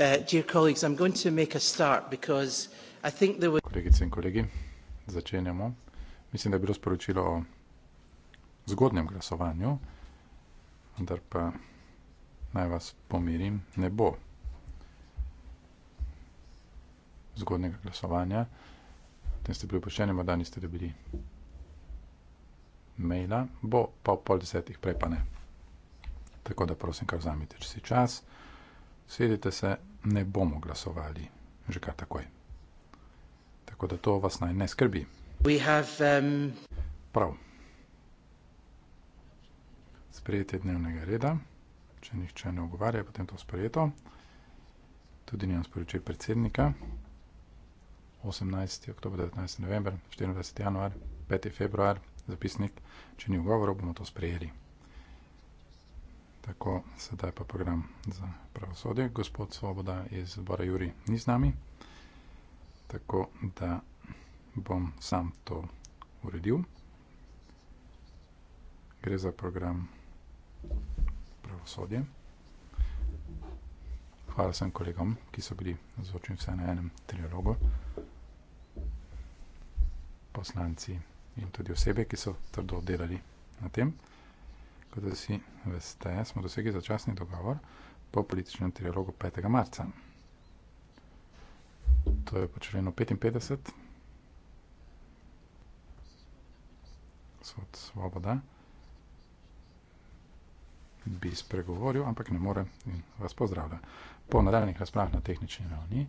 Uh, Kolegice in kolegi, začenjamo. Mislim, da je bilo sporočilo o zgodnjem glasovanju, vendar pa naj vas pomirim, ne bo zgodnega glasovanja. Tem ste bili upošteni, morda niste dobili maila, bo pa ob pol desetih, prej pa ne. Tako da prosim, kar vzamite, če si čas. Sedite se, ne bomo glasovali, že kar takoj. Tako da to vas naj ne skrbi. Have, um... Prav. Sprejetje dnevnega reda. Če nihče ne ogovarja, potem to sprejeto. Tudi nimam sporočil predsednika. 18. oktober, 19. november, 24. januar, 5. februar, zapisnik. Če ni ugovorov, bomo to sprejeli. Tako, sedaj pa program za pravosodje. Gospod Svoboda iz Bora Juri ni z nami, tako da bom sam to uredil. Gre za program pravosodje. Hvala sem kolegom, ki so bili zvočni vse na enem trilogu, poslanci in tudi osebe, ki so trdo delali na tem. Kot vsi veste, smo dosegli začasni dogovor po političnem trialogu 5. marca. To je počeljeno 55. Svod svoboda bi spregovoril, ampak ne more in vas pozdravlja. Po nadaljnih razprah na tehnični ravni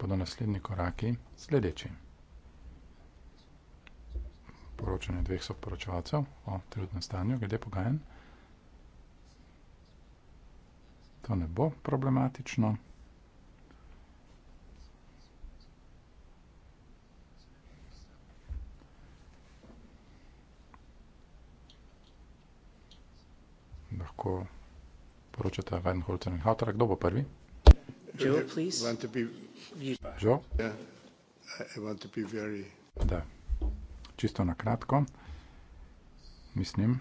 bodo naslednji koraki sledeči poročanje dveh soporočevalcev o trenutnem stanju, glede pogajanj. To ne bo problematično. Lahko poročate Weidenholzer in Hauter, kdo bo prvi? Joe, prosim. Joe? Da čisto na kratko. Mislim,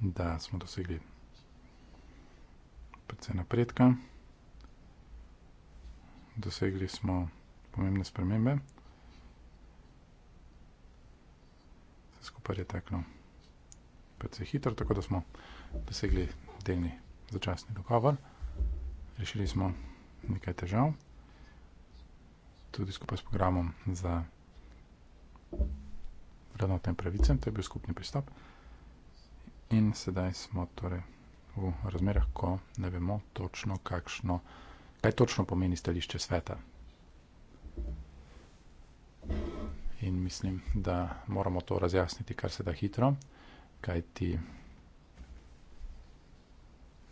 da smo dosegli precej napredka. Dosegli smo pomembne spremembe. Vse skupaj je teklo precej hitro, tako da smo dosegli delni začasni dogovor. Rešili smo nekaj težav, tudi skupaj s programom za vrednotnim pravicam, to je bil skupni pristop. In sedaj smo torej v razmerah, ko ne vemo točno, kakšno, kaj točno pomeni stališče sveta. In mislim, da moramo to razjasniti kar se da hitro, kaj ti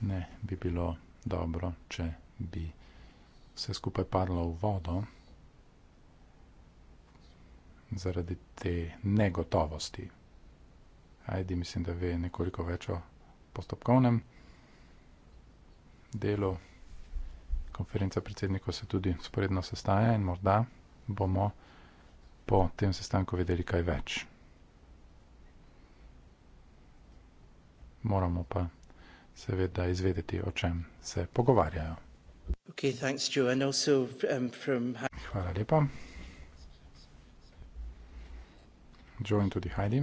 ne bi bilo dobro, če bi vse skupaj padlo v vodo zaradi te negotovosti. Ajdi, mislim, da ve nekoliko več o postopkovnem delu. Konferenca predsednikov se tudi sporedno sestaja in morda bomo po tem sestanku vedeli kaj več. Moramo pa seveda izvedeti, o čem se pogovarjajo. Okay, thanks, Joe, and also, um, from... Hvala lepa. Joe in tudi Heidi.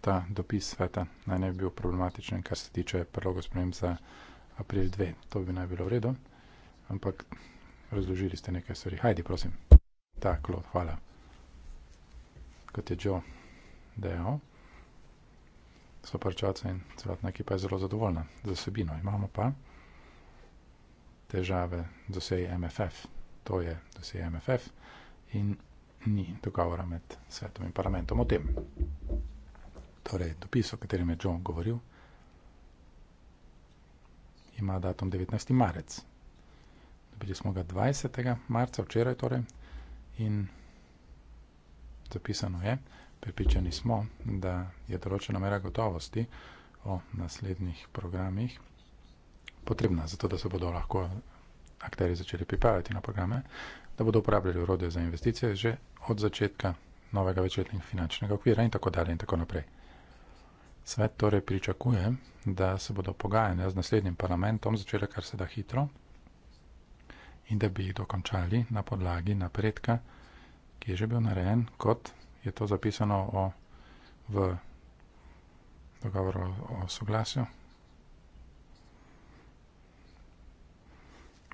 Ta dopis sveta naj ne bi bil problematičen, kar se tiče predloga sprememb za april 2. To bi naj bilo v redu, ampak razložili ste nekaj stvari. Heidi, prosim. Ta klot, hvala. Kot je Joe dejal, so parčovce in celotna ekipa je zelo zadovoljna za sebino. Imamo pa težave z dosej MFF. To je dosej MFF. In ni dogovora med svetom in parlamentom o tem. Torej, dopis, o katerem je John govoril, ima datum 19. marec. Dobili smo ga 20. marca, včeraj torej, in zapisano je, pripričani smo, da je določena mera gotovosti o naslednjih programih potrebna, zato da se bodo lahko akteri začeli pripravljati na programe, da bodo uporabljali urode za investicije že od začetka novega večletnega finančnega okvira in tako dalje in tako naprej. Svet torej pričakuje, da se bodo pogajanja z naslednjim parlamentom začele kar se da hitro in da bi jih dokončali na podlagi napredka, ki je že bil narejen, kot je to zapisano o, v dogovoru o soglasju,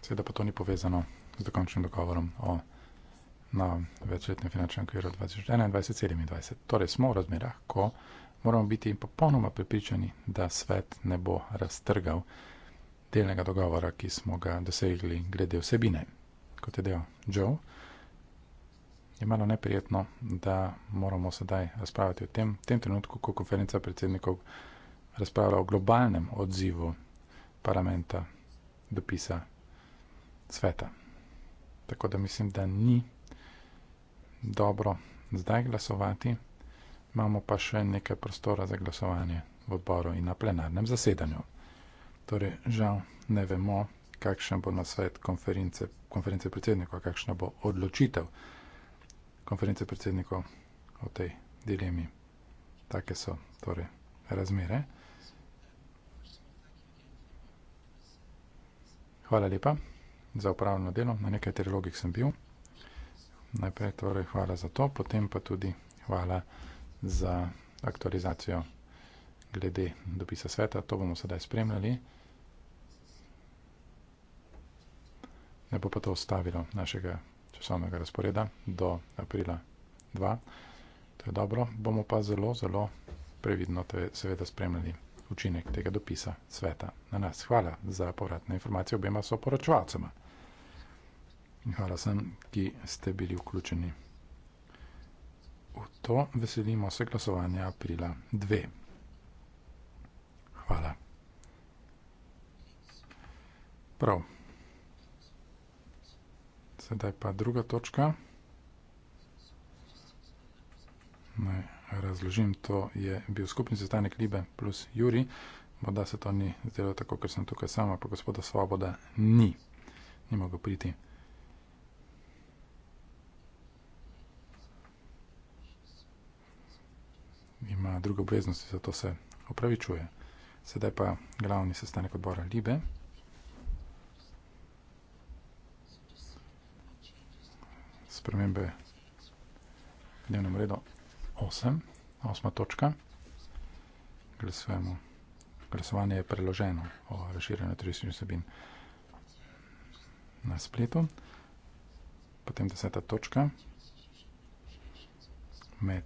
Seveda pa to ni povezano z dokončnim dogovorom o na večletnem finančnem okviru 2021-2027. Torej smo v razmerah, ko moramo biti popolnoma pripričani, da svet ne bo raztrgal delnega dogovora, ki smo ga dosegli glede vsebine. Kot je del Joe, je malo neprijetno, da moramo sedaj razpravljati o tem, tem trenutku, ko konferenca predsednikov razpravlja o globalnem odzivu parlamenta dopisa sveta. Tako da mislim, da ni dobro zdaj glasovati, imamo pa še nekaj prostora za glasovanje v odboru in na plenarnem zasedanju. Torej, žal ne vemo, kakšen bo na svet konference, konference predsednikov, kakšna bo odločitev konference predsednikov o tej dilemi. Take so torej razmere. Hvala lepa za upravljeno delo, na nekaj trilogih sem bil. Najprej torej hvala za to, potem pa tudi hvala za aktualizacijo glede dopisa sveta, to bomo sedaj spremljali. Ne bo pa to ostavilo našega časovnega razporeda do aprila 2. To je dobro, bomo pa zelo, zelo previdno te seveda spremljali učinek tega dopisa sveta na nas. Hvala za povratne informacije obema soporočevalcema. In hvala vsem, ki ste bili vključeni. V to veselimo se glasovanja aprila 2. Hvala. Prav. Sedaj pa druga točka. Naj razložim, to je bil skupni sestanek Libe plus Juri. Morda se to ni zdelo tako, ker sem tukaj sama, pa gospoda Svoboda ni. Ni mogel priti. ima druge obveznosti, zato se opravičuje. Sedaj pa glavni sestanek odbora Libe. Spremembe v dnevnem redu 8, 8. točka. Glasujemo. Glasovanje je preloženo o razširjanju turističnih vsebin na spletu. Potem 10. točka med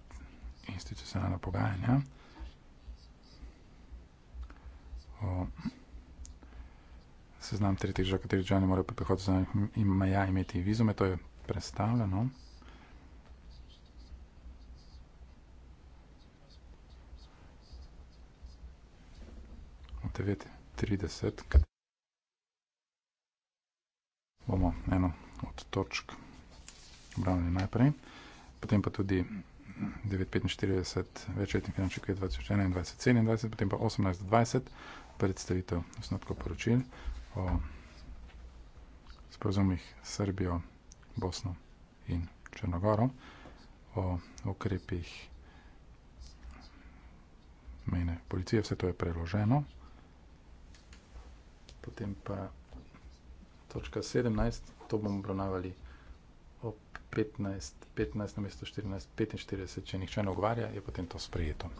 institucionalna pogajanja o seznam tretjih držav, katerih državljani morajo pri prihodu za meja imeti vizume, to je predstavljeno. O 9.30 bomo eno od točk obravnili najprej, potem pa tudi 9.45, večletni finančni kvet 2021-2027, potem pa 18.20, predstavitev osnotkov poročil o sporozumih Srbijo, Bosno in Črnogoro, o ukrepih mejne policije, vse to je preloženo. Potem pa točka 17, to bomo obravnavali 15, 15 na mesto 14, 45, če nihče ne ogovarja, je potem to sprejeto.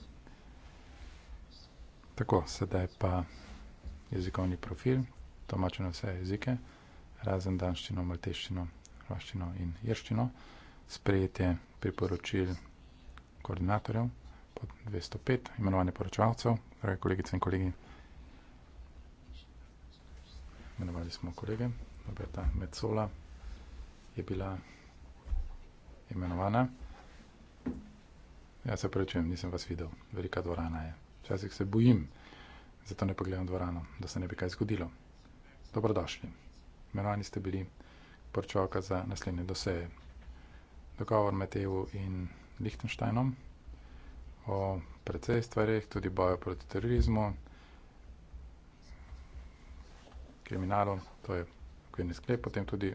Tako, sedaj pa jezikovni profil, tomačeno vse jezike, razen danščino, malteščino, hroščino in jerščino, sprejetje priporočil koordinatorjev pod 205, imenovanje poročevalcev, drage kolegice in kolegi, imenovali smo kolege, Roberta Metzola je bila vsega, imenovana. Ja, se prečujem, nisem vas videl. Velika dvorana je. Včasih se bojim, zato ne pogledam dvorano, da se ne bi kaj zgodilo. Dobrodošli. Imenovani ste bili porčovka za naslednje doseje. Dogovor med EU in Lichtensteinom o precej stvarih, tudi bojo proti terorizmu, kriminalu, to je okvirni sklep, potem tudi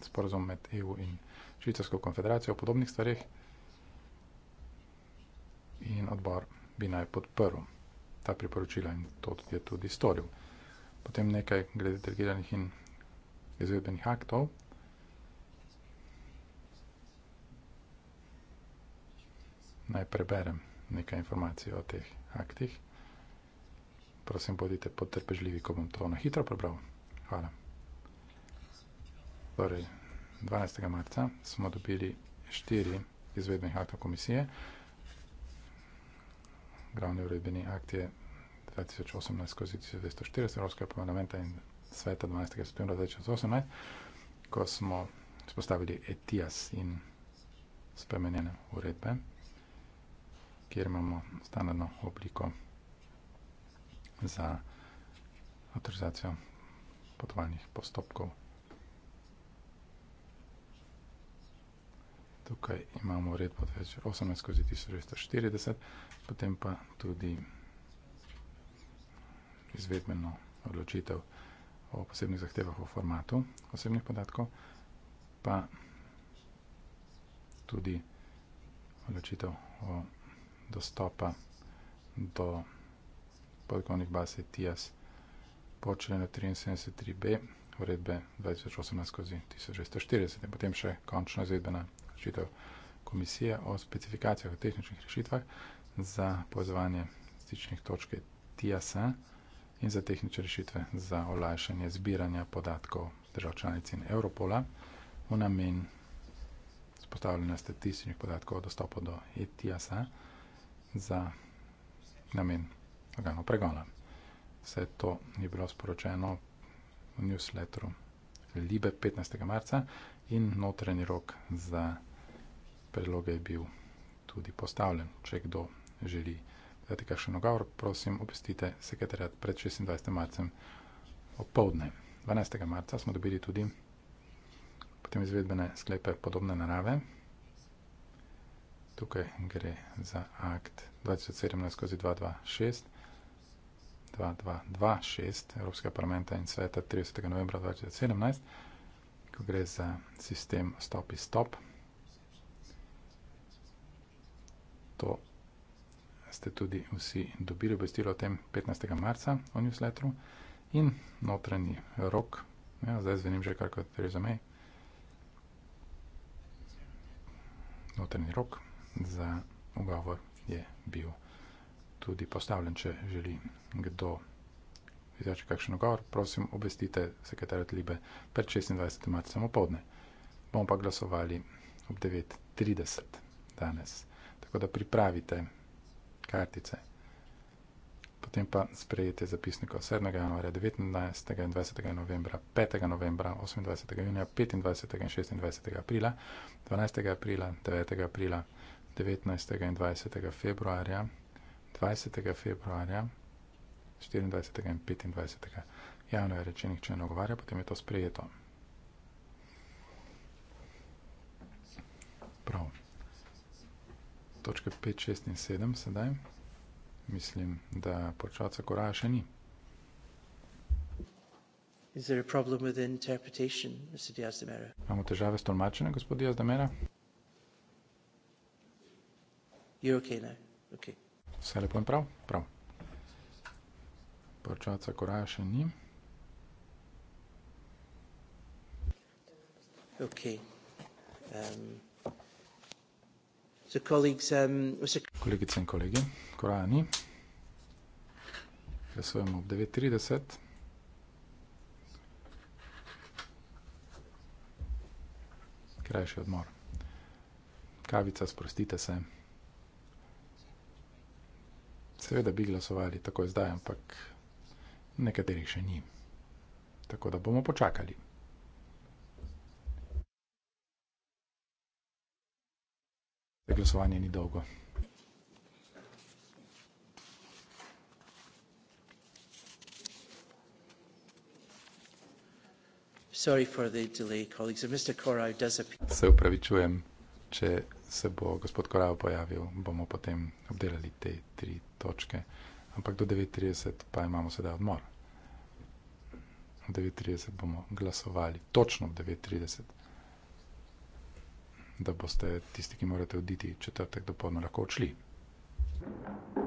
sporozum med EU in Švicarsko konfederacijo o podobnih stvarih in odbor bi naj podprl ta priporočila in to je tudi storil. Potem nekaj glede delegiranih in izvedbenih aktov. Naj preberem nekaj informacij o teh aktih. Prosim, bodite potrpežljivi, ko bom to na hitro prebral. Hvala torej 12. marca, smo dobili štiri izvedbenih aktov komisije. Glavni uredbeni akt je 2018 skozi 1940 Evropskega parlamenta in sveta 12. septembra 2018, ko smo spostavili ETIAS in spremenjene uredbe, kjer imamo standardno obliko za avtorizacijo potovalnih postopkov tukaj imamo red pod več 18 skozi 1640, potem pa tudi izvedmeno odločitev o posebnih zahtevah o formatu osebnih podatkov, pa tudi odločitev o dostopa do podkovnih base TIAS po členu 73.3b, uredbe 2018 skozi 1640 in potem še končno izvedbena rešitev komisije o specifikacijah o tehničnih rešitvah za povezovanje stičnih točke TSA in za tehnične rešitve za olajšanje zbiranja podatkov držav članic in Europola v namen spostavljanja statističnih podatkov o dostopu do ETSA e za namen organov pregona. Vse to je bilo sporočeno v newsletteru Libe 15. marca in notranji rok za predloge je bil tudi postavljen. Če kdo želi dati kakšen nagovor, prosim, obvestite sekretarjat pred 26. marcem opoldne. 12. marca smo dobili tudi potem izvedbene sklepe podobne narave. Tukaj gre za akt 2017 skozi 226. 2226 Evropskega parlamenta in sveta 30. novembra 2017 ko gre za sistem stop-istop. To ste tudi vsi dobili obvestilo o tem 15. marca v newsletteru in notranji rok, ja, zdaj zvenim že kar kot Theresa May, notranji rok za ugovor je bil tudi postavljen, če želi kdo vsega izreče kakšen govor, prosim, obvestite sekretarja Tlibe pred 26. marca samopodne. Bomo pa glasovali ob 9.30 danes. Tako da pripravite kartice. Potem pa sprejete zapisnikov 7. januarja, 19. in 20. novembra, 5. novembra, 28. junija, 25. in 26. aprila, 12. aprila, 9. aprila, 19. in 20. februarja, 20. februarja, 24. in 25. Javno je rečenih, če nagovarja, potem je to sprejeto. Prav. Točke 5, 6 in 7 sedaj. Mislim, da počaca koraja še ni. Is there a problem with interpretation, Mr. Diaz de Mera? Imamo težave s tolmačenjem, gospod Diaz de Mera? You're okay now. Okay. Vse lepo in prav? Prav. Pačaca Koraja še ni. Okay. Um, so um, so... Kolegice in kolegi, Koraja ni. Glasujemo ob 9.30. Krajši odmor. Kavica, sprostite se. Seveda bi glasovali takoj zdaj, ampak nekaterih še ni. Tako da bomo počakali. Glasovanje ni dolgo. Se upravičujem, če se bo gospod Korav pojavil, bomo potem obdelali te tri točke ampak do 9:30 pa imamo sedaj odmor. V 9:30 bomo glasovali, točno v 9:30, da boste tisti, ki morate oditi četrtek do polno, lahko odšli. Thank you.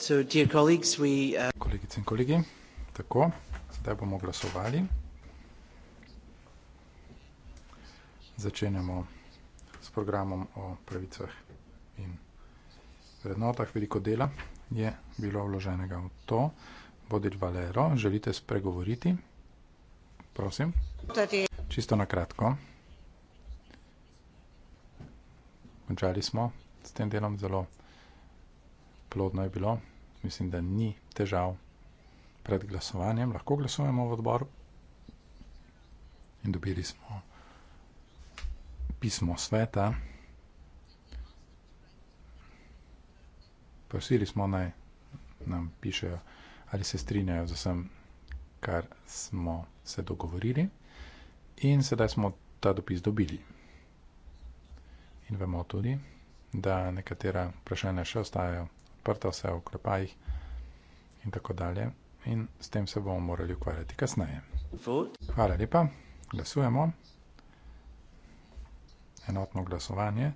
Uh, Kolegice in kolegi, tako, zdaj bomo glasovali. Začenjamo s programom o pravicah in vrednotah. Veliko dela je bilo vloženega v to. Bodil Valero, želite spregovoriti? Prosim. Čisto na kratko. Končali smo s tem delom, zelo plodno je bilo mislim, da ni težav pred glasovanjem, lahko glasujemo v odboru. In dobili smo pismo sveta, prosili smo naj nam pišejo, ali se strinjajo z vsem, kar smo se dogovorili. In sedaj smo ta dopis dobili. In vemo tudi, da nekatera vprašanja še ostajajo odprta, vse v klepajih in tako dalje. In s tem se bomo morali ukvarjati kasneje. Hvala lepa, glasujemo. Enotno glasovanje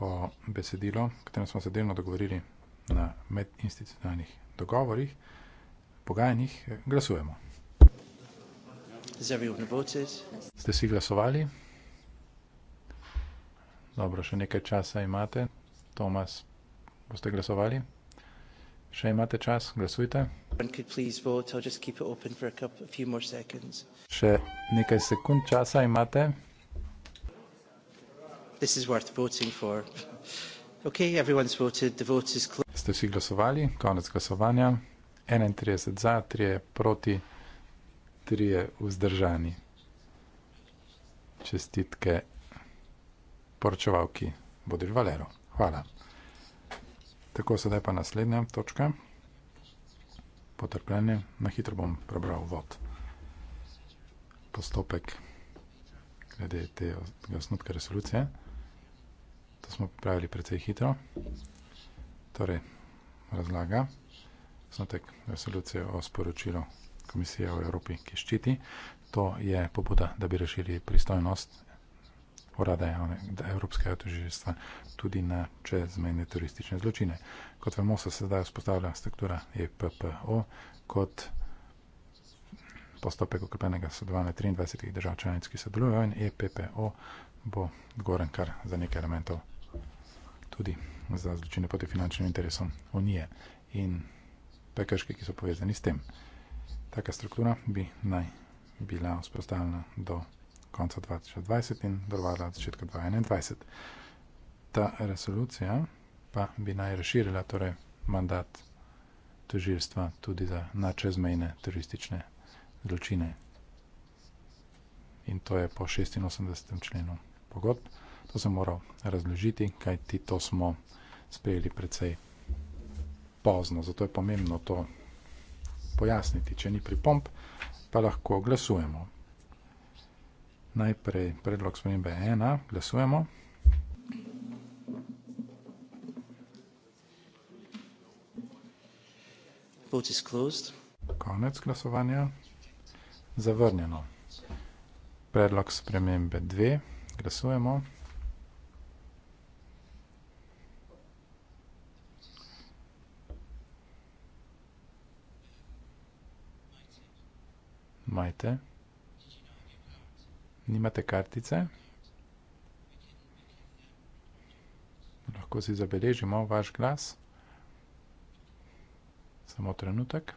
o besedilo, o katerem smo se delno dogovorili na medinstitucionalnih dogovorih, pogajanjih, glasujemo. Ste si glasovali? Dobro, še nekaj časa imate. Tomas, boste glasovali. Še imate čas, glasujte. Vote, couple, Še nekaj sekund časa imate. Okay, Ste vsi glasovali, konec glasovanja. 31 za, 3 proti, 3 vzdržani. Čestitke poročevalki Bodir Valero. Hvala. Tako, sedaj pa naslednja točka. Potrpljenje. Na hitro bom prebral vod. Postopek glede te osnutke resolucije. To smo pripravili precej hitro. Torej, razlaga. Osnutek resolucije o sporočilu Komisije v Evropi, ki ščiti. To je pobuda, da bi rešili pristojnost Urada javne, Evropskega tožilstva tudi na čezmejne turistične zločine. Kot vemo, se sedaj vzpostavlja struktura EPPO kot postopek okrepenega sodelovanja 23 držav članic, ki sodelujejo in EPPO bo goren kar za nekaj elementov tudi za zločine proti finančnim interesom Unije in prekrške, ki so povezani s tem. Taka struktura bi naj bila vzpostavljena do konca 2020 in dolovala začetka 2021. Ta resolucija pa bi naj razširila torej mandat tožilstva tudi za načezmejne teroristične zločine. In to je po 86. členu pogodb. To sem moral razložiti, kaj ti to smo sprejeli precej pozno. Zato je pomembno to pojasniti. Če ni pripomp, pa lahko glasujemo. Najprej predlog spremembe ena, glasujemo. Konec glasovanja. Zavrnjeno. Predlog spremembe dve, glasujemo. Majte. Majte. Nimate kartice? Lahko si zabeležimo vaš glas. Samo trenutek.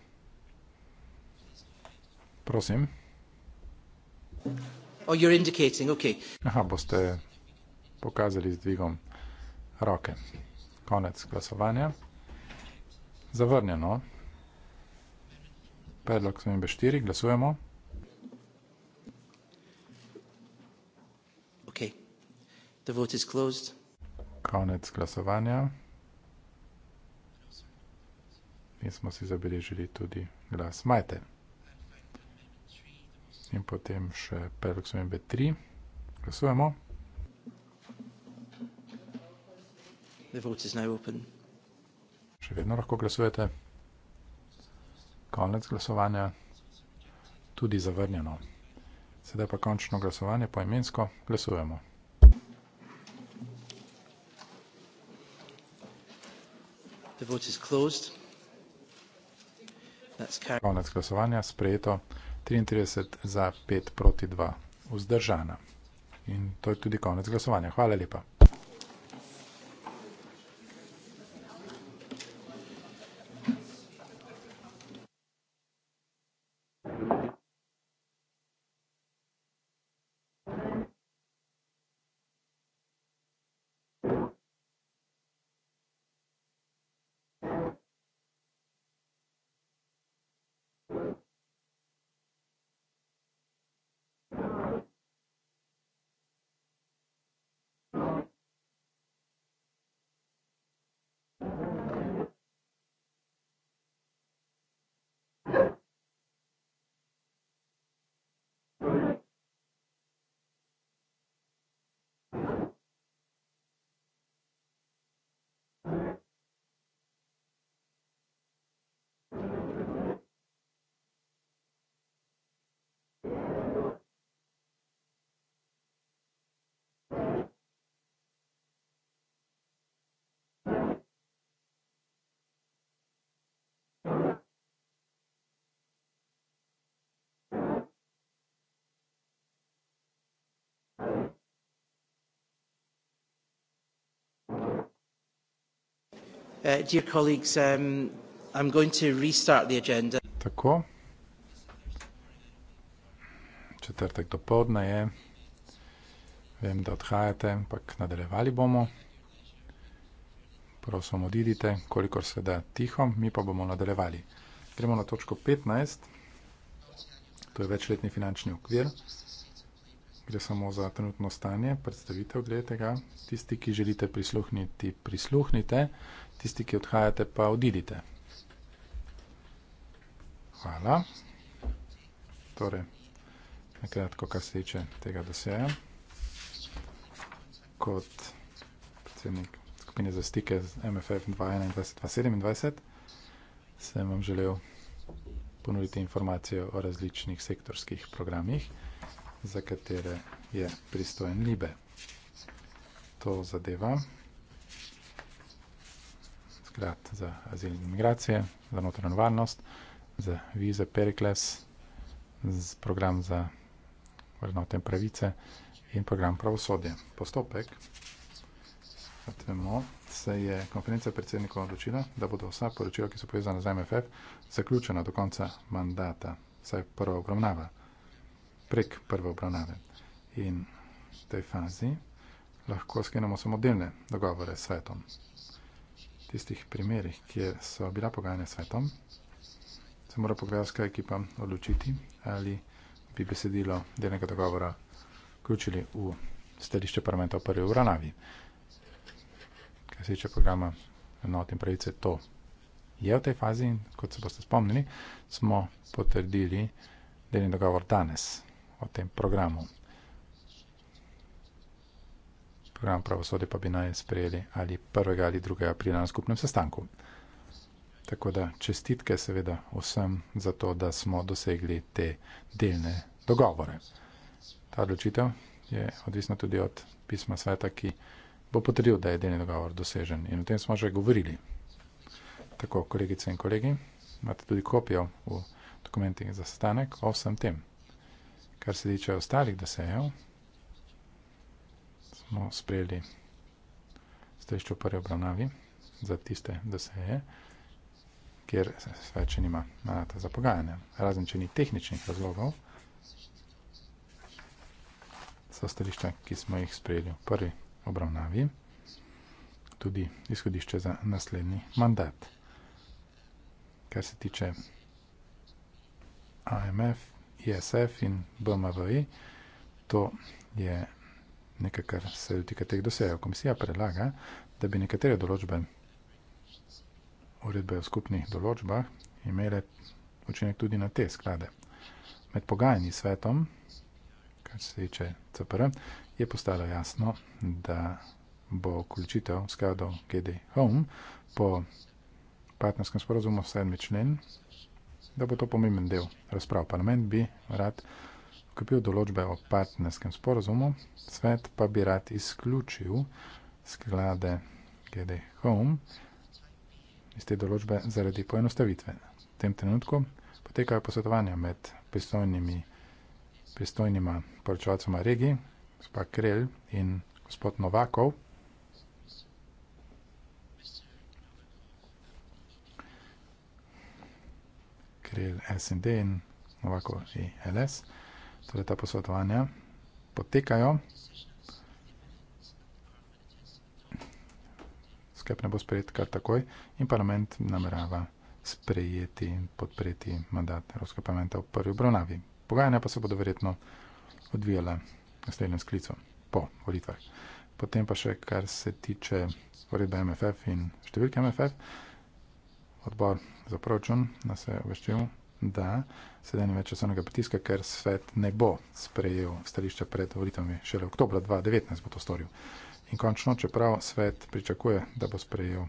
Prosim. Oh, you're indicating. Okay. Aha, boste pokazali z dvigom roke. Konec glasovanja. Zavrnjeno. Predlog smo imeli štiri, glasujemo. The vote is closed. Konec glasovanja. Mi smo si zabeležili tudi glas Majte. In potem še predlog B3. Glasujemo. The vote is now open. Še vedno lahko glasujete. Konec glasovanja. Tudi zavrnjeno. Sedaj pa končno glasovanje poimensko. Glasujemo. Konec glasovanja sprejeto 33 za 5 proti 2 vzdržana. In to je tudi konec glasovanja. Hvala lepa. Uh, dear colleagues, um, I'm going to restart the agenda. Tako. Četrtek do povdne je. Vem, da odhajate, ampak nadaljevali bomo. Prosim, odidite, kolikor se da tiho, mi pa bomo nadaljevali. Gremo na točko 15. To je večletni finančni okvir gre samo za trenutno stanje, predstavitev glede tega. Tisti, ki želite prisluhniti, prisluhnite, tisti, ki odhajate, pa odidite. Hvala. Torej, nakratko, kar se tiče tega doseja. Kot predsednik skupine za stike z MFF 2021-2027 sem vam želel ponuditi informacije o različnih sektorskih programih za katere je pristojen Libe. To zadeva sklad za azil in migracije, za notranjo varnost, za vize Perikles, z program za vrednote in pravice in program pravosodje. Postopek Vemo, se je konferenca predsednikov odločila, da bodo vsa poročila, ki so povezana z MFF, zaključena do konca mandata, saj prva obravnava prek prve obravnave. In v tej fazi lahko sklenemo samo delne dogovore s svetom. V tistih primerih, kjer so bila pogajanja s svetom, se mora pogajalska ekipa odločiti, ali bi besedilo delnega dogovora vključili v stališče parlamenta v prvi obravnavi. Kaj se tiče programa enot in pravice, to je v tej fazi in kot se boste spomnili, smo potrdili delni dogovor danes o tem programu. Program pravosodja pa bi naj sprejeli ali 1. ali 2. aprila na skupnem sestanku. Tako da čestitke seveda vsem za to, da smo dosegli te delne dogovore. Ta odločitev je odvisna tudi od pisma sveta, ki bo potrdil, da je delni dogovor dosežen. In o tem smo že govorili. Tako, kolegice in kolegi, imate tudi kopijo v dokumentih za sestanek o vsem tem kar se tiče ostalih dosejev, smo sprejeli stojišče v prvi obravnavi za tiste doseje, kjer sveč nima manata za pogajanje. Razen, če ni tehničnih razlogov, so stališča, ki smo jih sprejeli v prvi obravnavi, tudi izhodišče za naslednji mandat. Kar se tiče AMF, ISF in BMWI. To je nekaj, kar se dotika teh dosejev. Komisija predlaga, da bi nekatere določbe uredbe o skupnih določbah imele učinek tudi na te sklade. Med pogajanji svetom, kar se tiče CPR, je postalo jasno, da bo količitev skladov GD Home po partnerskem sporozumu 7. člen da bo to pomemben del razprav. Parlament bi rad ukrepil določbe o partnerskem sporozumu, svet pa bi rad izključil sklade GD Home iz te določbe zaradi poenostavitve. V tem trenutku potekajo posvetovanja med pristojnimi pristojnima poročevalcema regij, gospod Krelj in gospod Novakov. skril S in D in ovako i LS. Torej ta posvetovanja potekajo. Skep ne bo sprejet kar takoj in parlament namerava sprejeti in podpreti mandat Evropskega parlamenta v prvi obravnavi. Pogajanja pa se bodo verjetno odvijala naslednjem sklicu po volitvah. Potem pa še, kar se tiče uredbe MFF in številke MFF, odbor za proračun nas je obveščil, da sedaj ni več časovnega pritiska, ker svet ne bo sprejel stališča pred volitvami, šele oktober 2019 bo to storil. In končno, čeprav svet pričakuje, da bo sprejel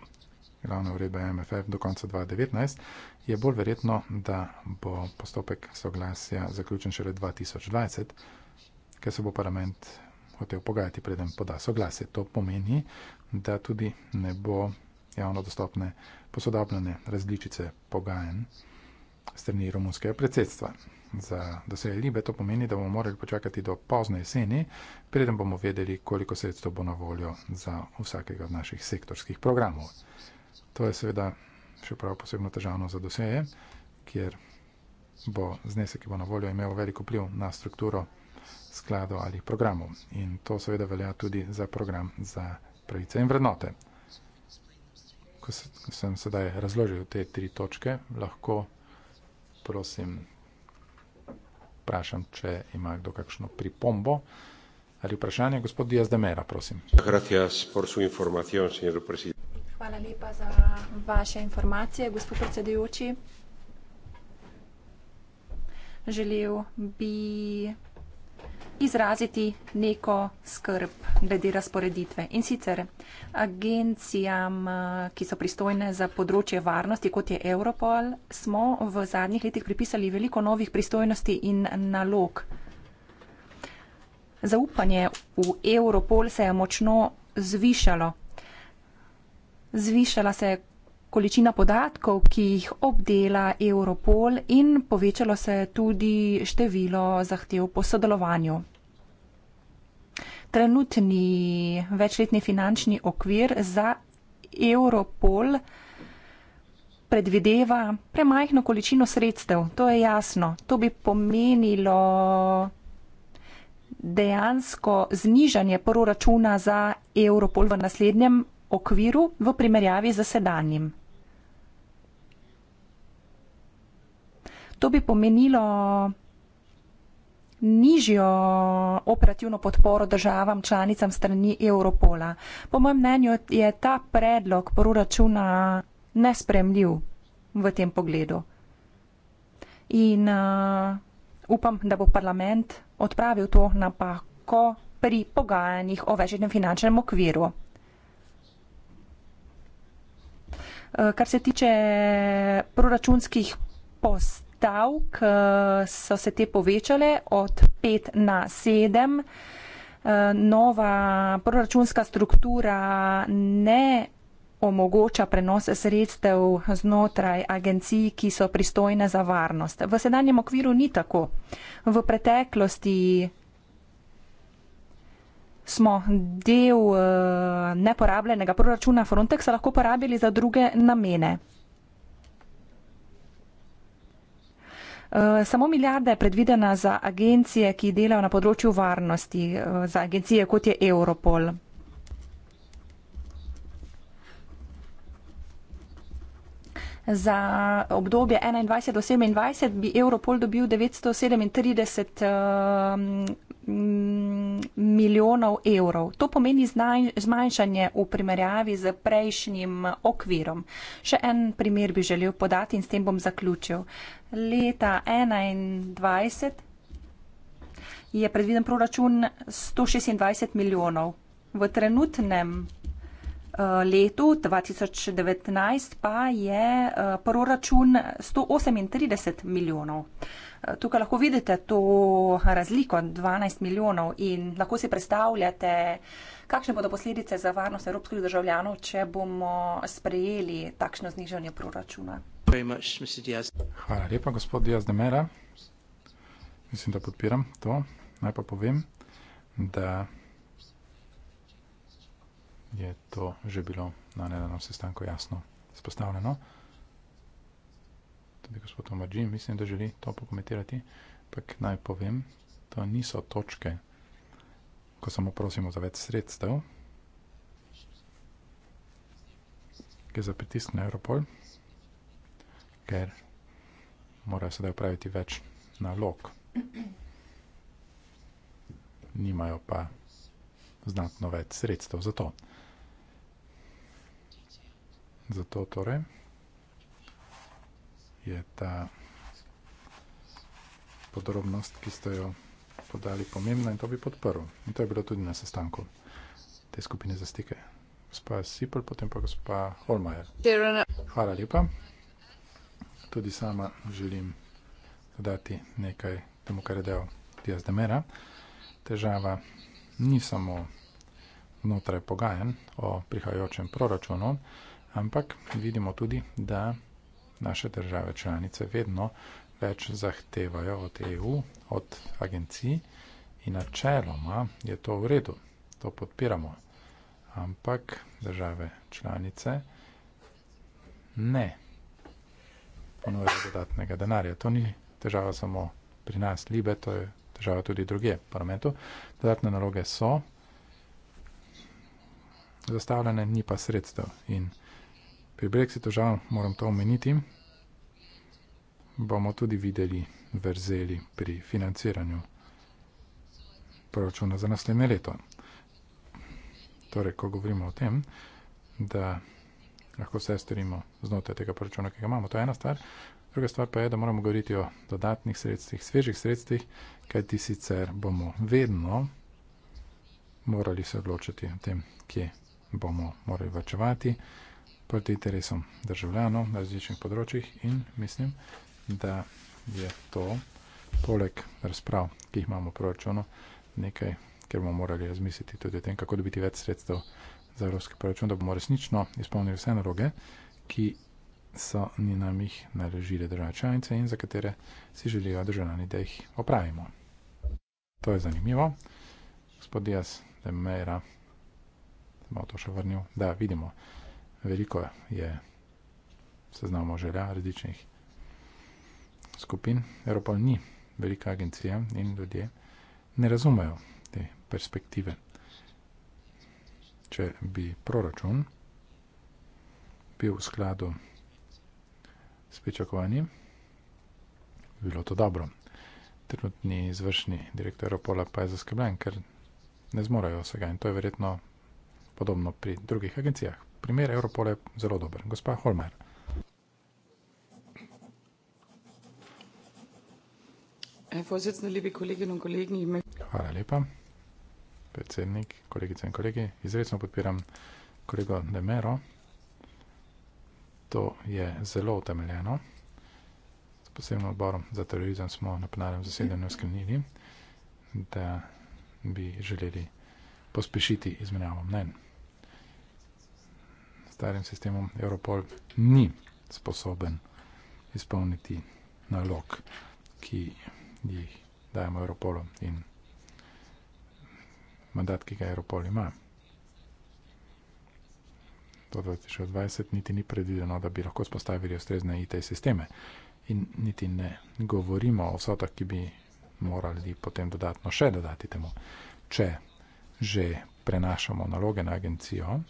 glavno uredbo MFF do konca 2019, je bolj verjetno, da bo postopek soglasja zaključen šele 2020, ker se bo parlament hotel pogajati, preden poda soglasje. To pomeni, da tudi ne bo javno dostopne posodobljene različice pogajanj strani romunskega predsedstva. Za dosej Libe to pomeni, da bomo morali počakati do pozne jeseni, preden bomo vedeli, koliko sredstev bo na voljo za vsakega od naših sektorskih programov. To je seveda še prav posebno težavno za doseje, kjer bo znesek, ki bo na voljo, imel veliko pliv na strukturo skladov ali programov. In to seveda velja tudi za program za pravice in vrednote ko sem sedaj razložil te tri točke, lahko prosim vprašam, če ima kdo kakšno pripombo. Ali vprašanje, gospod Diaz de Mera, prosim. Hvala lepa za vaše informacije, gospod predsedujoči. Želel bi izraziti neko skrb glede razporeditve. In sicer agencijam, eh, ki so pristojne za področje varnosti, kot je Europol, smo v zadnjih letih pripisali veliko novih pristojnosti in nalog. Zaupanje v Europol se je močno zvišalo. Zvišala se je količina podatkov, ki jih obdela Europol in povečalo se je tudi število zahtev po sodelovanju. Trenutni večletni finančni okvir za Europol predvideva premajhno količino sredstev, to je jasno. To bi pomenilo dejansko znižanje proračuna za Europol v naslednjem okviru v primerjavi z sedanjim. To bi pomenilo nižjo operativno podporo državam članicam strani Europola. Po mojem mnenju je ta predlog proračuna nespremljiv v tem pogledu. In uh, upam, da bo parlament odpravil to napako pri pogajanjih o večjem finančnem okviru. Uh, kar se tiče proračunskih post, stavk eh, so se te povečale od 5 na 7. Eh, nova proračunska struktura ne omogoča prenose sredstev znotraj agencij, ki so pristojne za varnost. V sedanjem okviru ni tako. V preteklosti smo del eh, neporabljenega proračuna Frontexa lahko porabili za druge namene. Eh, samo milijarda je predvidena za agencije, ki delajo na področju varnosti, eh, za agencije kot je Europol. Za obdobje 2021 do 2027 bi Europol dobil 937 uh, Mm, milijonov evrov. To pomeni zmanjšanje v primerjavi z prejšnjim okvirom. Še en primer bi želel podati in s tem bom zaključil. Leta 2021 je predviden proračun 126 milijonov. V trenutnem letu 2019 pa je eh, proračun 138 milijonov. Eh, tukaj lahko vidite to razliko 12 milijonov in lahko si predstavljate, kakšne bodo posledice za varnost evropskih državljanov, če bomo sprejeli takšno znižanje proračuna. Hvala lepa, gospod Diaz de Mera. Mislim, da podpiram to. Najpa povem, da je to že bilo na nedavnem sestanku jasno spostavljeno. Tudi gospod Omarđin mislim, da želi to pokomentirati, ampak naj povem, to niso točke, ko samo prosimo za več sredstev, ki je za pritisk na Europol, ker morajo sedaj upraviti več nalog. Nimajo pa znatno več sredstev za to. Zato torej je ta podrobnost, ki ste jo podali, pomembna in to bi podprl. In to je bilo tudi na sestanku te skupine za stike. Gospa Sipel, potem pa gospa Holmajer. Hvala lepa. Tudi sama želim dodati nekaj temu, kar je del Diaz de Mera. Težava ni samo znotraj pogajen o prihajajočem proračunu, ampak vidimo tudi, da naše države članice vedno več zahtevajo od EU, od agencij in načeloma je to v redu, to podpiramo. Ampak države članice ne ponujajo dodatnega denarja. To ni težava samo pri nas, Libe, to je težava tudi druge parlamentu. Dodatne naloge so zastavljene, ni pa sredstev. In Pri Brexitu, žal, moram to omeniti, bomo tudi videli vrzeli pri financiranju proračuna za naslednje leto. Torej, ko govorimo o tem, da lahko vse storimo znotraj tega proračuna, ki ga imamo, to je ena stvar. Druga stvar pa je, da moramo govoriti o dodatnih sredstvih, svežih sredstvih, kajti sicer bomo vedno morali se odločiti o tem, kje bomo morali vrčevati proti interesom državljanov na različnih področjih in mislim, da je to poleg razprav, ki jih imamo v proračunu, nekaj, ker bomo morali razmisliti tudi o tem, kako dobiti več sredstev za evropski proračun, da bomo resnično izpolnili vse naloge, ki so ni nam jih naložile države članice in za katere si želijo državljani, da jih opravimo. To je zanimivo. Gospod Dias de Meira, da bomo to še vrnil, da vidimo veliko je seznamo želja različnih skupin. Europol ni velika agencija in ljudje ne razumejo te perspektive. Če bi proračun bil v skladu s pričakovanji, bi bilo to dobro. Trenutni izvršni direktor Europola pa je zaskrbljen, ker ne zmorajo vsega in to je verjetno podobno pri drugih agencijah. Primer Evropole je zelo dober. Gospa Holmer. Posledno, lepi kolegi in kolegi. Hvala lepa, predsednik, kolegice in kolegi. Izredno podpiram kolego Demero. To je zelo utemeljeno. S posebnim odborom za terorizem smo na plenarnem zasedanju sklenili, da bi želeli pospešiti izmenjavo mnen starim sistemom Europol ni sposoben izpolniti nalog, ki jih dajemo Europolu in mandat, ki ga Europol ima. Do 2020 niti ni predvideno, da bi lahko spostavili ustrezne IT sisteme in niti ne govorimo o vsotah, ki bi morali potem dodatno še dodati temu. Če že prenašamo naloge na agencijo,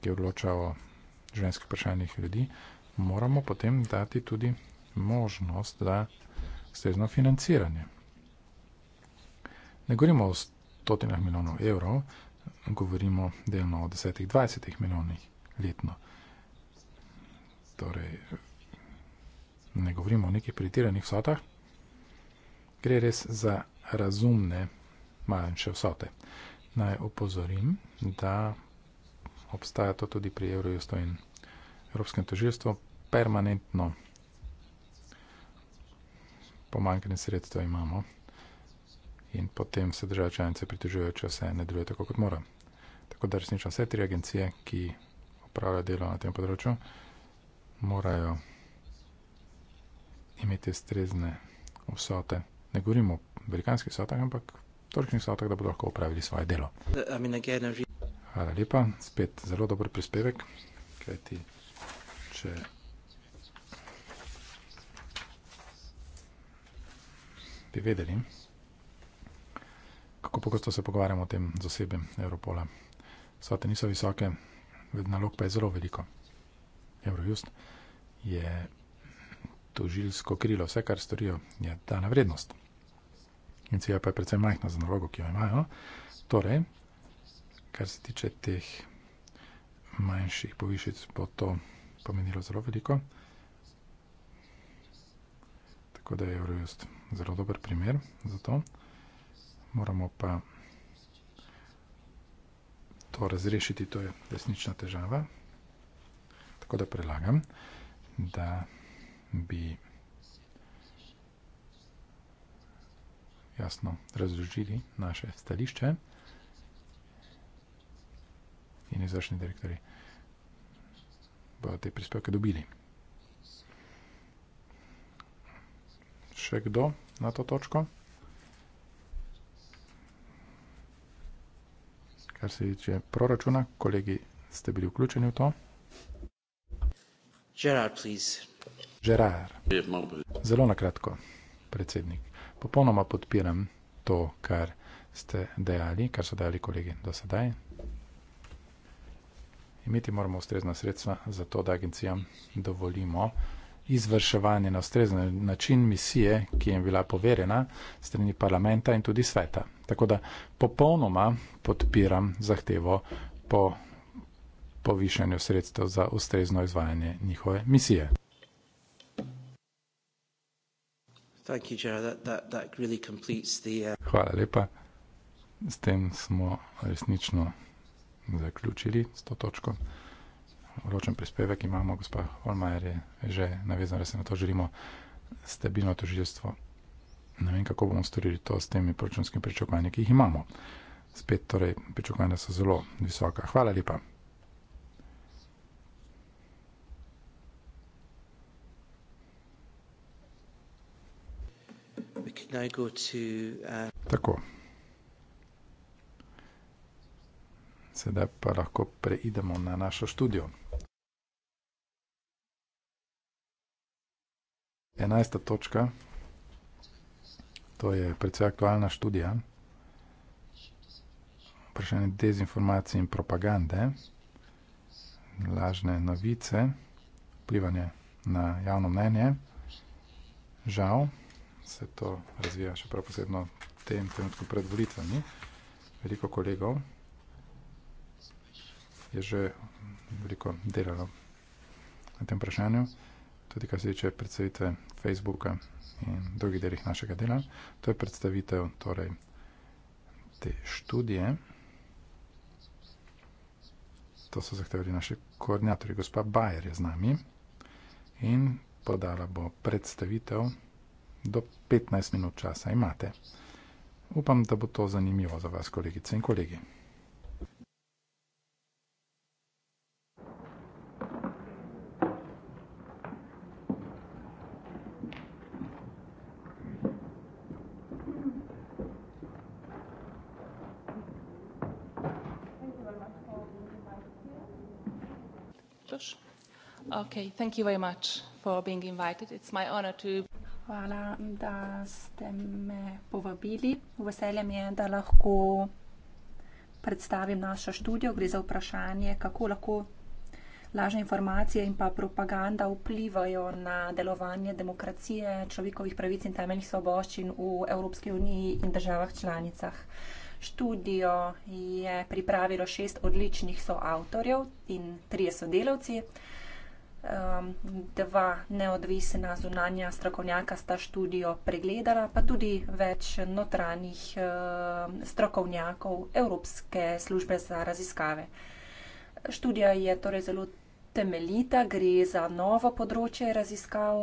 ki odloča o ženskih vprašanjih ljudi, moramo potem dati tudi možnost za ustrezno financiranje. Ne govorimo o stotinah milijonov evrov, govorimo delno o desetih, dvajsetih milijonih letno. Torej, ne govorimo o nekih prioritiranih vsotah, gre res za razumne manjše vsote. Naj opozorim, da obstaja to tudi pri Eurojustu in Evropskem tožilstvu, permanentno pomankanje sredstva imamo in potem se države članice pritožujejo, če vse ne deluje tako, kot mora. Tako da resnično vse tri agencije, ki opravljajo delo na tem področju, morajo imeti strezne vsote. Ne govorimo o velikanskih vsotah, ampak toliko vsotah, da bodo lahko opravili svoje delo. I mean, again, Hvala lepa, spet zelo dober prispevek, kajti če bi vedeli, kako pogosto se pogovarjamo o tem z osebem Evropola. Svate niso visoke, nalog pa je zelo veliko. Eurojust je tožilsko krilo, vse kar storijo je dana vrednost. Agencija pa je predvsem majhna za nalogo, ki jo imajo. Torej, kar se tiče teh manjših povišic, bo to pomenilo zelo veliko. Tako da je Eurojust zelo dober primer za to. Moramo pa to razrešiti, to je resnična težava. Tako da prelagam, da bi jasno razložili naše stališče in izvršni direktori bodo te prispevke dobili. Še kdo na to točko? Kar se tiče proračuna, kolegi ste bili vključeni v to. Gerard, Gerard. zelo na kratko, predsednik. Popolnoma podpiram to, kar ste dejali, kar so dejali kolegi do sedaj, Imeti moramo ustrezna sredstva za to, da agencijam dovolimo izvrševanje na ustrezen način misije, ki jim bila poverjena strani parlamenta in tudi sveta. Tako da popolnoma podpiram zahtevo po povišanju sredstev za ustrezno izvajanje njihove misije. Uh, Hvala lepa. S tem smo resnično zaključili s to točko. Vločen prispevek imamo, gospa Holmajer je že navezan, da se na to želimo stabilno tožilstvo. Ne vem, kako bomo storili to s temi proračunskimi pričakovanji, ki jih imamo. Spet torej, pričakovanja so zelo visoka. Hvala lepa. Uh, Tako. Sedaj pa lahko preidemo na našo študijo. 11. točka, to je predvsej aktualna študija, vprašanje dezinformacije in propagande, lažne novice, vplivanje na javno mnenje. Žal se to razvija še prav posebno v tem trenutku pred volitvami. Veliko kolegov je že veliko delalo na tem vprašanju, tudi kar se tiče predstavitve Facebooka in drugih delih našega dela. To je predstavitev torej, te študije. To so zahtevali naši koordinatorji. Gospa Bajer je z nami in podala bo predstavitev do 15 minut časa. Imate. Upam, da bo to zanimivo za vas, kolegice in kolegi. Okay, thank you very much for being invited. It's my honor to Hvala, da ste me povabili. Veselje mi je, da lahko predstavim našo študijo. Gre za vprašanje, kako lahko lažne informacije in pa propaganda vplivajo na delovanje demokracije, človekovih pravic in temeljnih svoboščin v Evropski uniji in državah članicah. Študijo je pripravilo šest odličnih soavtorjev in trije sodelavci. Dva neodvisna zunanja strokovnjaka sta študijo pregledala, pa tudi več notranjih strokovnjakov Evropske službe za raziskave. Študija je torej zelo temeljita, gre za novo področje raziskav.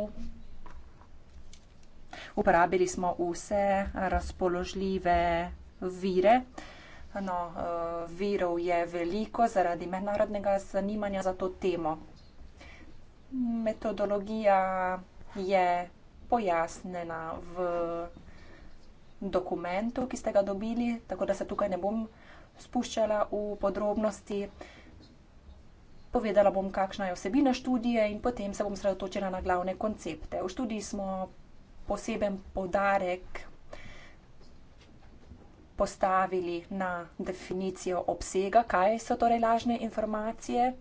Uporabili smo vse razpoložljive vire. No, virov je veliko zaradi mednarodnega zanimanja za to temo metodologija je pojasnjena v dokumentu, ki ste ga dobili, tako da se tukaj ne bom spuščala v podrobnosti. Povedala bom, kakšna je vsebina študije in potem se bom sredotočila na glavne koncepte. V študiji smo poseben podarek postavili na definicijo obsega, kaj so torej lažne informacije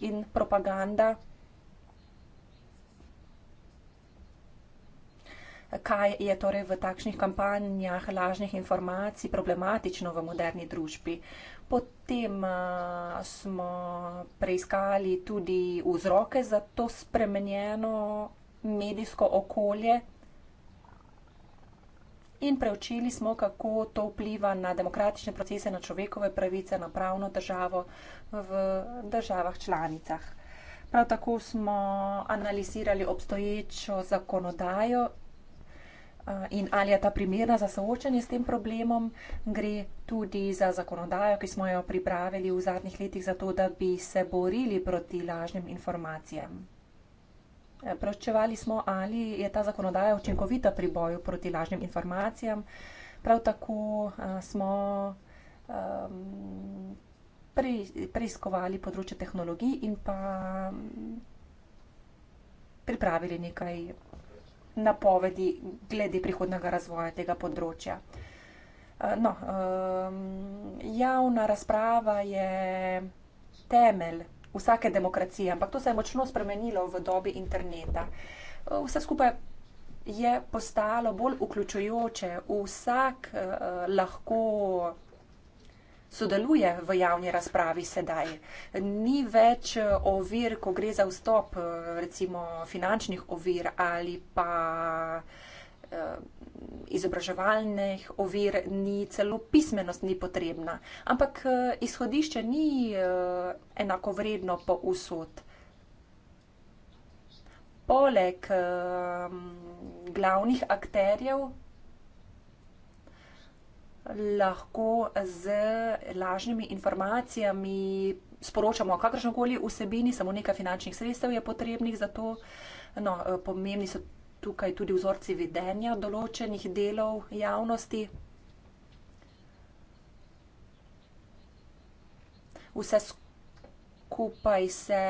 in propaganda. kaj je torej v takšnih kampanjah lažnih informacij problematično v moderni družbi. Potem smo preiskali tudi vzroke za to spremenjeno medijsko okolje in preučili smo, kako to vpliva na demokratične procese, na človekove pravice, na pravno državo v državah članicah. Prav tako smo analizirali obstoječo zakonodajo Eh, in ali je ta primerna za soočanje s tem problemom, gre tudi za zakonodajo, ki smo jo pripravili v zadnjih letih za to, da bi se borili proti lažnim informacijam. Eh, Pročevali smo, ali je ta zakonodaja učinkovita pri boju proti lažnim informacijam. Prav tako eh, smo preiskovali področje tehnologij in pa mm, pripravili nekaj napovedi glede prihodnega razvoja tega področja. Eh, no, javna razprava je temelj vsake demokracije, ampak to se je močno spremenilo v dobi interneta. Eh, vse skupaj je postalo bolj vključujoče, vsak eh, lahko sodeluje v javni razpravi sedaj. Ni več eh, ovir, ko gre za vstop, eh, recimo finančnih ovir ali pa eh, izobraževalnih ovir, ni celo pismenost ni potrebna. Ampak izhodišče ni enako vredno po usod. Poleg glavnih akterjev lahko z lažnimi informacijami sporočamo kakršnokoli vsebini, samo nekaj finančnih sredstev je potrebnih za to. No, eh, pomembni so tukaj tudi vzorci vedenja določenih delov javnosti. Vse skupaj se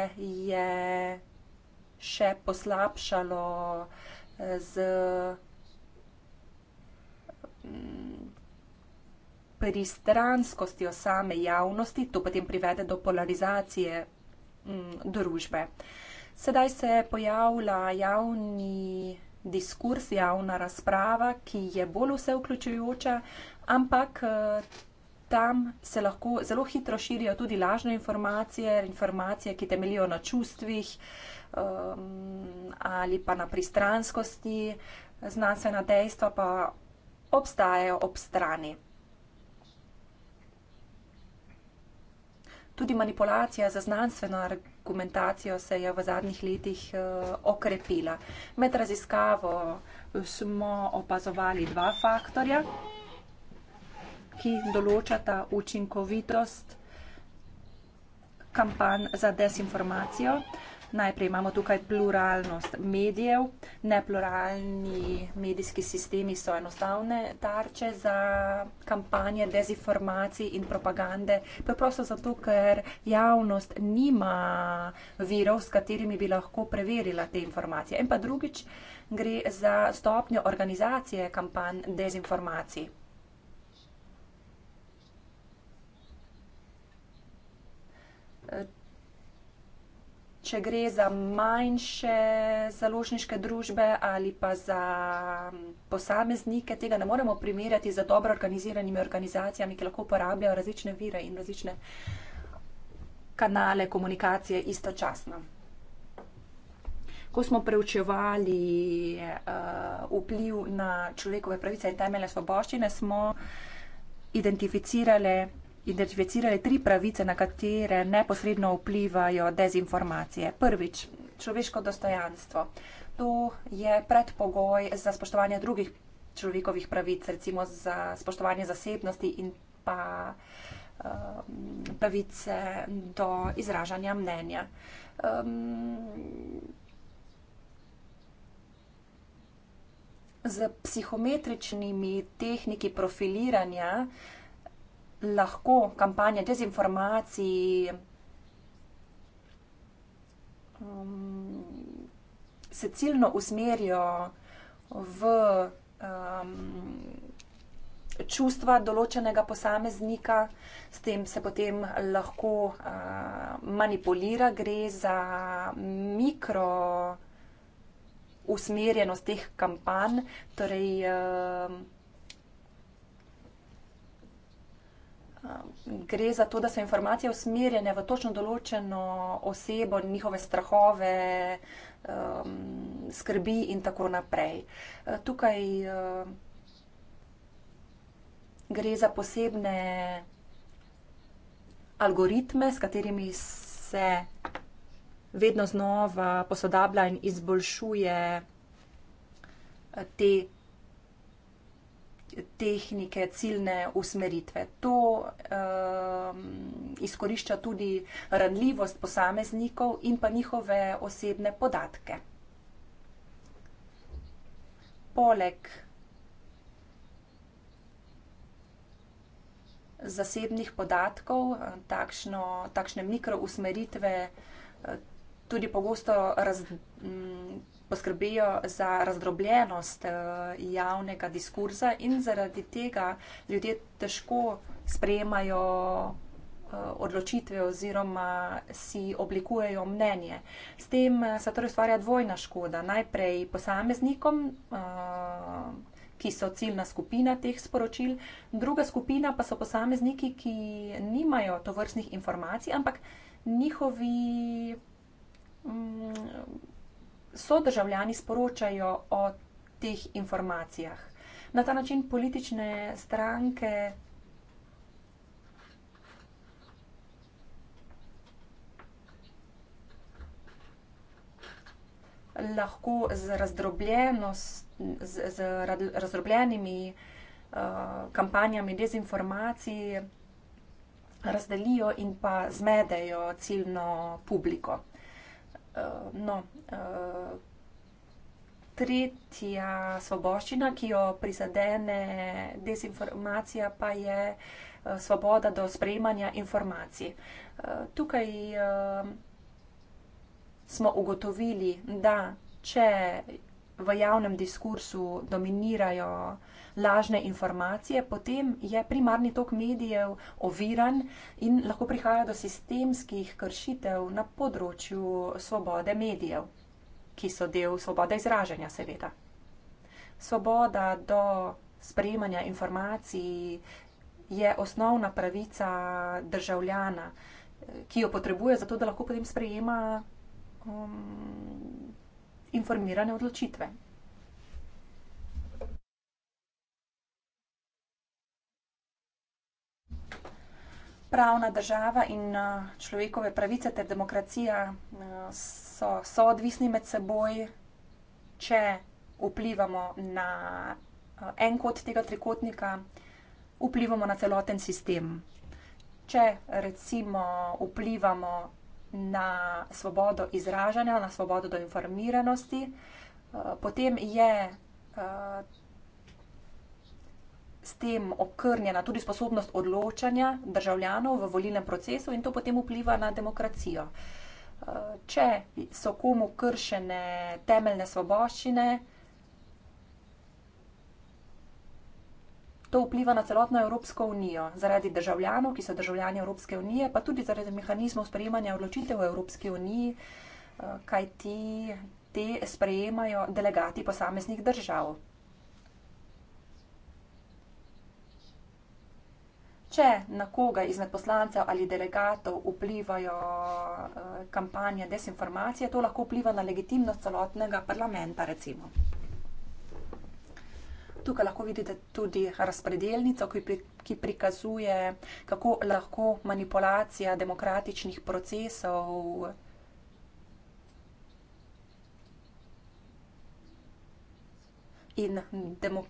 je še poslabšalo eh, z mm, pristranskostjo same javnosti, to potem privede do polarizacije m, mm, družbe. Sedaj se pojavlja javni diskurs, javna razprava, ki je bolj vse vključujoča, ampak tam se lahko zelo hitro širijo tudi lažne informacije, informacije, ki temelijo na čustvih um, ali pa na pristranskosti, znanstvena dejstva pa obstajajo ob strani. Tudi manipulacija za znanstveno argumentacijo se je v zadnjih letih eh, okrepila. Med raziskavo eh, smo opazovali dva faktorja, ki določata učinkovitost kampanj za desinformacijo najprej imamo tukaj pluralnost medijev, nepluralni medijski sistemi so enostavne tarče za kampanje dezinformacij in propagande, preprosto zato, ker javnost nima virov, s katerimi bi lahko preverila te informacije. In pa drugič gre za stopnjo organizacije kampanj dezinformacij. Uh, če gre za manjše založniške družbe ali pa za posameznike, tega ne moremo primerjati z dobro organiziranimi organizacijami, ki lahko uporabljajo različne vire in različne kanale komunikacije istočasno. Ko smo preučevali uh, vpliv na človekove pravice in temeljne svoboščine, smo identificirali identificirali tri pravice, na katere neposredno vplivajo dezinformacije. Prvič, človeško dostojanstvo. To je predpogoj za spoštovanje drugih človekovih pravic, recimo za spoštovanje zasebnosti in pa eh, pravice do izražanja mnenja. Um, z psihometričnimi tehniki profiliranja uh, lahko kampanja dezinformacij um, se ciljno usmerijo v um, čustva določenega posameznika, s tem se potem lahko uh, manipulira, gre za mikro usmerjenost teh kampanj, torej. Uh, gre za to, da so informacije usmerjene v točno določeno osebo, njihove strahove, um, skrbi in tako naprej. Eh, tukaj um, gre za posebne algoritme, s katerimi se vedno znova posodablja in izboljšuje eh, te tehnike, ciljne usmeritve. To um, izkorišča tudi ranljivost posameznikov in pa njihove osebne podatke. Poleg zasebnih podatkov, takšno, takšne mikrousmeritve eh, tudi pogosto razdražajo poskrbijo za razdrobljenost eh, javnega diskurza in zaradi tega ljudje težko sprejemajo eh, odločitve oziroma si oblikujejo mnenje. S tem eh, se torej ustvarja dvojna škoda. Najprej posameznikom, ki so ciljna skupina teh sporočil, druga skupina pa so posamezniki, ki nimajo tovrstnih informacij, ampak njihovi. Mm, sodržavljani sporočajo o teh informacijah. Na ta način politične stranke lahko z, z, z razdrobljenimi uh, kampanjami dezinformacij razdelijo in pa zmedejo ciljno publiko. Eh, no, eh, tretja svoboščina, ki jo prizadene desinformacija, pa je eh, svoboda do sprejemanja informacij. Tukaj smo ugotovili, da če v javnem diskursu dominirajo lažne informacije, potem je primarni tok medijev oviran in lahko prihaja do sistemskih kršitev na področju svobode medijev, ki so del svobode izražanja, seveda. Svoboda do sprejemanja informacij je osnovna pravica državljana, ki jo potrebuje zato, da lahko potem sprejema um, informirane odločitve. Pravna država in uh, človekove pravice ter demokracija uh, so, so odvisni med seboj, če vplivamo na uh, en kot tega trikotnika, vplivamo na celoten sistem. Če recimo vplivamo na svobodo izražanja, na svobodo do informiranosti. Eh, potem je eh, s tem okrnjena tudi sposobnost odločanja državljanov v volilnem procesu in to potem vpliva na demokracijo. Eh, če so komu kršene temeljne svoboščine, to vpliva na celotno Evropsko unijo, zaradi državljanov, ki so državljani Evropske unije, pa tudi zaradi mehanizmov sprejemanja odločitev v Evropski uniji, eh, kaj ti te sprejemajo delegati posameznih držav. Če na koga izmed poslancev ali delegatov vplivajo eh, kampanje desinformacije, to lahko vpliva na legitimnost celotnega parlamenta, recimo. Tukaj lahko vidite tudi razpredelnico, ki, pri, ki prikazuje, kako lahko manipulacija demokratičnih procesov in demo,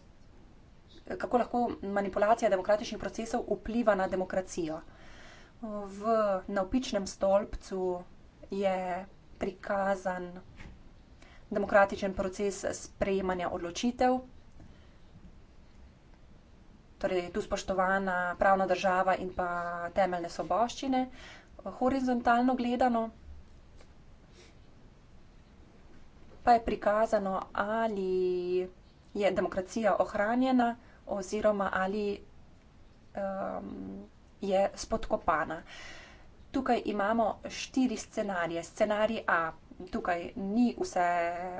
kako lahko manipulacija demokratičnih procesov vpliva na demokracijo. V navpičnem stolpcu je prikazan demokratičen proces sprejemanja odločitev, torej tu spoštovana pravna država in pa temeljne soboščine, horizontalno gledano. Pa je prikazano, ali je demokracija ohranjena oziroma ali um, je spodkopana. Tukaj imamo štiri scenarije. Scenarij A, tukaj ni vse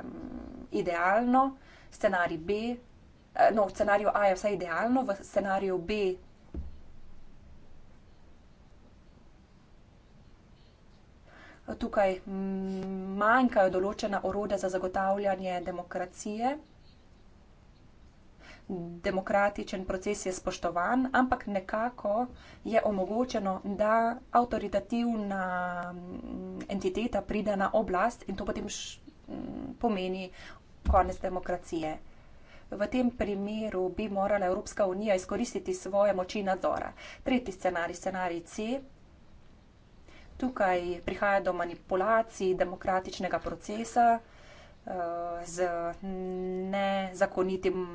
um, idealno, scenarij B, Eh, no, v scenariju A je vse idealno, v scenariju B. Tukaj mm, manjkajo določena orodja za zagotavljanje demokracije. Demokratičen proces je spoštovan, ampak nekako je omogočeno, da avtoritativna mm, entiteta pride na oblast in to potem mm, pomeni konec demokracije. V tem primeru bi morala Evropska unija izkoristiti svoje moči nadzora. Tretji scenarij, scenarij C. Tukaj prihaja do manipulacij demokratičnega procesa eh, z nezakonitim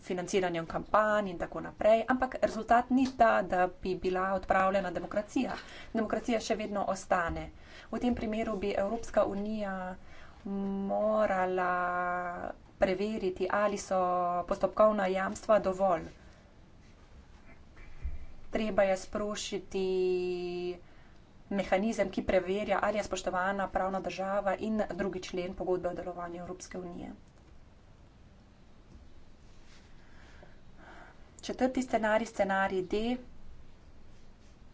financiranjem kampanj in tako naprej. Ampak rezultat ni ta, da bi bila odpravljena demokracija. Demokracija še vedno ostane. V tem primeru bi Evropska unija morala preveriti, ali so postopkovna jamstva dovolj. Treba je sprošiti mehanizem, ki preverja, ali je spoštovana pravna država in drugi člen pogodbe o delovanju Evropske unije. Četrti scenarij, scenarij D,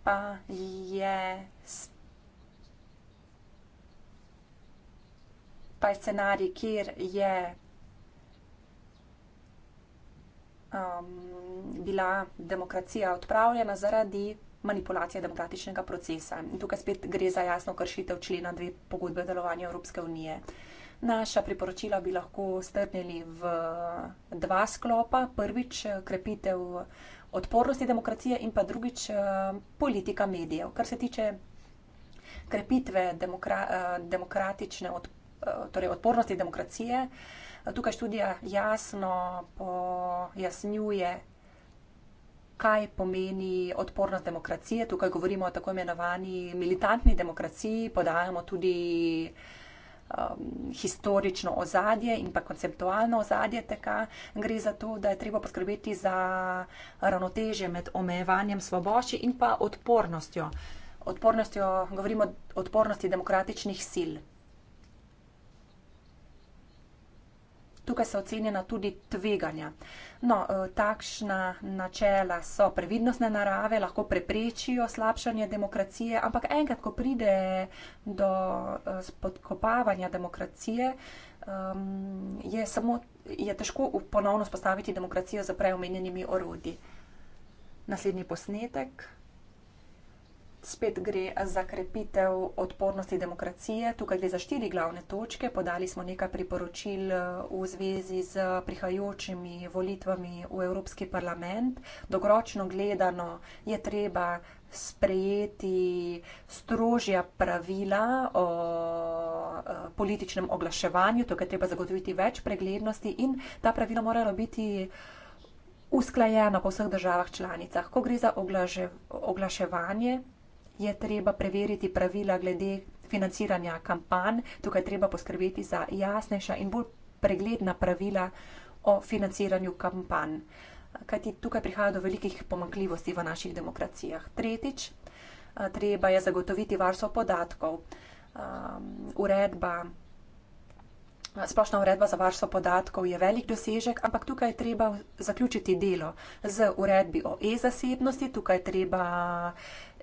pa je, pa je scenarij, kjer je um, bila demokracija odpravljena zaradi manipulacije demokratičnega procesa. In tukaj spet gre za jasno kršitev člena dve pogodbe o delovanju Evropske unije. Naša priporočila bi lahko strnili v dva sklopa. Prvič, krepitev odpornosti demokracije in pa drugič, eh, politika medijev. Kar se tiče krepitve demokra, eh, demokratične od, eh, torej odpornosti demokracije, uh, Tukaj študija jasno pojasnjuje, kaj pomeni odpornost demokracije. Tukaj govorimo o tako imenovani militantni demokraciji, podajamo tudi um, historično ozadje in pa konceptualno ozadje tega. Gre za to, da je treba poskrbeti za ravnoteže med omejevanjem svoboči in pa odpornostjo. Odpornostjo, govorimo o odpornosti demokratičnih sil. Tukaj so ocenjena tudi tveganja. No, eh, takšna načela so previdnostne narave, lahko preprečijo slabšanje demokracije, ampak enkrat, ko pride do eh, spodkopavanja demokracije, ehm, je, samo, je težko ponovno spostaviti demokracijo z preomenjenimi orodji. Naslednji posnetek spet gre za krepitev odpornosti demokracije. Tukaj gre za štiri glavne točke. Podali smo nekaj priporočil eh, v zvezi z prihajajočimi volitvami v Evropski parlament. Dogoročno gledano je treba sprejeti strožja pravila o eh, političnem oglaševanju, tukaj treba zagotoviti več preglednosti in ta pravila morajo biti usklajena po vseh državah članicah. Ko gre za oglaževanje, je treba preveriti pravila glede financiranja kampanj. Tukaj treba poskrbeti za jasnejša in bolj pregledna pravila o financiranju kampanj. Kaj ti tukaj prihaja do velikih pomankljivosti v naših demokracijah. Tretjič, treba je zagotoviti varstvo podatkov. Uredba, splošna uredba za varstvo podatkov je velik dosežek, ampak tukaj je treba zaključiti delo z uredbi o e-zasebnosti, tukaj je treba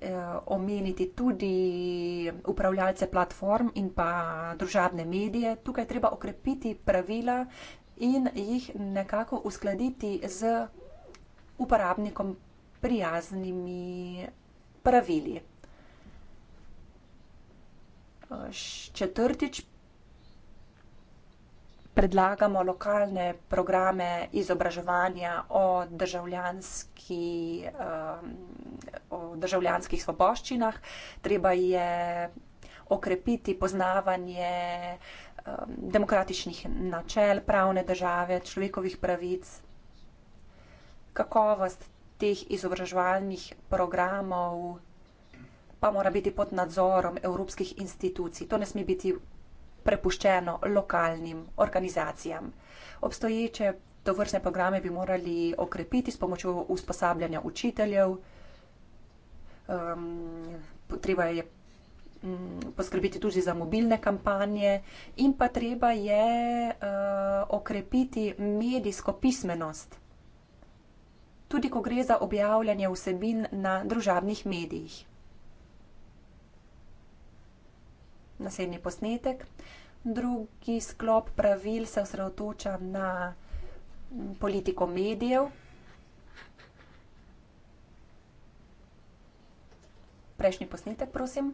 eh, omeniti tudi upravljalce platform in pa družabne medije. Tukaj treba okrepiti pravila in jih nekako uskladiti z uporabnikom prijaznimi pravili. Eh, četrtič, predlagamo lokalne programe izobraževanja o, državljanski, um, o državljanskih svoboščinah. Treba je okrepiti poznavanje um, demokratičnih načel, pravne države, človekovih pravic, kakovost teh izobraževalnih programov pa mora biti pod nadzorom evropskih institucij. To ne sme biti prepuščeno lokalnim organizacijam. Obstoječe tovrstne programe bi morali okrepiti s pomočjo usposabljanja učiteljev. Um, treba je mm, poskrbeti tudi za mobilne kampanje in pa treba je uh, okrepiti medijsko pismenost. Tudi, ko gre za objavljanje vsebin na družabnih medijih. naslednji posnetek. Drugi sklop pravil se osredotoča na mm, politiko medijev. Prejšnji posnetek, prosim.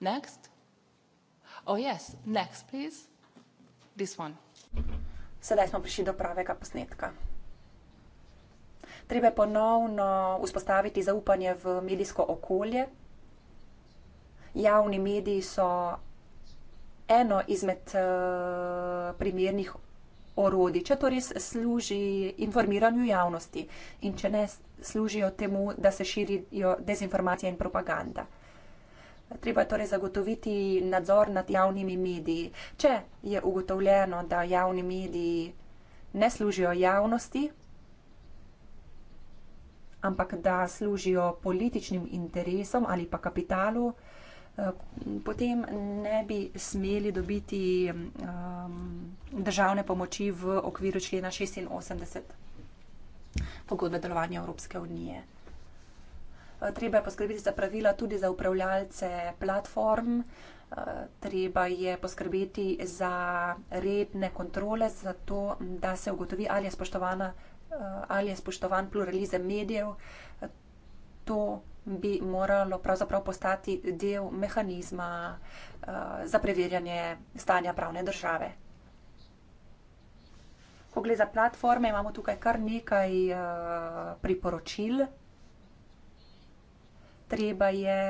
Next. Oh, yes. Next, Sedaj smo prišli do pravega posnetka treba je ponovno vzpostaviti zaupanje v medijsko okolje. Javni mediji so eno izmed uh, primernih orodij, če to res služi informiranju javnosti in če ne služijo temu, da se širijo dezinformacija in propaganda. Treba je torej zagotoviti nadzor nad javnimi mediji. Če je ugotovljeno, da javni mediji ne služijo javnosti, ampak da služijo političnim interesom ali pa kapitalu, eh, potem ne bi smeli dobiti um, državne pomoči v okviru člena 86 pogodbe delovanja Evropske unije. Eh, treba je poskrbeti za pravila tudi za upravljalce platform, eh, treba je poskrbeti za redne kontrole, zato da se ugotovi, ali je spoštovana Eh, ali je spoštovan pluralizem medijev, to bi moralo pravzaprav postati del mehanizma eh, za preverjanje stanja pravne države. Ko gre za platforme, imamo tukaj kar nekaj eh, priporočil. Treba je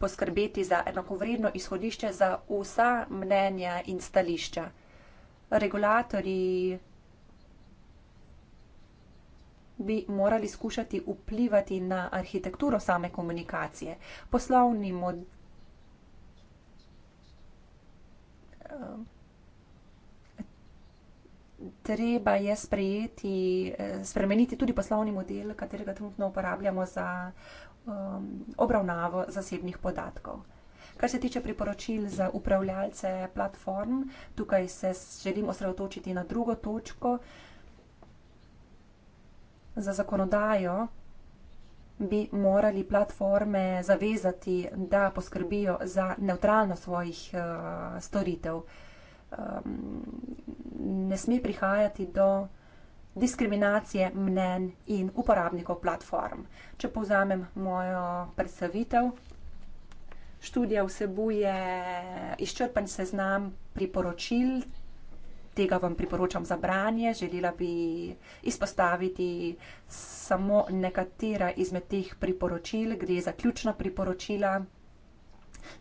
poskrbeti za enakovredno izhodišče za vsa mnenja in stališča regulatorji bi morali skušati vplivati na arhitekturo same komunikacije. Poslovni mod. Eh, treba je sprejeti, eh, spremeniti tudi poslovni model, katerega trenutno uporabljamo za um, obravnavo zasebnih podatkov. Kar se tiče priporočil za upravljalce platform, tukaj se želim osredotočiti na drugo točko. Za zakonodajo bi morali platforme zavezati, da poskrbijo za neutralno svojih uh, storitev. Um, ne sme prihajati do diskriminacije mnen in uporabnikov platform. Če povzamem mojo predstavitev, študija vsebuje izčrpen seznam priporočil, tega vam priporočam za branje. Želela bi izpostaviti samo nekatera izmed teh priporočil, gre za ključna priporočila,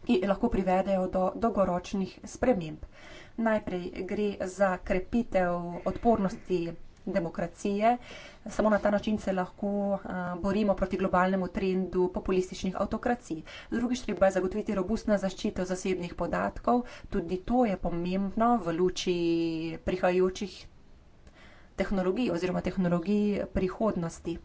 ki lahko privedejo do dolgoročnih sprememb. Najprej gre za krepitev odpornosti demokracije. Samo na ta način se lahko a, borimo proti globalnemu trendu populističnih avtokracij. Drugič, treba je zagotoviti robustno zaščito zasebnih podatkov. Tudi to je pomembno v luči prihajajočih tehnologij oziroma tehnologij prihodnosti.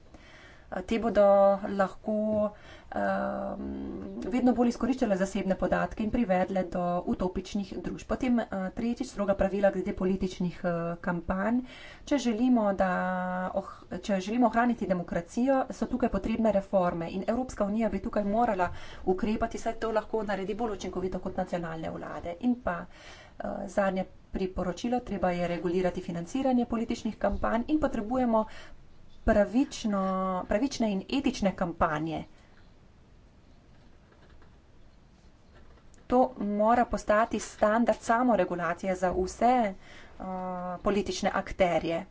Eh, te bodo lahko um, vedno bolj izkoriščale zasebne podatke in privedle do utopičnih družb. Potem uh, tretjič, stroga pravila glede političnih uh, kampanj. Če želimo, da, oh, če želimo ohraniti demokracijo, so tukaj potrebne reforme in Evropska unija bi tukaj morala ukrepati, saj to lahko naredi bolj učinkovito kot nacionalne vlade. In pa uh, zadnje priporočilo, treba je regulirati financiranje političnih kampanj in potrebujemo pravično, pravične in etične kampanje. To mora postati standard samoregulacije za vse uh, politične akterje.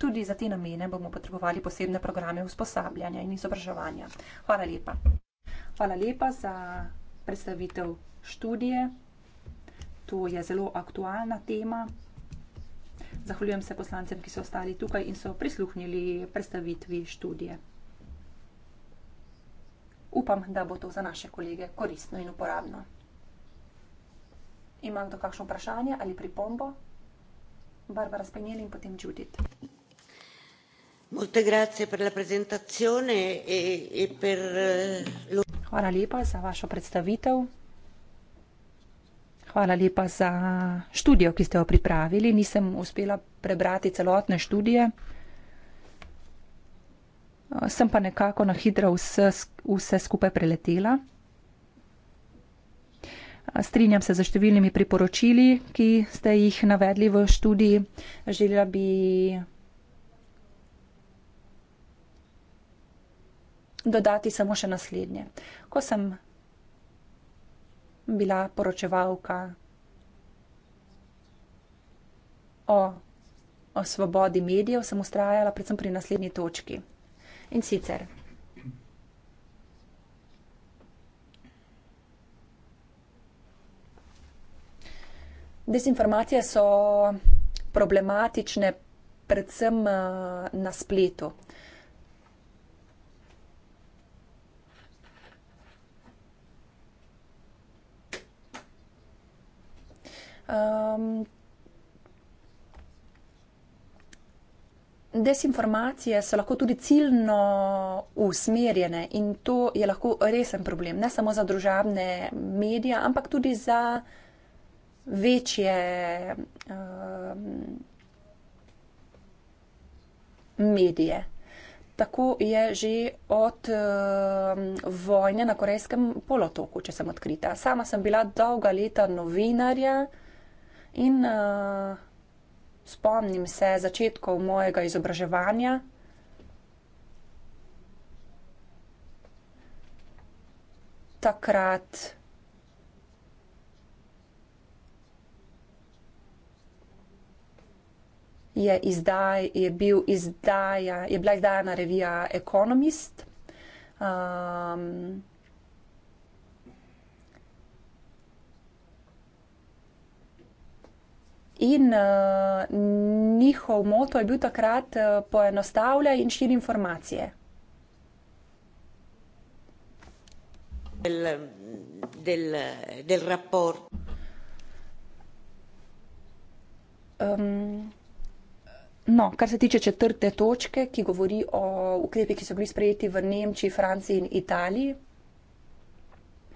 Tudi za te namene bomo potrebovali posebne programe usposabljanja in izobraževanja. Hvala lepa. Hvala lepa za predstavitev študije to je zelo aktualna tema. Zahvaljujem se poslancem, ki so ostali tukaj in so prisluhnili predstavitvi študije. Upam, da bo to za naše kolege koristno in uporabno. Imam to kakšno vprašanje ali pripombo? Barbara Spenjeli in potem Judith. E, e eh, Hvala lepa za vašo predstavitev. Hvala lepa za študijo, ki ste jo pripravili. Nisem uspela prebrati celotne študije. Sem pa nekako na hitro vse, vse skupaj preletela. Strinjam se za številnimi priporočili, ki ste jih navedli v študiji. Želela bi dodati samo še naslednje. Ko sem bila poročevalka. O, o svobodi medijev sem ustrajala, predvsem pri naslednji točki. In sicer. Dezinformacije so problematične predvsem eh, na spletu. Um, Desinformacije so lahko tudi ciljno usmerjene in to je lahko resen problem, ne samo za družabne medije, ampak tudi za večje um, medije. Tako je že od um, vojne na Korejskem polotoku, če sem odkrita. Sama sem bila dolga leta novinarja. In uh, spomnim se začetkov mojega izobraževanja. Takrat je, izdaj, je, bil izdaja, je bila izdajana revija Economist. Um, In uh, njihov moto je bil takrat uh, eh, poenostavljaj in širi informacije. Del, del, del um, no, kar se tiče četrte točke, ki govori o ukrepih, ki so bili sprejeti v Nemčiji, Franciji in Italiji,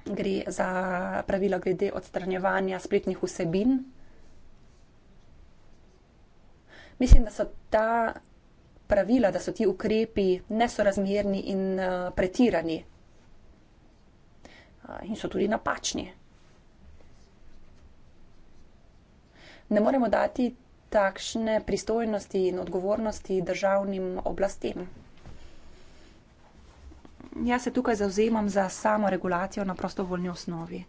gre za pravila glede odstranjevanja spletnih vsebin mislim, da so ta pravila, da so ti ukrepi nesorazmerni in uh, pretirani uh, in so tudi napačni. Ne moremo dati takšne pristojnosti in odgovornosti državnim oblastem. Jaz se tukaj zauzemam za samo regulacijo na prostovoljni osnovi.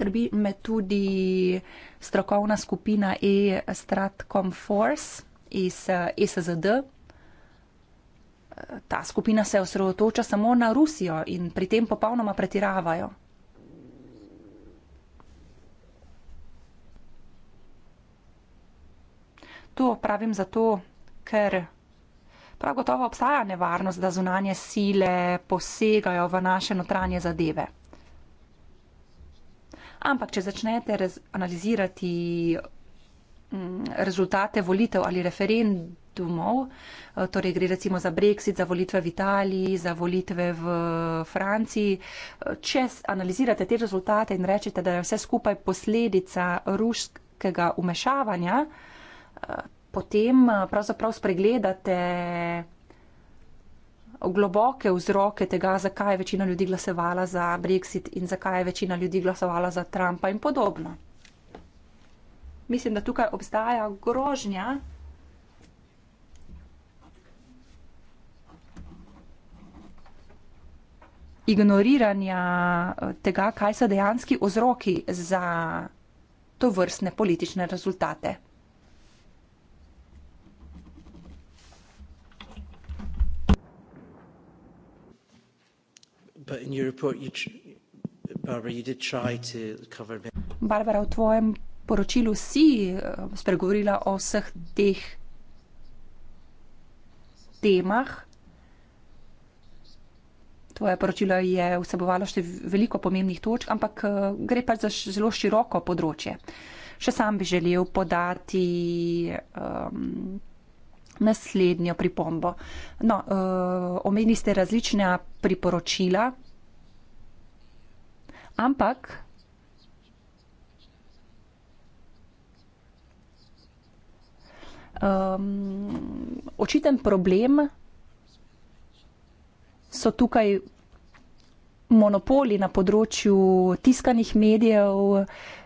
skrbi me tudi strokovna skupina E-Stratcom Force iz ESZD. Eh, eh, ta skupina se osredotoča samo na Rusijo in pri tem popolnoma pretiravajo. To pravim zato, ker prav gotovo obstaja nevarnost, da zunanje sile posegajo v naše notranje zadeve. Ampak, če začnete raz, analizirati m, mm, rezultate volitev ali referendumov, eh, torej gre recimo za Brexit, za volitve v Italiji, za volitve v eh, Franciji, eh, če analizirate te rezultate in rečete, da je vse skupaj posledica ruskega umešavanja, potem pravzaprav spregledate globoke vzroke tega, zakaj je večina ljudi glasovala za Brexit in zakaj je večina ljudi glasovala za Trumpa in podobno. Mislim, da tukaj obstaja grožnja. Ignoriranja eh, tega, kaj so dejanski vzroki za to vrstne politične rezultate. But in your report, you tr- Barbara, you did try to cover. Barbara, v tvojem poročilu si eh, spregovorila o vseh teh temah. Tvoje poročilo je vsebovalo še veliko pomembnih točk, ampak eh, gre pa za zelo široko področje. Še sam bi želel podati. Um, naslednjo pripombo. No, uh, omenili ste različna priporočila, ampak um, očiten problem so tukaj monopoli na področju tiskanih medijev.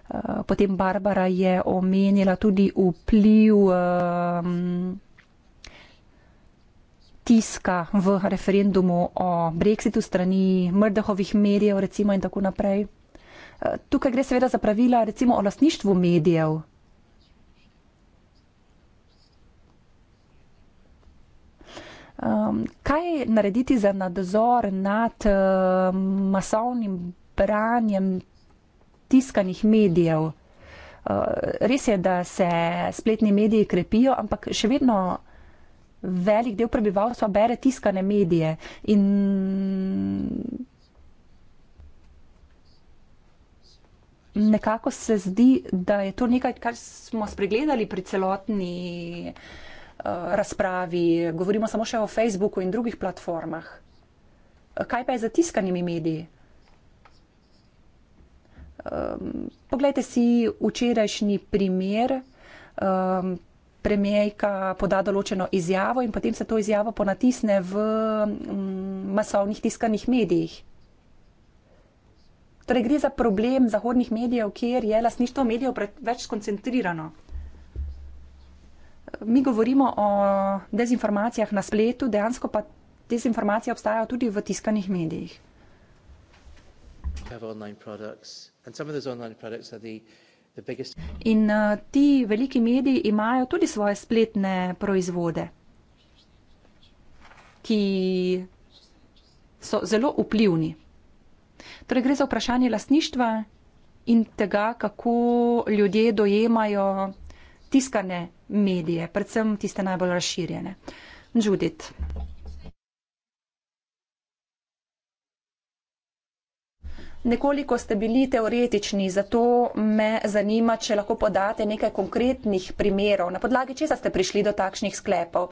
Eh, potem Barbara je omenila tudi vpliv um, tiska v referendumu o brexitu strani mrdahovih medijev recimo in tako naprej. Eh, tukaj gre seveda za pravila recimo o lasništvu medijev. Um, kaj narediti za nadzor nad uh, masovnim branjem tiskanih medijev? Uh, res je, da se spletni mediji krepijo, ampak še vedno velik del prebivalstva bere tiskane medije. In... Nekako se zdi, da je to nekaj, kar smo spregledali pri celotni eh, razpravi, govorimo samo še o Facebooku in drugih platformah. Eh, kaj pa je za tiskanimi mediji? Um, poglejte si včerajšnji primer. Um, premijejka poda določeno izjavo in potem se to izjavo ponatisne v mm, masovnih tiskanih medijih. Torej gre za problem zahodnih medijev, kjer je lasništvo medijev preveč skoncentrirano. Mi govorimo o dezinformacijah na spletu, dejansko pa dezinformacije obstajajo tudi v tiskanih medijih. Have online products and some of those online products are the In uh, ti veliki mediji imajo tudi svoje spletne proizvode, ki so zelo vplivni. Torej gre za vprašanje lasništva in tega, kako ljudje dojemajo tiskane medije, predvsem tiste najbolj razširjene. Judith. Nekoliko ste bili teoretični, zato me zanima, če lahko podate nekaj konkretnih primerov, na podlagi česa ste prišli do takšnih sklepov.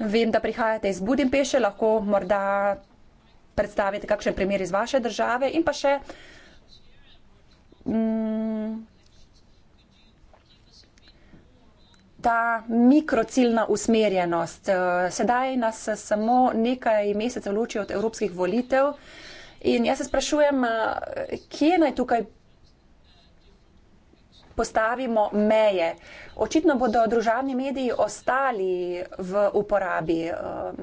Vem, da prihajate iz Budimpeše, lahko morda predstavite kakšen primer iz vaše države in pa še. Mm, Ta mikrociljna usmerjenost. Sedaj nas samo nekaj mesecev loči od evropskih volitev. In jaz se sprašujem, kje naj tukaj postavimo meje. Očitno bodo družavni mediji ostali v uporabi. Ehm,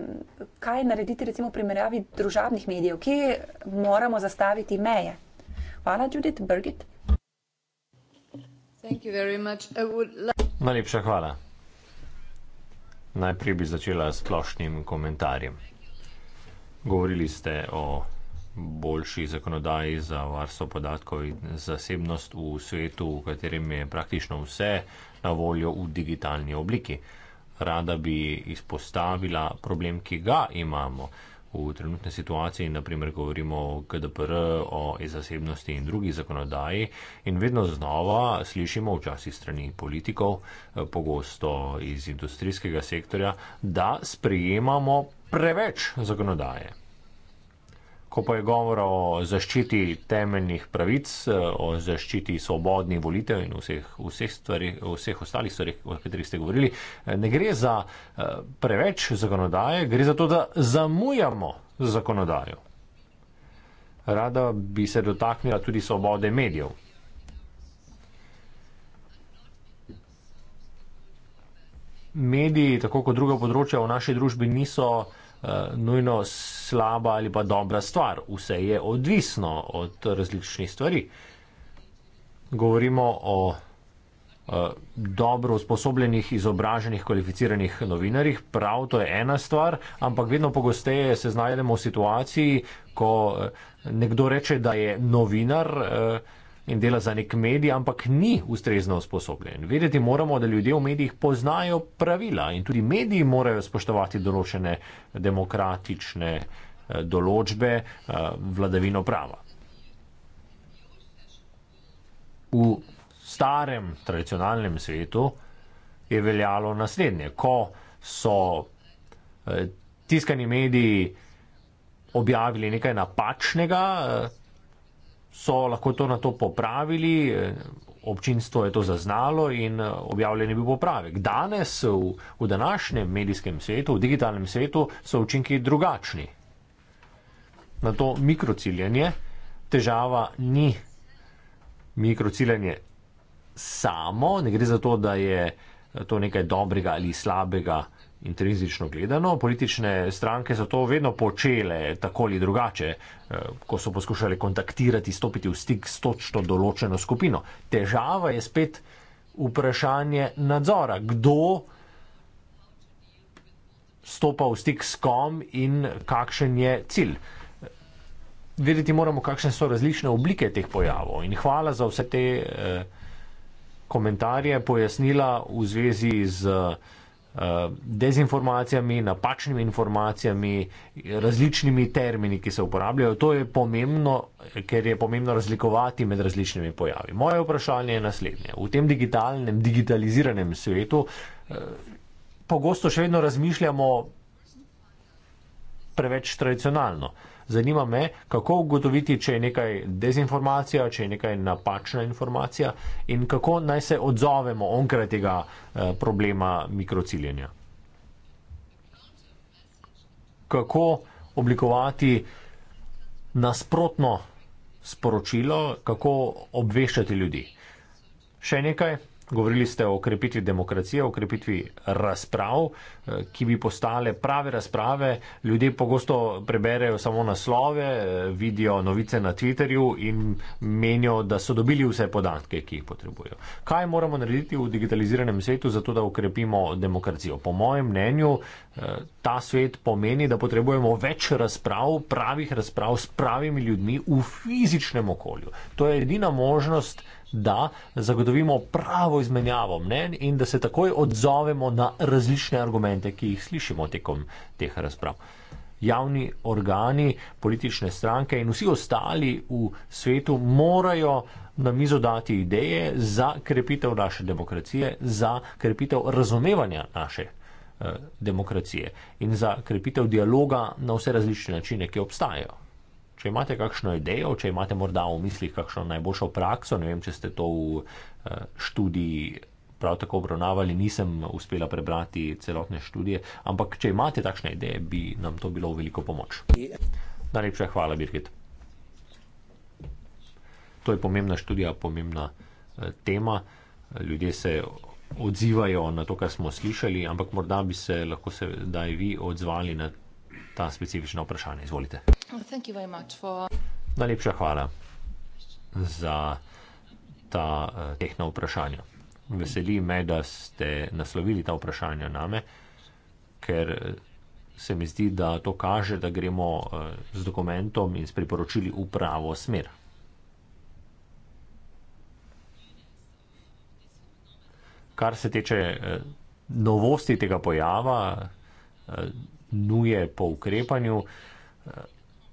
kaj narediti recimo v primerjavi družavnih medijev? Kje moramo zastaviti meje? Hvala, Judith. Birgit. Najlepša hvala. Najprej bi začela s splošnim komentarjem. Govorili ste o boljši zakonodaji za varstvo podatkov in zasebnost v svetu, v katerem je praktično vse na voljo v digitalni obliki. Rada bi izpostavila problem, ki ga imamo v trenutni situaciji, naprimer govorimo o GDPR, o e-zasebnosti in drugi zakonodaji in vedno znova slišimo včasih strani politikov, eh, pogosto iz industrijskega sektorja, da sprejemamo preveč zakonodaje ko pa je govora o zaščiti temeljnih pravic, eh, o zaščiti svobodnih volitev in vseh, vseh, stvari, vseh ostalih stvari, o katerih ste govorili, eh, ne gre za eh, preveč zakonodaje, gre za to, da zamujamo zakonodajo. Rada bi se dotaknila tudi svobode medijev. Mediji, tako kot druga področja v naši družbi, niso Eh, nujno slaba ali pa dobra stvar. Vse je odvisno od različnih stvari. Govorimo o eh, dobro usposobljenih, izobraženih, kvalificiranih novinarjih. Prav to je ena stvar, ampak vedno pogosteje se znajdemo v situaciji, ko eh, nekdo reče, da je novinar. Uh, in dela za nek medij, ampak ni ustrezno usposobljen. Vedeti moramo, da ljudje v medijih poznajo pravila in tudi mediji morajo spoštovati določene demokratične eh, določbe eh, vladavino prava. V starem tradicionalnem svetu je veljalo naslednje. Ko so eh, tiskani mediji objavili nekaj napačnega, so lahko to na to popravili, eh, občinstvo je to zaznalo in eh, objavljen je bil popravek. Danes v, v današnjem medijskem svetu, v digitalnem svetu, so učinki drugačni. Na to mikrociljanje težava ni mikrociljanje samo, ne gre za to, da je eh, to nekaj dobrega ali slabega intrinzično gledano. Politične stranke so to vedno počele tako ali drugače, eh, ko so poskušali kontaktirati, stopiti v stik s točno določeno skupino. Težava je spet vprašanje nadzora, kdo stopa v stik s kom in kakšen je cilj. Vedeti moramo, kakšne so različne oblike teh pojavov. In hvala za vse te eh, komentarje, pojasnila v zvezi z eh, dezinformacijami, napačnimi informacijami, različnimi termini, ki se uporabljajo. To je pomembno, ker je pomembno razlikovati med različnimi pojavi. Moje vprašanje je naslednje. V tem digitalnem, digitaliziranem svetu eh, pogosto še vedno razmišljamo preveč tradicionalno zanima me, kako ugotoviti, če je nekaj dezinformacija, če je nekaj napačna informacija in kako naj se odzovemo onkraj tega eh, problema mikrociljenja. Kako oblikovati nasprotno sporočilo, kako obveščati ljudi. Še nekaj. Govorili ste o okrepitvi demokracije, o okrepitvi razprav, eh, ki bi postale prave razprave. Ljudje pogosto preberejo samo naslove, eh, vidijo novice na Twitterju in menijo, da so dobili vse podatke, ki jih potrebujejo. Kaj moramo narediti v digitaliziranem svetu, zato da okrepimo demokracijo? Po mojem mnenju, eh, ta svet pomeni, da potrebujemo več razprav, pravih razprav s pravimi ljudmi v fizičnem okolju. To je edina možnost, da zagotovimo pravo izmenjavo mnen in da se takoj odzovemo na različne argumente, ki jih slišimo tekom teh razprav. Javni organi, politične stranke in vsi ostali v svetu morajo na mizo dati ideje za krepitev naše demokracije, za krepitev razumevanja naše eh, demokracije in za krepitev dialoga na vse različne načine, ki obstajajo. Če imate kakšno idejo, če imate morda v mislih kakšno najboljšo prakso, ne vem, če ste to v eh, študiji prav tako obravnavali, nisem uspela prebrati celotne študije, ampak če imate takšne ideje, bi nam to bilo v veliko pomoč. Najlepša hvala, Birgit. To je pomembna študija, pomembna eh, tema. Ljudje se odzivajo na to, kar smo slišali, ampak morda bi se lahko sedaj vi odzvali na to ta specifična vprašanja. Izvolite. Najlepša hvala za ta eh, tehna vprašanja. Veseli me, da ste naslovili ta vprašanja name, ker eh, se mi zdi, da to kaže, da gremo eh, z dokumentom in s priporočili v pravo smer. Kar se tiče novosti tega pojava, nuje po ukrepanju,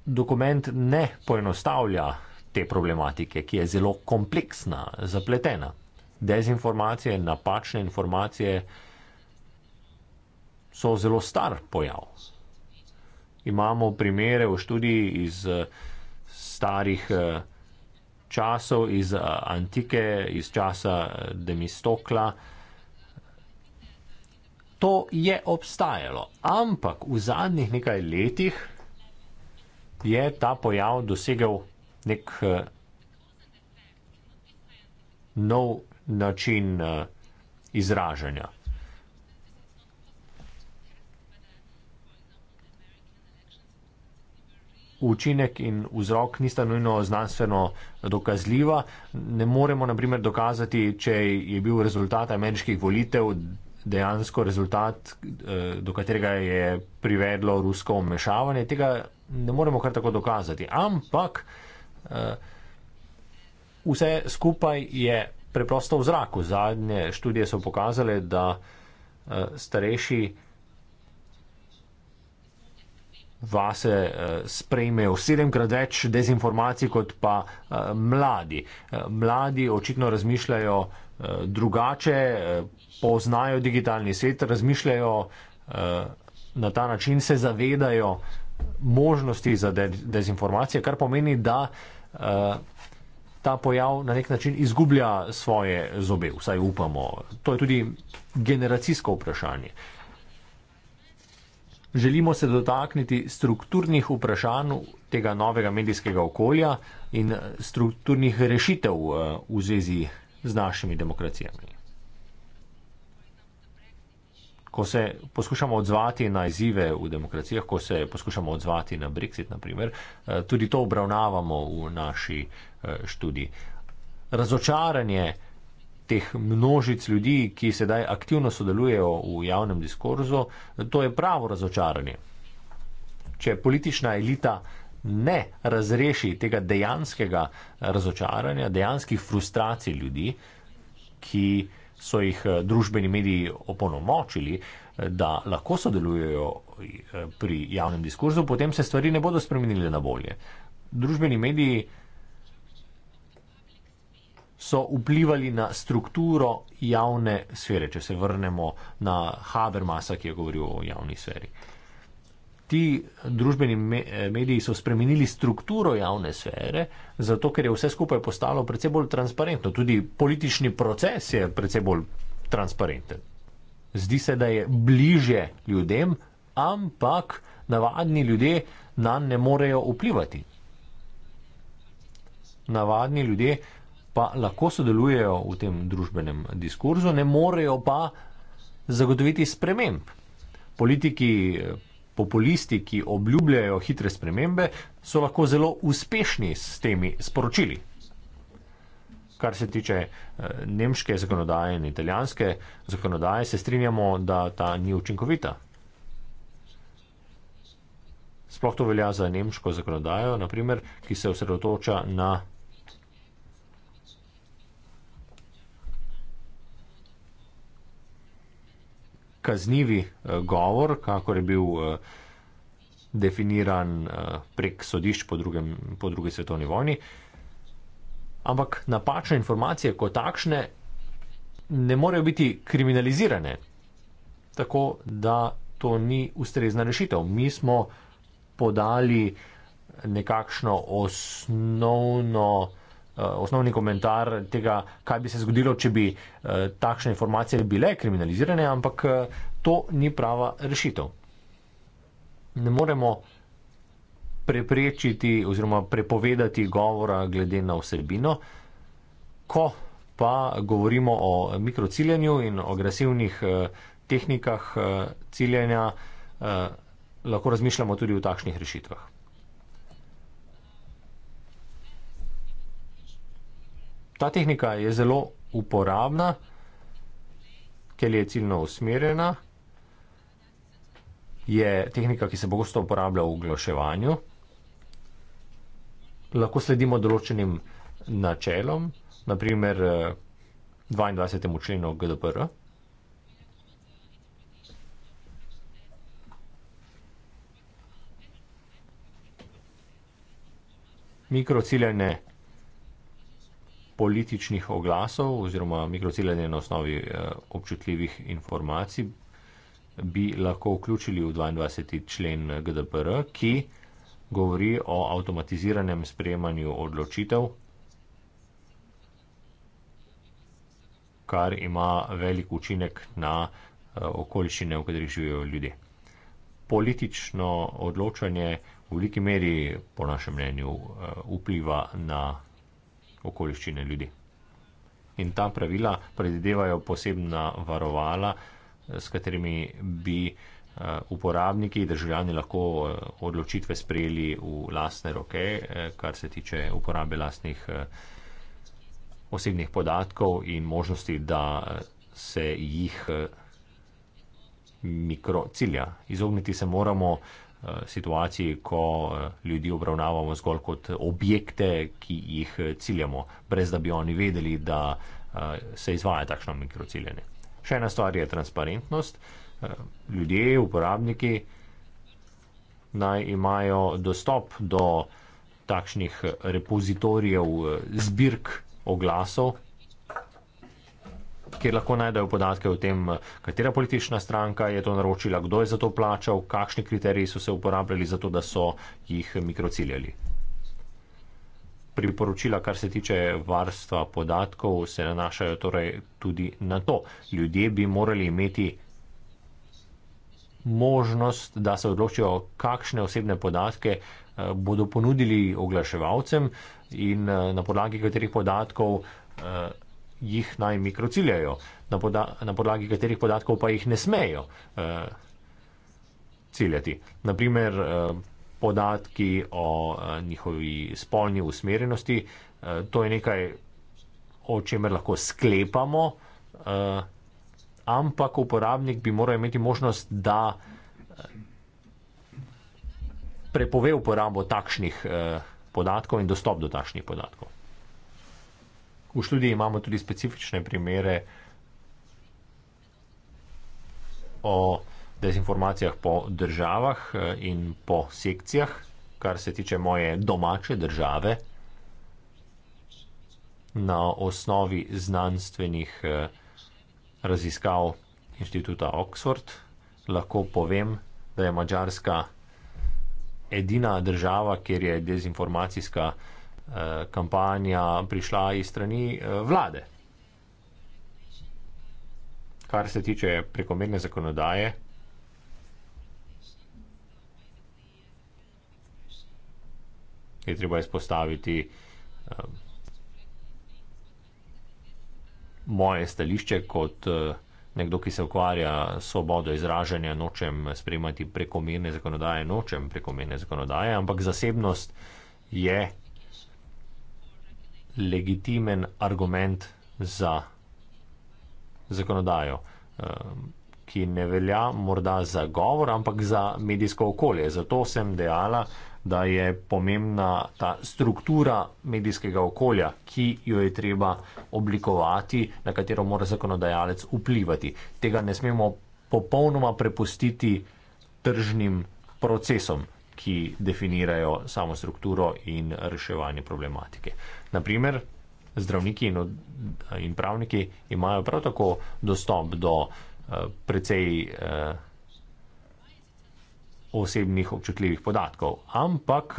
dokument ne poenostavlja te problematike, ki je zelo kompleksna, zapletena. Dezinformacije, napačne informacije so zelo star pojav. Imamo primere v študiji iz starih časov, iz antike, iz časa Demistokla, to je obstajalo. Ampak v zadnjih nekaj letih je ta pojav dosegel nek eh, nov način eh, izražanja. Učinek in vzrok nista nujno znanstveno dokazljiva. Ne moremo, na primer, dokazati, če je bil rezultat ameriških volitev dejansko rezultat, eh, do katerega je privedlo rusko vmešavanje, tega ne moremo kar tako dokazati. Ampak eh, vse skupaj je preprosto v zraku. Zadnje študije so pokazale, da eh, starejši vase sprejmejo sedemkrat več dezinformacij kot pa mladi. Mladi očitno razmišljajo drugače, poznajo digitalni svet, razmišljajo eh, na ta način, se zavedajo možnosti za dezinformacije, kar pomeni, da eh, ta pojav na nek način izgublja svoje zobe, vsaj upamo. To je tudi generacijsko vprašanje. Želimo se dotakniti strukturnih vprašanj tega novega medijskega okolja in strukturnih rešitev eh, v zvezi z našimi demokracijami ko se poskušamo odzvati na izzive v demokracijah, ko se poskušamo odzvati na Brexit, naprimer, eh, tudi to obravnavamo v naši eh, študiji. Razočaranje teh množic ljudi, ki sedaj aktivno sodelujejo v javnem diskurzu, to je pravo razočaranje. Če politična elita ne razreši tega dejanskega eh, razočaranja, dejanskih frustracij ljudi, ki so jih eh, družbeni mediji opolnomočili, eh, da lahko sodelujejo eh, pri javnem diskurzu, potem se stvari ne bodo spremenile na bolje. Družbeni mediji so vplivali na strukturo javne sfere, če se vrnemo na Habermasa, ki je govoril o javni sferi ti družbeni me, eh, mediji so spremenili strukturo javne sfere, zato ker je vse skupaj postalo predvsej bolj transparentno. Tudi politični proces je predvsej bolj transparenten. Zdi se, da je bliže ljudem, ampak navadni ljudje na ne morejo vplivati. Navadni ljudje pa lahko sodelujejo v tem družbenem diskurzu, ne morejo pa zagotoviti sprememb. Politiki eh, populisti, ki obljubljajo hitre spremembe, so lahko zelo uspešni s temi sporočili. Kar se tiče eh, nemške zakonodaje in italijanske zakonodaje, se strinjamo, da ta ni učinkovita. Sploh to velja za nemško zakonodajo, naprimer, ki se osredotoča na kaznivi eh, govor, kakor je bil eh, definiran eh, prek sodišč po, drugem, po drugi svetovni vojni. Ampak napačne informacije kot takšne ne morejo biti kriminalizirane, tako da to ni ustrezna rešitev. Mi smo podali nekakšno osnovno Eh, osnovni komentar tega, kaj bi se zgodilo, če bi eh, takšne informacije bile kriminalizirane, ampak eh, to ni prava rešitev. Ne moremo preprečiti oziroma prepovedati govora glede na vsebino, ko pa govorimo o mikrociljenju in agresivnih tehnikah ciljenja, lahko razmišljamo tudi o takšnih rešitvah. Ta tehnika je zelo uporabna, ker je ciljno usmerjena. Je tehnika, ki se pogosto uporablja v oglaševanju. Lahko sledimo določenim načelom, naprimer 22. Eh, členu GDPR. Mikrociljene političnih oglasov oziroma mikrociljanje na osnovi eh, občutljivih informacij bi lahko vključili v 22. člen GDPR, ki govori o avtomatiziranem sprejemanju odločitev, kar ima velik učinek na eh, okoljšine, v katerih živijo ljudje. Politično odločanje v veliki meri, po našem mnenju, eh, vpliva na odločitev okoliščine ljudi. In ta pravila predvidevajo posebna varovala, eh, s katerimi bi eh, uporabniki, državljani lahko eh, odločitve sprejeli v lasne roke, kar se tiče uporabe lasnih osebnih podatkov in možnosti, da se jih mikrocilja. Izogniti se moramo uh, Eh, situaciji, ko eh, ljudi obravnavamo zgolj kot objekte, ki jih eh, ciljamo, brez da bi oni vedeli, da se izvaja takšno mikrociljenje. Še ena stvar je transparentnost. Ljudje, uporabniki naj imajo dostop do takšnih repozitorijev zbirk oglasov, kjer lahko najdejo podatke o tem, eh, katera politična stranka je to naročila, kdo je za to plačal, kakšni kriteriji so se uporabljali za to, da so jih eh, mikrociljali. Priporočila, kar se tiče varstva podatkov, se nanašajo torej tudi na to. Ljudje bi morali imeti možnost, da se odločijo, kakšne osebne podatke eh, bodo ponudili oglaševalcem in na podlagi katerih podatkov jih naj mikrociljajo, na, poda na podlagi katerih podatkov pa jih ne smejo uh, ciljati. Naprimer, uh, eh, podatki o uh, njihovi spolni usmerjenosti, uh, to je nekaj, o čemer lahko sklepamo, uh, ampak uporabnik bi moral imeti možnost, da prepove uporabo takšnih uh, podatkov in dostop do takšnih podatkov. V študiji imamo tudi specifične primere o dezinformacijah po državah eh, in po sekcijah, kar se tiče moje domače države, na osnovi znanstvenih eh, raziskav inštituta Oxford. Lahko povem, da je Mačarska edina država, kjer je dezinformacijska Eh, kampanja prišla iz strani eh, vlade. Kar se tiče prekomerne zakonodaje, je treba izpostaviti um, moje stališče kot uh, nekdo, ki se ukvarja s svobodo izražanja, nočem spremati prekomerne zakonodaje, nočem prekomerne zakonodaje, ampak zasebnost je legitimen argument za zakonodajo, ehm, ki ne velja morda za govor, ampak za medijsko okolje. Zato sem dejala, da je pomembna ta struktura medijskega okolja, ki jo je treba oblikovati, na katero mora zakonodajalec vplivati. Tega ne smemo popolnoma prepustiti tržnim procesom ki definirajo samo strukturo in reševanje problematike. Naprimer, zdravniki in, in pravniki imajo prav tako dostop do uh, precej uh, osebnih občutljivih podatkov, ampak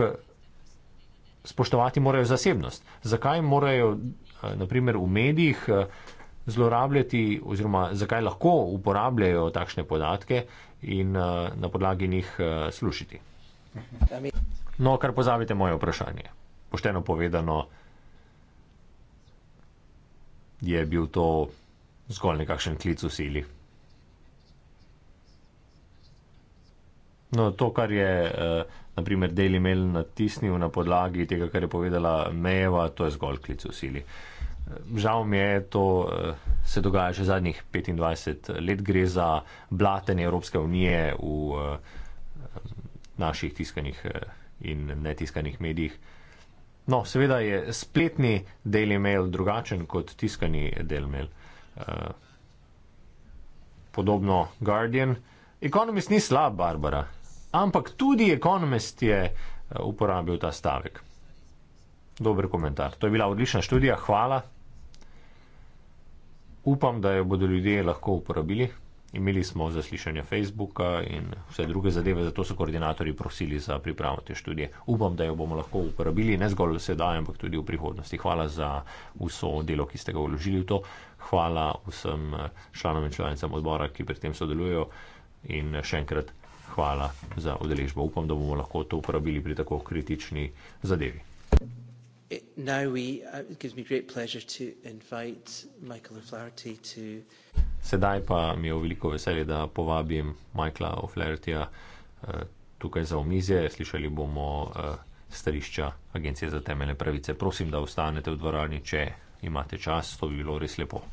spoštovati morajo zasebnost. Zakaj morajo, uh, eh, naprimer, v medijih uh, zlorabljati oziroma zakaj lahko uporabljajo takšne podatke in uh, na podlagi njih uh, slušati? No, kar pozabite moje vprašanje. Pošteno povedano, je bil to zgolj nekakšen klic v sili. No, to, kar je eh, naprimer Daily Mail natisnil na podlagi tega, kar je povedala Mejeva, to je zgolj klic v sili. Eh, žal mi je, to eh, se dogaja že zadnjih 25 let, gre za blatenje Evropske unije v. Eh, naših tiskanih eh, in netiskanih medijih. No, seveda je spletni del e-mail drugačen kot tiskani del e-mail. Eh, podobno Guardian. Economist ni slab, Barbara, ampak tudi Economist je eh, uporabil ta stavek. Dober komentar. To je bila odlična študija, hvala. Upam, da jo bodo ljudje lahko uporabili. Imeli smo zaslišanje Facebooka in vse druge zadeve, zato so koordinatorji prosili za pripravo te študije. Upam, da jo bomo lahko uporabili ne zgolj sedaj, ampak tudi v prihodnosti. Hvala za vso delo, ki ste ga vložili v to. Hvala vsem članom in članicam odbora, ki pri tem sodelujo. In še enkrat hvala za odeležbo. Upam, da bomo lahko to uporabili pri tako kritični zadevi it, now we, uh, it gives me great pleasure to invite Michael O'Flaherty to. Sedaj pa mi je v veliko veselje, da povabim Michaela O'Flahertyja uh, tukaj za omizje. Slišali bomo uh, stališča Agencije za temeljne pravice. Prosim, da ostanete v dvorani, če imate čas, to bi bilo res lepo.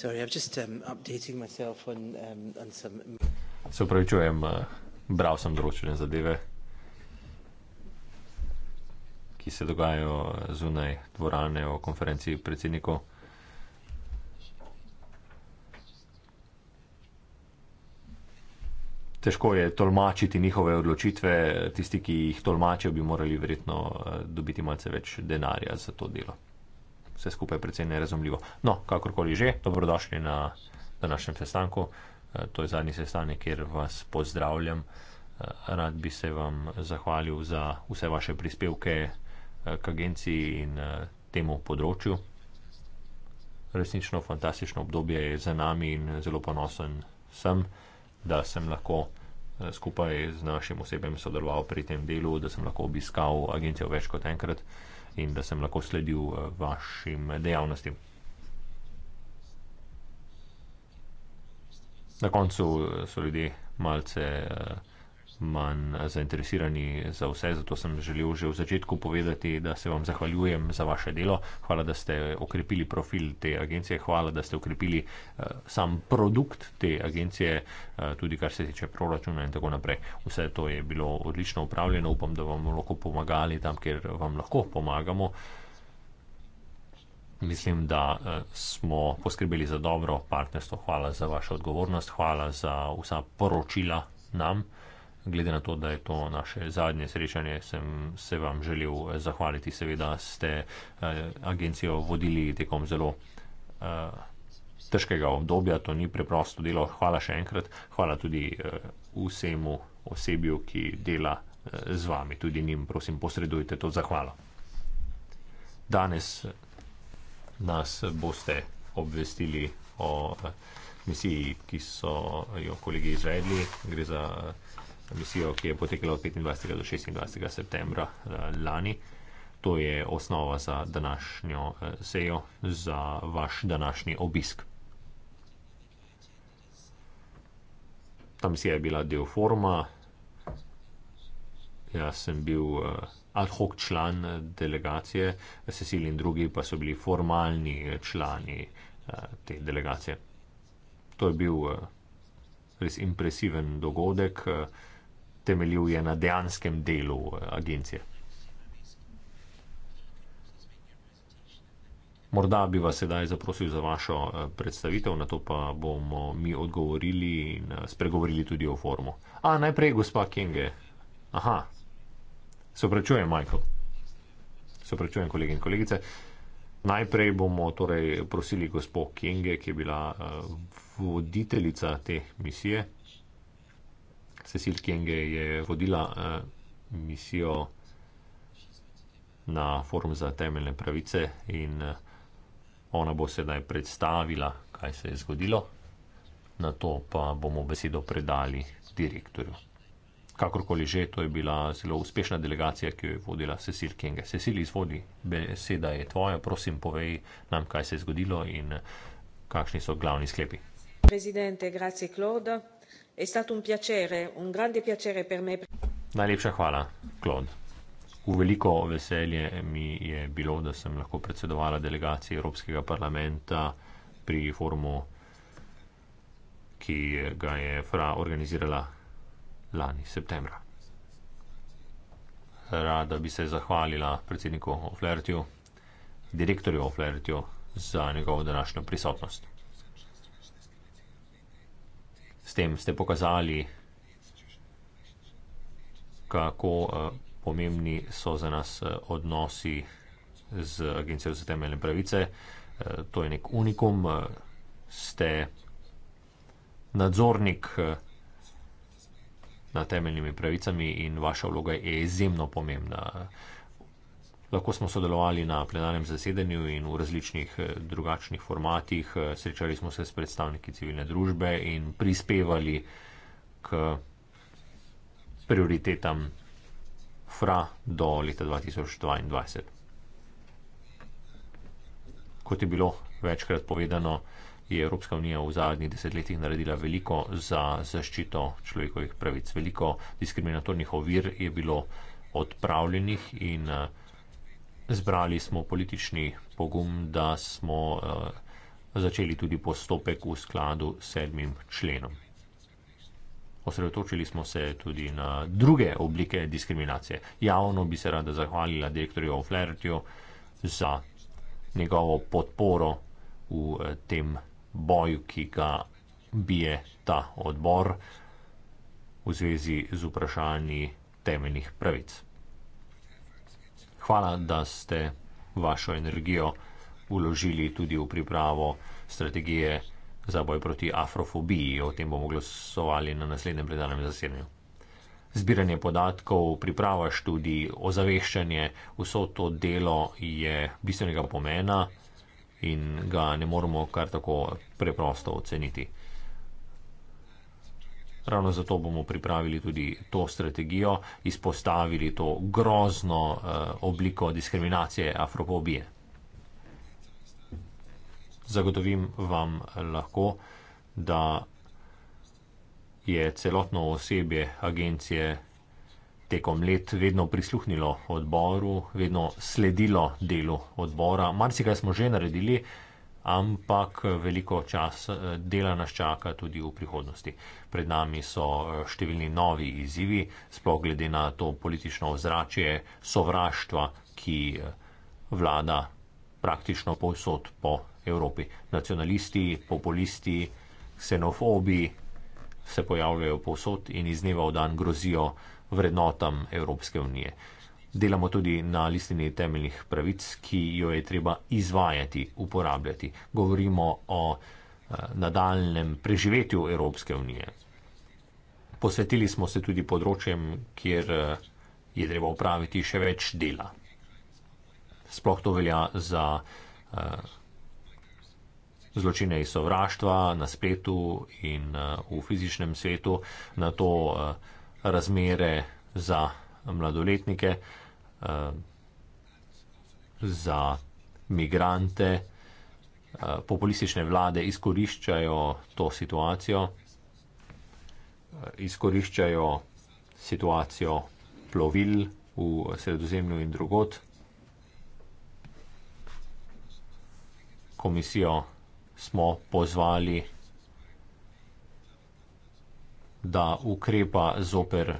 Sorry, I'm just um, updating myself on, um, on some. Se upravičujem, uh, bral sem določene zadeve, ki se dogajajo zunaj dvorane o konferenci predsednikov. Težko je tolmačiti njihove odločitve, tisti, ki jih tolmačijo, bi morali verjetno uh, dobiti malce več denarja za to delo vse skupaj precej nerazumljivo. No, kakorkoli že, dobrodošli na današnjem sestanku. Eh, to je zadnji sestanek, kjer vas pozdravljam. Eh, rad bi se vam zahvalil za vse vaše prispevke eh, k agenciji in temu področju. Resnično fantastično obdobje je za nami in zelo ponosen sem, da sem lahko skupaj z našim osebjem sodeloval pri tem delu, da sem lahko obiskal agencijo več kot enkrat in da sem lahko sledil eh, vašim dejavnostim. Na koncu eh, so ljudje malce. Uh, manj zainteresirani za vse, zato sem želel že v začetku povedati, da se vam zahvaljujem za vaše delo. Hvala, da ste okrepili profil te agencije, hvala, da ste okrepili uh, sam produkt te agencije, uh, tudi kar se tiče proračuna in tako naprej. Vse to je bilo odlično upravljeno, upam, da vam lahko pomagali tam, kjer vam lahko pomagamo. Mislim, da eh, smo poskrbeli za dobro partnerstvo. Hvala za vašo odgovornost, hvala za vsa poročila nam glede na to, da je to naše zadnje srečanje, sem se vam želel eh, zahvaliti. Seveda ste eh, agencijo vodili tekom zelo eh, težkega obdobja, to ni preprosto delo. Hvala še enkrat, hvala tudi vsemu osebju, ki dela z vami. Tudi njim, prosim, posredujte to zahvalo. Danes nas boste obvestili o misiji, ki so jo kolegi izvedli. Gre za misijo, ki je potekala od 25. do 26. septembra eh, lani. To je osnova za današnjo eh, sejo, za vaš današnji obisk. Tam si je bila del forma, jaz sem bil eh, ad hoc član delegacije, Cecil in drugi pa so bili formalni člani te delegacije. To je bil res impresiven dogodek temeljuje na dejanskem delu eh, agencije. Morda bi vas sedaj zaprosil za vašo eh, predstavitev, na to pa bomo mi odgovorili in eh, spregovorili tudi o formu. A najprej, gospa Kenge. Aha. Se opravičujem, Michael. Se opravičujem, kolegi in kolegice. Najprej bomo torej prosili gospod Kenge, ki je bila voditeljica te misije. Cecil Kenge je vodila uh, misijo na Forum za temeljne pravice in uh, ona bo sedaj predstavila, kaj se je zgodilo, na to pa bomo besedo predali direktorju. Kakorkoli že, to je bila zelo uspešna delegacija, ki jo je vodila Cecil Kenge. Cecil, izvodi, beseda je tvoja, prosim, povej nam, kaj se je zgodilo in eh, kakšni so glavni sklepi. Presidente, grazie Claude. È stato un piacere, un grande piacere per me. Najlepša hvala, Claude. V veliko veselje mi je bilo, da sem lahko predsedovala delegaciji Evropskega parlamenta pri forumu, ki ga je FRA organizirala lani septembra. Rada bi se zahvalila predsedniku Oflertju, direktorju Oflertju za njegovo današnjo prisotnost s tem ste pokazali, kako eh, pomembni so za nas eh, odnosi z Agencijo za temeljne pravice. Eh, to je nek unikum, ste nadzornik nad temeljnimi pravicami in vaša vloga je izjemno pomembna. Lahko smo sodelovali na plenarnem zasedanju in v različnih eh, drugačnih formatih, eh, srečali smo se s predstavniki civilne družbe in prispevali k prioritetam FRA do leta 2022. Kot je bilo večkrat povedano, je Evropska unija v zadnjih desetletjih naredila veliko za zaščito človekovih pravic. Veliko diskriminatornih ovir je bilo odpravljenih in uh, zbrali smo politični pogum, da smo eh, začeli tudi postopek v skladu s sedmim členom. Osredotočili smo se tudi na druge oblike diskriminacije. Javno bi se rada zahvalila direktorju Flertju za njegovo podporo v eh, tem boju, ki ga bije ta odbor v zvezi z vprašanji temeljnih pravic hvala, da ste vašo energijo vložili tudi v pripravo strategije za boj proti afrofobiji. O tem bomo glasovali na naslednjem predanem zasedanju. Zbiranje podatkov, priprava študij, ozaveščanje, vso to delo je bistvenega pomena in ga ne moramo kar tako preprosto oceniti. Ravno zato bomo pripravili tudi to strategijo, izpostavili to grozno eh, obliko diskriminacije afrofobije. Zagotovim vam lahko, da je celotno osebje agencije tekom let vedno prisluhnilo odboru, vedno sledilo delu odbora. Marsikaj smo že naredili, ampak veliko časa eh, dela nas čaka tudi v prihodnosti. Pred nami so eh, številni novi izzivi, sploh glede na to politično ozračje sovraštva, ki eh, vlada praktično povsod po Evropi. Nacionalisti, populisti, ksenofobi se pojavljajo povsod in iz dneva v dan grozijo vrednotam Evropske unije. Delamo tudi na listini temeljnih pravic, ki jo je treba izvajati, uporabljati. Govorimo o eh, nadaljem preživetju Evropske unije. Posvetili smo se tudi področjem, kjer eh, je treba upraviti še več dela. Sploh to velja za eh, zločine iz sovraštva na spletu in v fizičnem svetu, na to razmere za mladoletnike. Eh, za migrante. Eh, populistične vlade izkoriščajo to situacijo, eh, izkoriščajo situacijo plovil v sredozemlju in drugot. Komisijo smo pozvali, da ukrepa zoper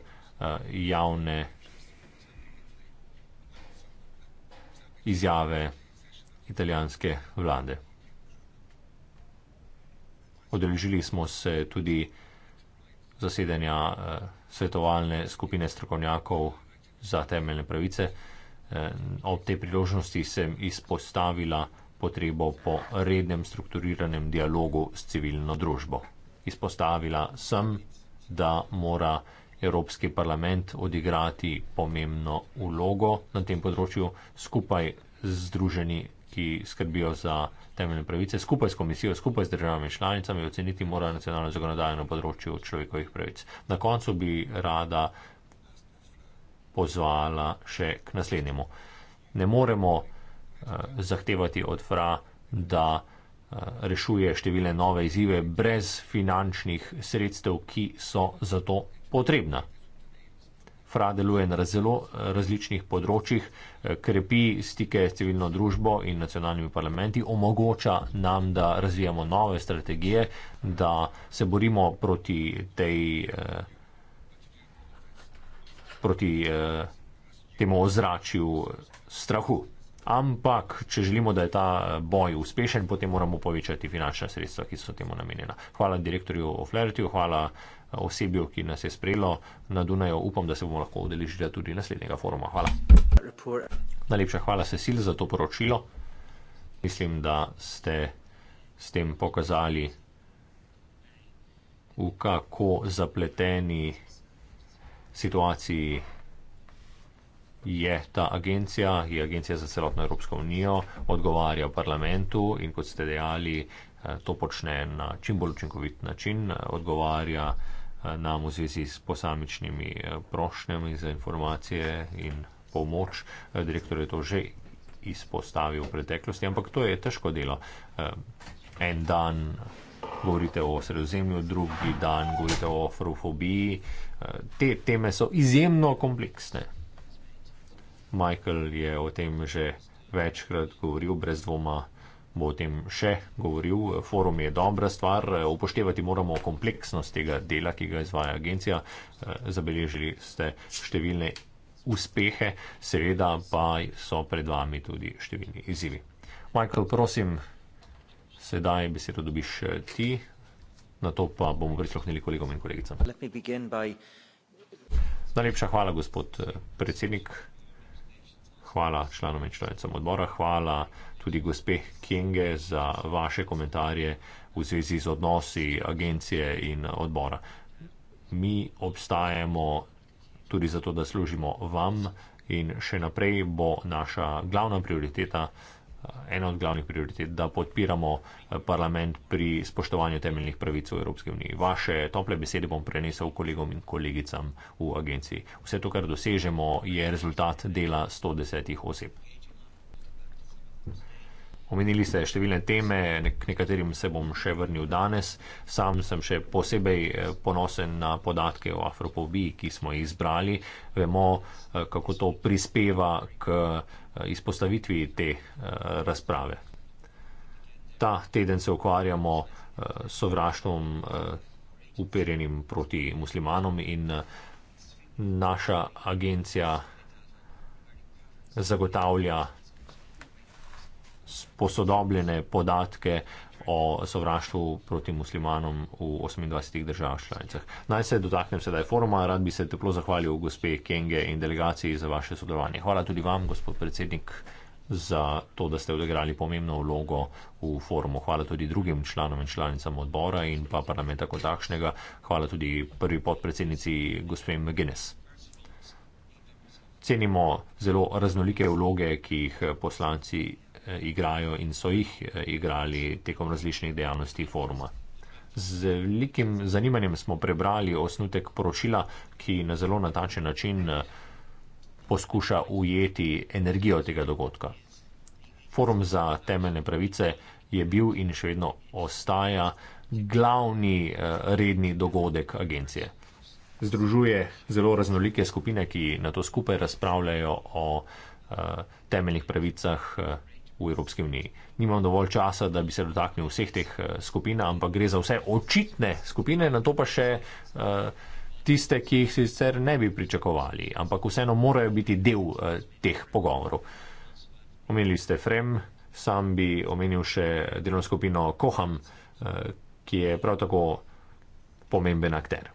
javne. izjave italijanske vlade. Odeležili smo se tudi zasedanja eh, svetovalne skupine strokovnjakov za temeljne pravice. Eh, ob tej priložnosti sem izpostavila potrebo po rednem strukturiranem dialogu s civilno družbo. Izpostavila sem, da mora Evropski parlament odigrati pomembno vlogo na tem področju skupaj z združeni, ki skrbijo za temeljne pravice, skupaj s komisijo, skupaj s državami članicami oceniti mora nacionalno zakonodajo na področju človekovih pravic. Na koncu bi rada pozvala še k naslednjemu. Ne moremo eh, zahtevati od FRA, da eh, rešuje številne nove izzive brez finančnih sredstev, ki so za to potrebna. FRA deluje na zelo eh, različnih področjih, eh, krepi stike s civilno družbo in nacionalnimi parlamenti, omogoča nam, da razvijamo nove strategije, da se borimo proti tej. Eh, proti eh, temu ozračju strahu. Ampak, če želimo, da je ta boj uspešen, potem moramo povečati finančna sredstva, ki so temu namenjena. Hvala direktorju Flertiju, hvala eh, osebju, ki nas je sprejelo na Dunaju. Upam, da se bomo lahko odeležili tudi naslednjega foruma. Hvala. Najlepša hvala, Cecil, za to poročilo. Mislim, da ste s tem pokazali, v kako zapleteni situaciji je ta agencija, je agencija za celotno Evropsko unijo, odgovarja parlamentu in kot ste dejali, eh, to počne na čim bolj učinkovit način, eh, odgovarja. Eh, nam v zvezi s posamičnimi eh, prošnjami za informacije in pomoč. Eh, direktor je to že izpostavil v preteklosti, ampak to je težko delo. En dan govorite o sredozemlju, drugi dan govorite o afrofobiji. Te teme so izjemno kompleksne. Michael je o tem že večkrat govoril, brez dvoma bo o tem še govoril. Forum je dobra stvar, upoštevati moramo kompleksnost tega dela, ki ga izvaja agencija. Zabeležili ste številne uspehe, seveda pa so pred vami tudi številni izzivi. Michael, prosim, sedaj besedo dobiš eh, ti, na to pa bomo prisluhnili kolegom in kolegicam. By... Najlepša hvala, gospod eh, predsednik. Hvala članom in članicam odbora. Hvala tudi gospe Kenge za vaše komentarje v zvezi z odnosi agencije in odbora. Mi obstajamo tudi zato, da služimo vam in še naprej bo naša glavna prioriteta, ena od glavnih prioritet, da podpiramo parlament pri spoštovanju temeljnih pravic v Evropski uniji. Vaše tople besede bom prenesel kolegom in kolegicam v agenciji. Vse to, kar dosežemo, je rezultat dela 110 oseb. Omenili ste številne teme, k nekaterim se bom še vrnil danes. Sam sem še posebej eh, ponosen na podatke o afropobiji, ki smo jih izbrali. Vemo, eh, kako to prispeva k eh, izpostavitvi te razprave. Ta teden se ukvarjamo s sovraštvom uperjenim proti muslimanom in naša agencija zagotavlja posodobljene podatke o sovraštvu proti muslimanom v 28 državah članicah. Naj se dotaknem sedaj foruma, rad bi se teplo zahvalil gospe Kenge in delegaciji za vaše sodelovanje. Hvala tudi vam, gospod predsednik, za to, da ste odigrali pomembno vlogo v forumu. Hvala tudi drugim članom in članicam odbora in pa parlamenta kot takšnega. Hvala tudi prvi podpredsednici, gospe McGuinness. Cenimo zelo raznolike vloge, ki jih poslanci igrajo in so jih eh, igrali tekom različnih dejavnosti foruma. Z velikim zanimanjem smo prebrali osnutek poročila, ki na zelo natačen način eh, poskuša ujeti energijo tega dogodka. Forum za temeljne pravice je bil in še vedno ostaja glavni eh, redni dogodek agencije. Združuje zelo raznolike skupine, ki na to skupaj razpravljajo o temeljnih pravicah v Evropski uniji. Nimam dovolj časa, da bi se dotaknil vseh teh eh, skupin, ampak gre za vse očitne skupine, na to pa še eh, tiste, ki jih sicer ne bi pričakovali, ampak vseeno morajo biti del eh, teh pogovorov. Omenili ste Frem, sam bi omenil še delovno skupino Koham, ki je prav tako pomemben akter.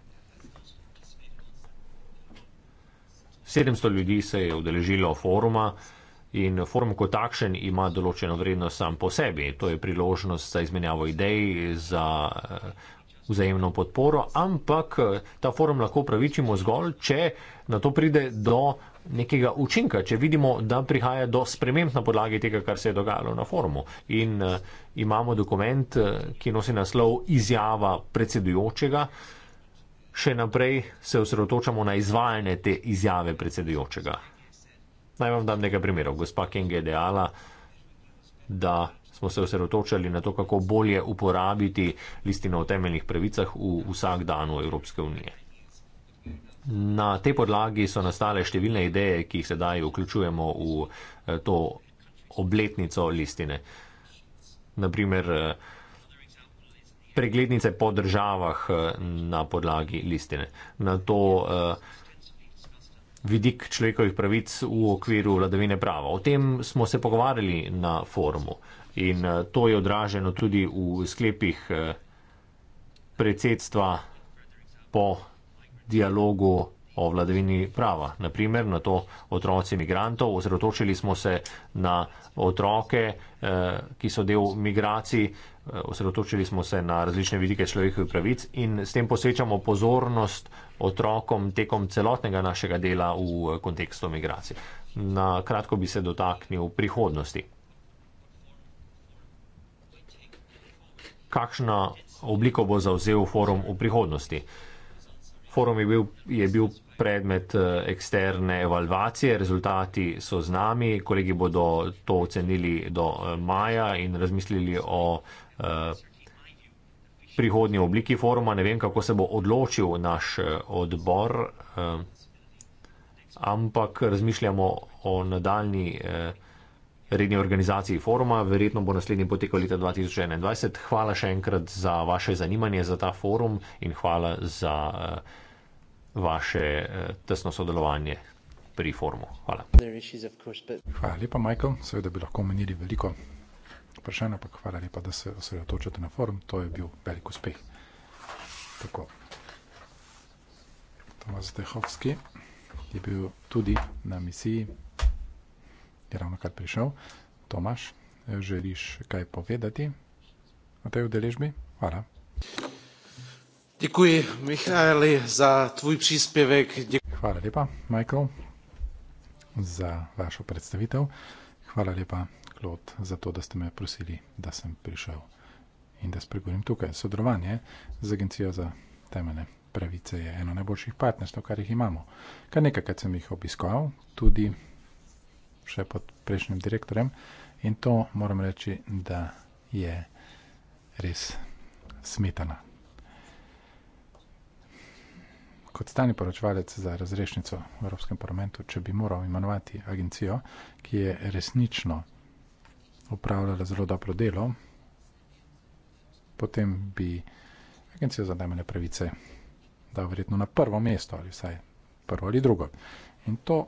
700 ljudi se je udeležilo foruma. In forum kot takšen ima določeno vrednost sam po sebi. To je priložnost za izmenjavo idej, za eh, vzajemno podporo, ampak eh, ta forum lahko pravičimo zgolj, če na to pride do nekega učinka, če vidimo, da prihaja do sprememb na podlagi tega, kar se je dogajalo na forumu. In eh, imamo dokument, ki nosi naslov izjava predsedujočega. Še naprej se osredotočamo na izvajanje te izjave predsedujočega. Naj vam dam nekaj primerov. Gospa King je dejala, da smo se osredotočali na to, kako bolje uporabiti listino o temeljnih pravicah v vsak dan v Evropske unije. Na tej podlagi so nastale številne ideje, ki jih sedaj vključujemo v eh, to obletnico listine. Naprimer, eh, preglednice po državah eh, na podlagi listine. Na to uh, vidik človekovih pravic v okviru vladavine prava. O tem smo se pogovarjali na forumu in eh, to je odraženo tudi v sklepih eh, predsedstva po dialogu o vladavini prava. Naprimer, na to otroci migrantov. Ozrotočili smo se na otroke, eh, ki so del migracij. Ozrotočili smo se na različne vidike človekovih pravic in s tem posvečamo pozornost otrokom tekom celotnega našega dela v eh, kontekstu migracij. Na kratko bi se dotaknil prihodnosti. Kakšna obliko bo zauzel forum v prihodnosti? Forum je bil, je bil predmet eh, eksterne evalvacije, rezultati so z nami, kolegi bodo to ocenili do eh, maja in razmislili o eh, prihodnji obliki foruma, ne vem, kako se bo odločil naš eh, odbor, eh, ampak razmišljamo o nadaljni eh, redni organizaciji foruma, verjetno bo naslednji potekal leta 2021. Hvala še enkrat za vaše zanimanje za ta forum in hvala za vaše tesno sodelovanje pri forumu. Hvala. Hvala lepa, Michael. Seveda bi lahko omenili veliko vprašanja, ampak hvala lepa, da se osredotočate na forum. To je bil velik uspeh. Tako. Tomas Dehovski je bil tudi na misiji, je ravno kar prišel. Tomaš, želiš kaj povedati o tej udeležbi? Hvala. Děkuji, Michaeli, za tvůj příspěvek. Děkuji. Hvala lepa, Michael, za vašo predstavitev. Hvala lepa plot za to, da ste me prosili, da sem prišel in da spregovorim tukaj. Sodelovanje z Agencijo za temeljne pravice je eno najboljših partnerstv, kar jih imamo. Kar nekajkrat sem jih obiskal, tudi še pod prejšnjim direktorjem in to moram reči, da je res smetana. Kot stani poročevalec za razrešnico v Evropskem parlamentu, če bi moral imenovati agencijo, ki je resnično opravljala zelo dobro delo, potem bi agencija za najmanje pravice dal verjetno na prvo mesto ali vsaj prvo ali drugo. In to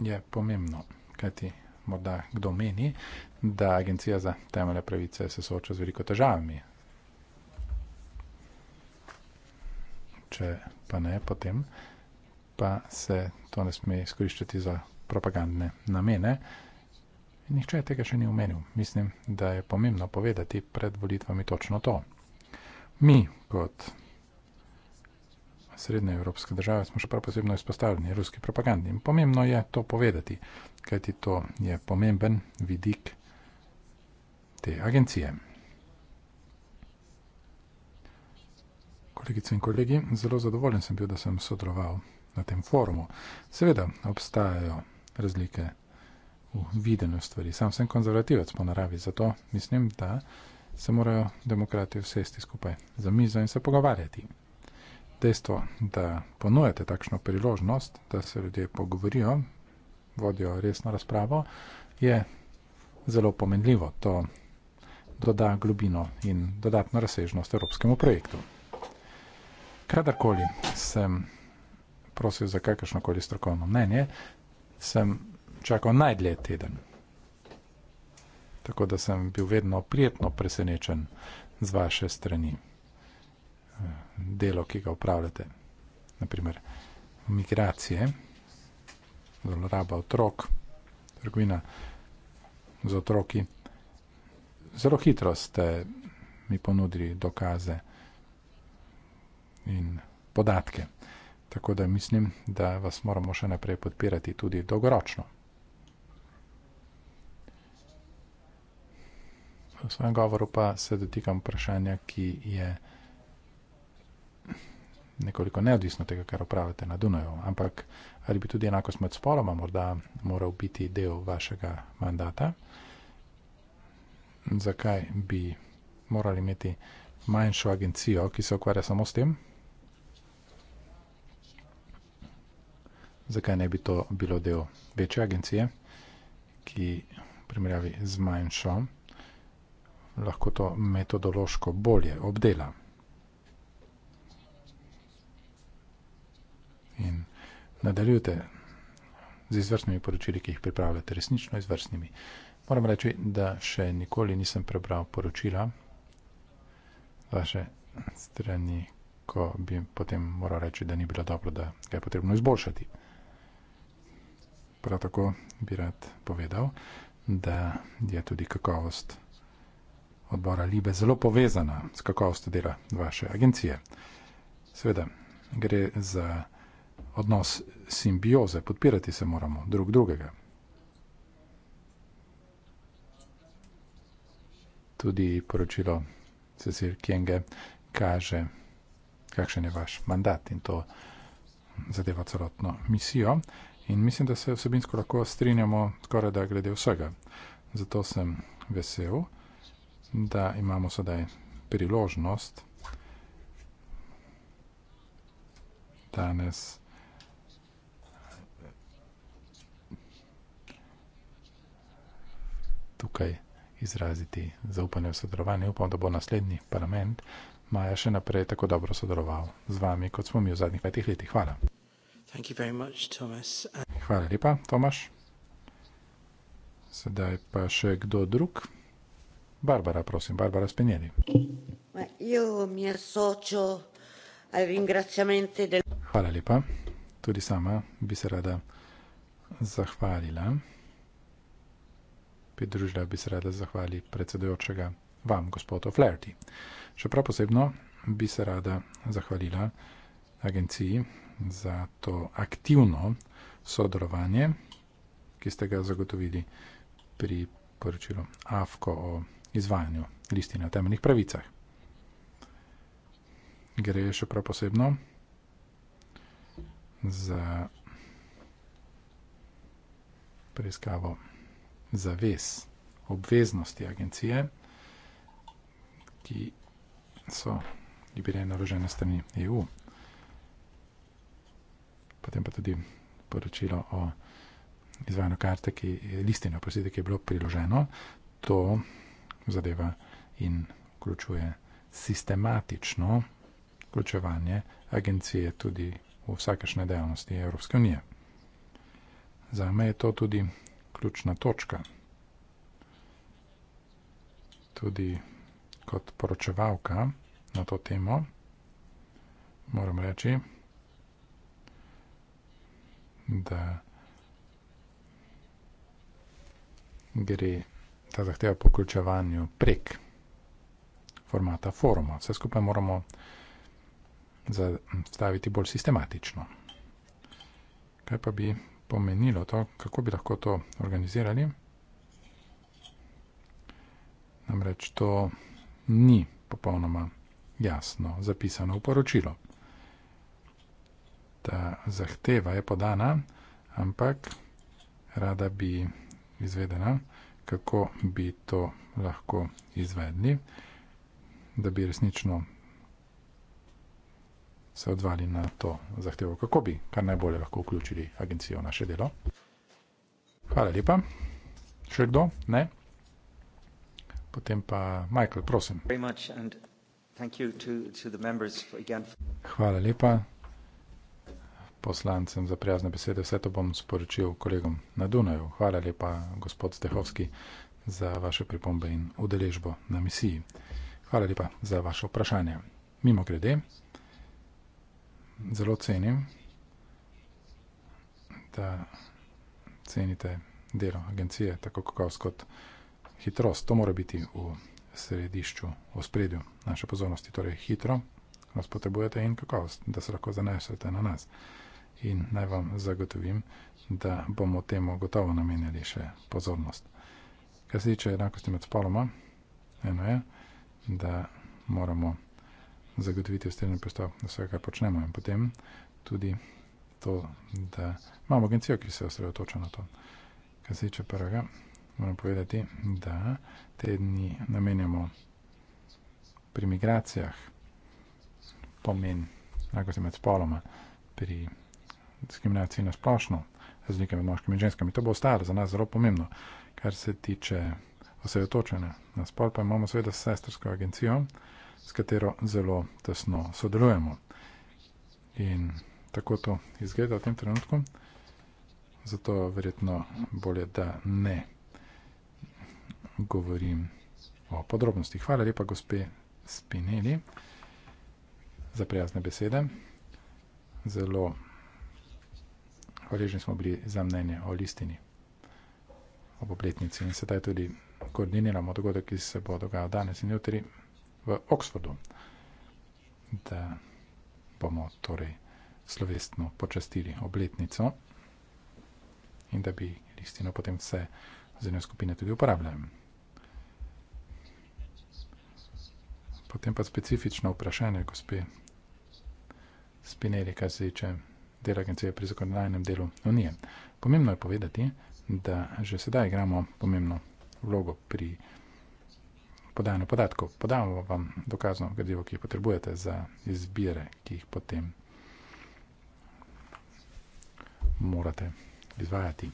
je pomembno, kajti morda kdo meni, da agencija za temeljne pravice se sooča z veliko težavami. Če pa ne, potem pa se to ne sme izkoriščati za propagandne namene. Nihče tega še ni omenil. Mislim, da je pomembno povedati pred volitvami točno to. Mi, kot srednje evropske države, smo še prav posebno izpostavljeni ruski propagandi. In pomembno je to povedati, kajti to je pomemben vidik te agencije. Kolegice in kolegi, zelo zadovoljen sem bil, da sem sodeloval na tem forumu. Seveda obstajajo razlike v videnju stvari. Sam sem konzervativec po naravi, zato mislim, da se morajo demokrati vsesti skupaj za mizo in se pogovarjati. Dejstvo, da ponujate takšno priložnost, da se ljudje pogovorijo, vodijo resno razpravo, je zelo pomenljivo. To doda globino in dodatno razsežnost evropskemu projektu. Kadarkoli sem prosil za kakršnokoli strokovno mnenje, sem čakal najdlje teden. Tako da sem bil vedno prijetno presenečen z vaše strani. Eh, delo, ki ga upravljate, naprimer migracije, zloraba otrok, trgovina z otroki. Zelo hitro ste mi ponudili dokaze in podatke. Tako da mislim, da vas moramo še naprej podpirati tudi dolgoročno. v svojem govoru pa se dotikam vprašanja, ki je nekoliko neodvisno tega, kar upravljate na Dunaju. Ampak ali bi tudi enako smet spoloma morda moral biti del vašega mandata? Zakaj bi morali imeti manjšo agencijo, ki se ukvarja samo s tem? Zakaj ne bi to bilo del večje agencije, ki primerjavi z manjšo? lahko to metodološko bolje obdela. In nadaljujte z izvrstnimi poročili, ki jih pripravljate, resnično izvrstnimi. Moram reči, da še nikoli nisem prebral poročila vaše strani, ko bi potem moral reči, da ni bilo dobro, da ga je potrebno izboljšati. Prav tako bi rad povedal, da je tudi kakovost poročila, odbora Libe zelo povezana s kakovostjo dela vaše agencije. Seveda gre za odnos simbioze, podpirati se moramo drug drugega. Tudi poročilo Cecil Kienge kaže, kakšen je vaš mandat in to zadeva celotno misijo. In mislim, da se vsebinsko lahko strinjamo skoraj da glede vsega. Zato sem vesel, da imamo sedaj priložnost danes tukaj izraziti zaupanje v sodelovanje. Upam, da bo naslednji parlament Maja še naprej tako dobro sodeloval z vami, kot smo mi v zadnjih petih letih. Hvala. Thank you very much, Thomas. Hvala lepa, Tomaš. Sedaj pa še kdo drug. Barbara, prosim, Barbara Spegneri. Io mi associo ai ringraziamenti del... Hvala lepa. Tudi sama bi se rada zahvalila. Pridružila bi se rada zahvali predsedujočega vam, gospodu Flaherty. Še prav posebno bi se rada zahvalila agenciji za to aktivno sodelovanje, ki ste ga zagotovili pri poročilu AFKO o izvajanju listine o temeljnih pravicah. Gre še prav posebno za preiskavo zavez obveznosti agencije, ki so bile naložene strani EU. Potem pa tudi poročilo o izvajanju karte, ki je listina, prosite, ki je bilo priloženo. To zadeva in vključuje sistematično vključevanje agencije tudi v vsakešne dejavnosti Evropske unije. Za me je to tudi ključna točka. Tudi kot poročevalka na to temo moram reči, da gre ta zahteva po vključevanju prek formata foruma. Vse skupaj moramo staviti bolj sistematično. Kaj pa bi pomenilo to, kako bi lahko to organizirali? Namreč to ni popolnoma jasno zapisano v poročilo. Ta zahteva je podana, ampak rada bi izvedena, da bi izvedena, kako bi to lahko izvedli, da bi resnično se odvali na to zahtevo, kako bi kar najbolje lahko vključili agencijo v naše delo. Hvala lepa. Še kdo? Ne? Potem pa Michael, prosim. Hvala lepa poslancem za prijazne besede. Vse to bom sporočil kolegom na Dunaju. Hvala lepa, gospod Stehovski, za vaše pripombe in udeležbo na misiji. Hvala lepa za vaše vprašanje. Mimo grede, zelo cenim, da cenite delo agencije tako kakovost kot hitrost. To mora biti v središču, v spredju naše pozornosti, torej hitro, nas potrebujete in kakovost, da se lahko zanesete na nas in naj vam zagotovim, da bomo temu gotovo namenjali še pozornost. Kar se tiče enakosti med spoloma, eno je, da moramo zagotoviti ustrezni pristop na vse, kar počnemo, in potem tudi to, da imamo agencijo, ki se osredotoča na to. Kar se tiče prvega, moram povedati, da te dni namenjamo pri migracijah pomen enakosti med spoloma, pri migracijah diskriminaciji na splošno, razlike med moškimi in ženskami. To bo ostalo za nas zelo pomembno, kar se tiče osredotočenja na spol, pa imamo seveda sestrsko agencijo, s katero zelo tesno sodelujemo. In tako to izgleda v tem trenutku, zato verjetno bolje, da ne govorim o podrobnostih. Hvala lepa, gospe Spinelli, za prijazne besede. Zelo Hvaležni smo bili za mnenje o listini, o popletnici in sedaj tudi koordiniramo dogodek, ki se bo dogajal danes in jutri v Oxfordu, da bomo torej slovestno počastili obletnico in da bi listino potem vse zeljne skupine tudi uporabljali. Potem pa specifično vprašanje gospe Spinelli, kar se ječe vprašanje dela agencije pri zakonodajnem delu Unije. Pomembno je povedati, da že sedaj igramo pomembno vlogo pri podajanju podatkov. Podamo vam dokazno gradivo, ki jo potrebujete za izbire, ki jih potem morate izvajati.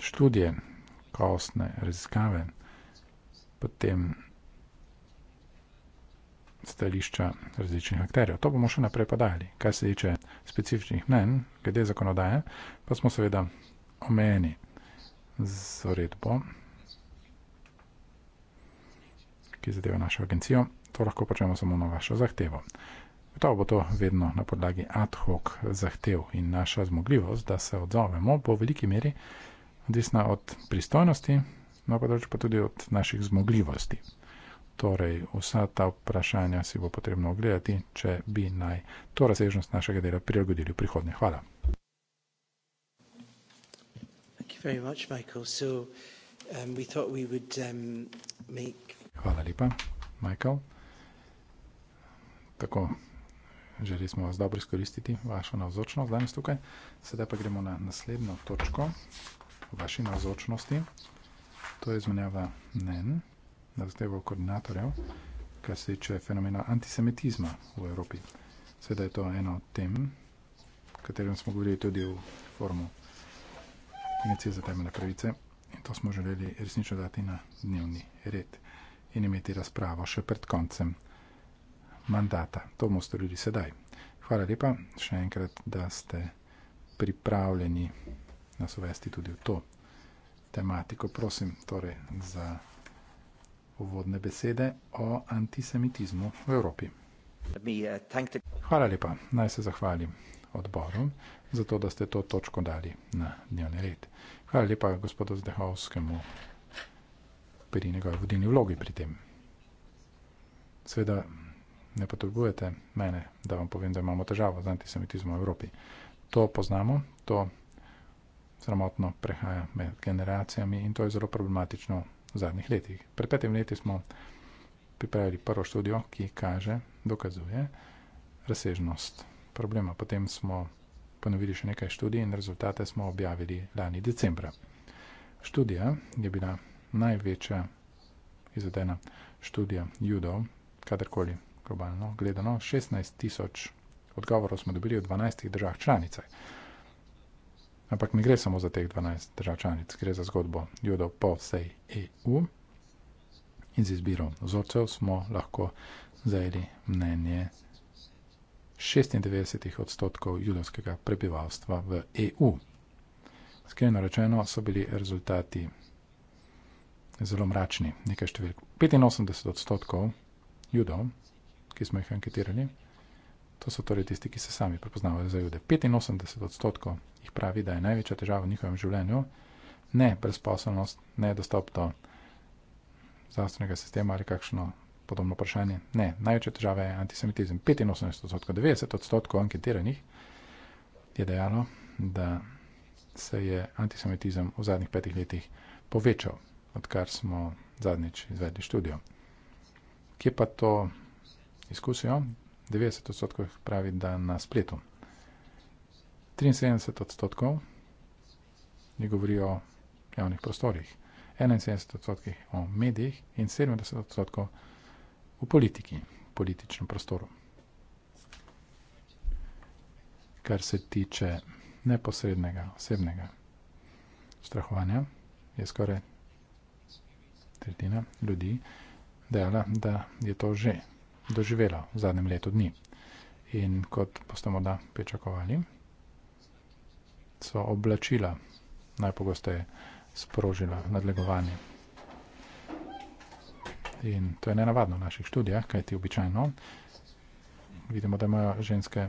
Študije, kaosne raziskave, potem stališča različnih akterjev. To bomo še naprej podajali. Kar se tiče specifičnih mnen, glede zakonodaje, pa smo seveda omejeni z uredbo, ki zadeva našo agencijo. To lahko počnemo samo na vašo zahtevo. Gotovo bo to vedno na podlagi ad hoc zahtev in naša zmogljivost, da se odzovemo, bo v veliki meri odvisna od pristojnosti, na področju pa tudi od naših zmogljivosti. Torej, vsa ta vprašanja si bo potrebno ogledati, če bi naj to razsežnost našega dela prilagodili v prihodnje. Hvala. Um, um, Hvala lepa, Michael. Tako, želeli smo vas dobro izkoristiti, vašo navzočnost danes tukaj. Sedaj pa gremo na naslednjo točko vaše navzočnosti. To je izmenjava mnen, razdevo koordinatorjev, kar se tiče fenomena antisemitizma v Evropi. Sveda je to ena od tem, o katerem smo govorili tudi v forumu Agencije za temeljne pravice in to smo želeli resnično dati na dnevni red in imeti razpravo še pred koncem mandata. To bomo storili sedaj. Hvala lepa še enkrat, da ste pripravljeni nas uvesti tudi v to tematiko. Prosim torej za uvodne besede o antisemitizmu v Evropi. Uh, Hvala lepa, naj se zahvalim odboru za to, da ste to točko dali na dnevni red. Hvala lepa gospodu Zdehovskemu pri njegovi vodilni vlogi pri tem. Sveda ne potrebujete mene, da vam povem, da imamo težavo z antisemitizmom v Evropi. To poznamo, to sramotno prehaja med generacijami in to je zelo problematično v zadnjih letih. Pred petimi leti smo pripravili prvo študijo, ki kaže, dokazuje razsežnost problema. Potem smo ponovili še nekaj študij in rezultate smo objavili lani decembra. Študija je bila največja izvedena študija judo, kadarkoli globalno gledano. 16 tisoč odgovorov smo dobili v 12 državah članicah. Ampak ne gre samo za teh 12 držav članic, gre za zgodbo judov po vsej EU. In z izbiro vzorcev smo lahko zajeli mnenje 96 odstotkov judovskega prebivalstva v EU. Skrajno rečeno so bili rezultati zelo mračni, nekaj številk. 85 odstotkov judov, ki smo jih anketirali, To so torej tisti, ki se sami prepoznavajo za jude. 85 odstotkov jih pravi, da je največja težava v njihovem življenju ne brezposobnost, ne dostop do zdravstvenega sistema ali kakšno podobno vprašanje. Ne, največja težava je antisemitizem. 85 odstotkov, 90 odstotkov anketiranih je dejalo, da se je antisemitizem v zadnjih petih letih povečal, odkar smo zadnjič izvedli študijo. Kje pa to izkusijo? 90 odstotkov jih pravi, da na spletu. 73 odstotkov ne govori o javnih prostorih, 71 odstotkih o medijih in 70 odstotkov v politiki, političnem prostoru. Kar se tiče neposrednega osebnega strahovanja, je skoraj tretjina ljudi dejala, da je to že doživela v zadnjem letu dni. In kot boste morda pričakovali, so oblačila najpogosteje sprožila nadlegovanje. In to je nenavadno v naših študijah, kajti običajno vidimo, da imajo ženske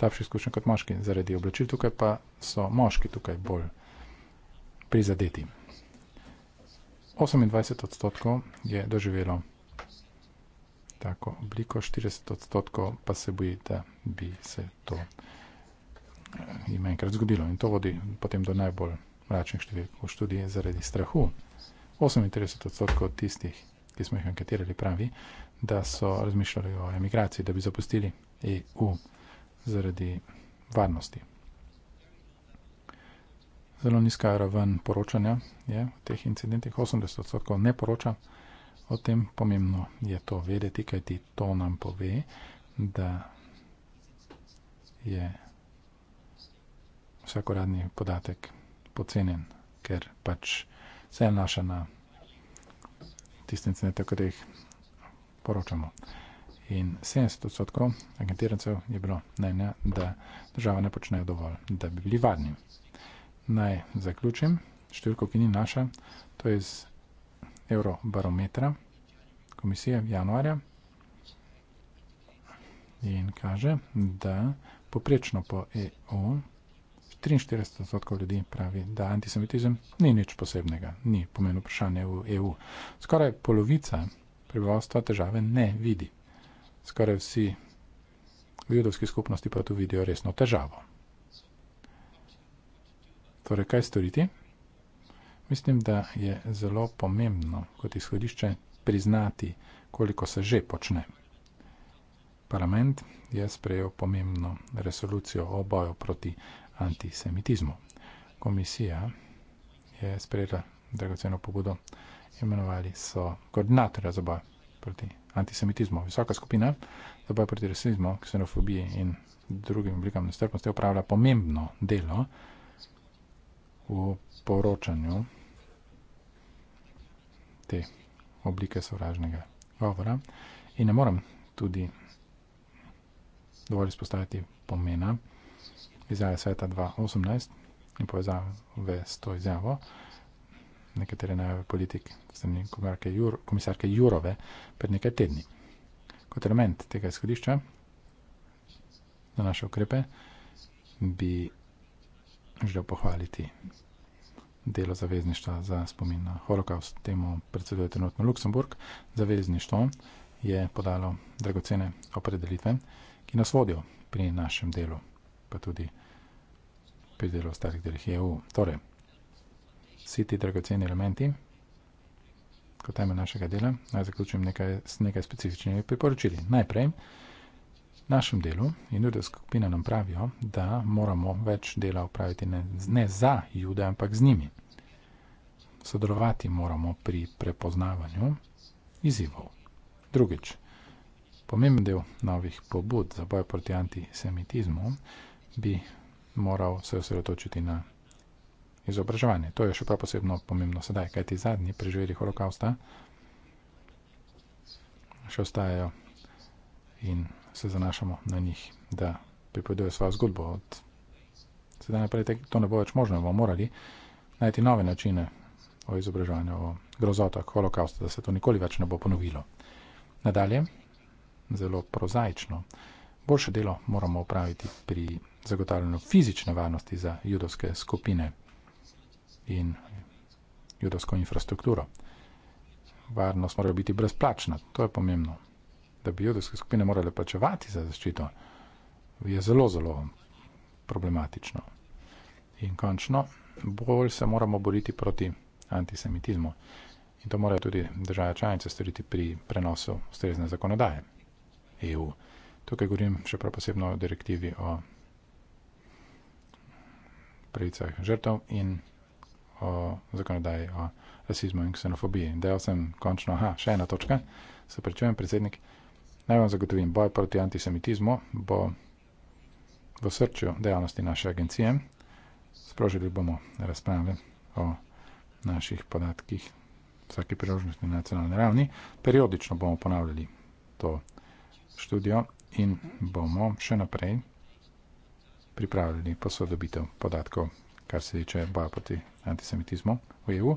slabše izkušnje kot moški zaradi oblačil, tukaj pa so moški tukaj bolj prizadeti. 28 odstotkov je doživelo tako obliko, 40 odstotkov pa se boji, da bi se to jim eh, enkrat zgodilo. In to vodi potem do najbolj mračnih številk v študiji zaradi strahu. 38 odstotkov tistih, ki smo jih anketirali, pravi, da so razmišljali o emigraciji, da bi zapustili EU zaradi varnosti. Zelo nizka raven poročanja je v teh incidentih, 80 odstotkov ne poroča o tem pomembno je to vedeti, kajti to nam pove, da je vsakoradni podatek pocenen, ker pač se enaša na tistem cenete, kot jih poročamo. In 70 odstotkov agentirancev je bilo mnenja, da država ne počnejo dovolj, da bi bili varni. Naj zaključim, številko, ki ni naša, to je iz Eurobarometra komisije januarja in kaže, da poprečno po EU 43% ljudi pravi, da antisemitizem ni nič posebnega, ni pomen vprašanja v EU. Skoraj polovica prebivalstva težave ne vidi. Skoraj vsi v judovski skupnosti pa tu vidijo resno težavo. Torej, kaj storiti? Mislim, da je zelo pomembno kot izhodišče priznati, koliko se že počne. Parlament je sprejel pomembno resolucijo o boju proti antisemitizmu. Komisija je sprejela dragoceno pobudo, imenovali so koordinatorja za boj proti antisemitizmu. Visoka skupina za boj proti rasizmu, ksenofobiji in drugim oblikam nestrpnosti opravlja pomembno delo v poročanju te oblike sovražnega govora. In ne morem tudi dovolj izpostaviti pomena izjave sveta 2.18 in povezave s to izjavo. Nekatere najave politik strani komisarke Jurove pred nekaj tedni. Kot element tega izhodišča na naše ukrepe bi želel pohvaliti delo zavezništva za spomin na holokaust. Temu predseduje trenutno Luksemburg. Zavezništvo je podalo dragocene opredelitve, ki nas vodijo pri našem delu, pa tudi pri delu starih delih EU. Torej, vsi ti dragoceni elementi kot temelj našega dela, naj zaključim nekaj, s nekaj specifičnimi priporočili. Najprej, našem delu in druge skupine nam pravijo, da moramo več dela upraviti ne, ne za jude, ampak z njimi. Sodelovati moramo pri prepoznavanju izzivov. Drugič, pomemben del novih pobud za boj proti antisemitizmu bi moral se osredotočiti na izobraževanje. To je še prav posebno pomembno sedaj, kajti zadnji preživeli holokausta še ostajajo in se zanašamo na njih, da pripovedujejo svojo zgodbo. Od sedaj naprej to ne bo več možno, bomo morali najti nove načine o izobraževanju o grozotah holokausta, da se to nikoli več ne bo ponovilo. Nadalje, zelo prozaično, boljše delo moramo opraviti pri zagotavljanju fizične varnosti za judovske skupine in judovsko infrastrukturo. Varnost mora biti brezplačna, to je pomembno da bi judovske skupine morale plačevati za zaščito, je zelo, zelo problematično. In končno, bolj se moramo boriti proti antisemitizmu. In to morajo tudi države članice storiti pri prenosu ustrezne zakonodaje EU. Tukaj govorim še prav posebno o direktivi o pravicah žrtev in o zakonodaji o rasizmu in ksenofobiji. Dejal sem končno, aha, še ena točka, se pričujem, predsednik. Naj vam zagotovim, boj proti antisemitizmu bo v srčju dejavnosti naše agencije. Sprožili bomo razprave o naših podatkih vsake priložnosti na nacionalni ravni. Periodično bomo ponavljali to študijo in bomo še naprej pripravljali posodobitev podatkov, kar se tiče boja proti antisemitizmu v EU.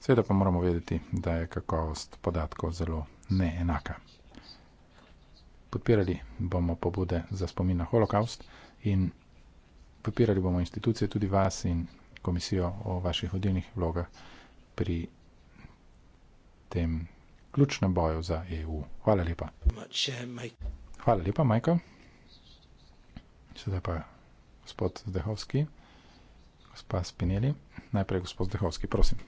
Seveda pa moramo vedeti, da je kakovost podatkov zelo neenaka podpirali bomo pobude za spomin na holokaust in podpirali bomo institucije, tudi vas in komisijo o vaših odilnih vlogah pri tem ključnem boju za EU. Hvala lepa. Hvala lepa, Majko. Sedaj pa gospod Zdehovski, gospa Spinelli. Najprej gospod Zdehovski, prosim.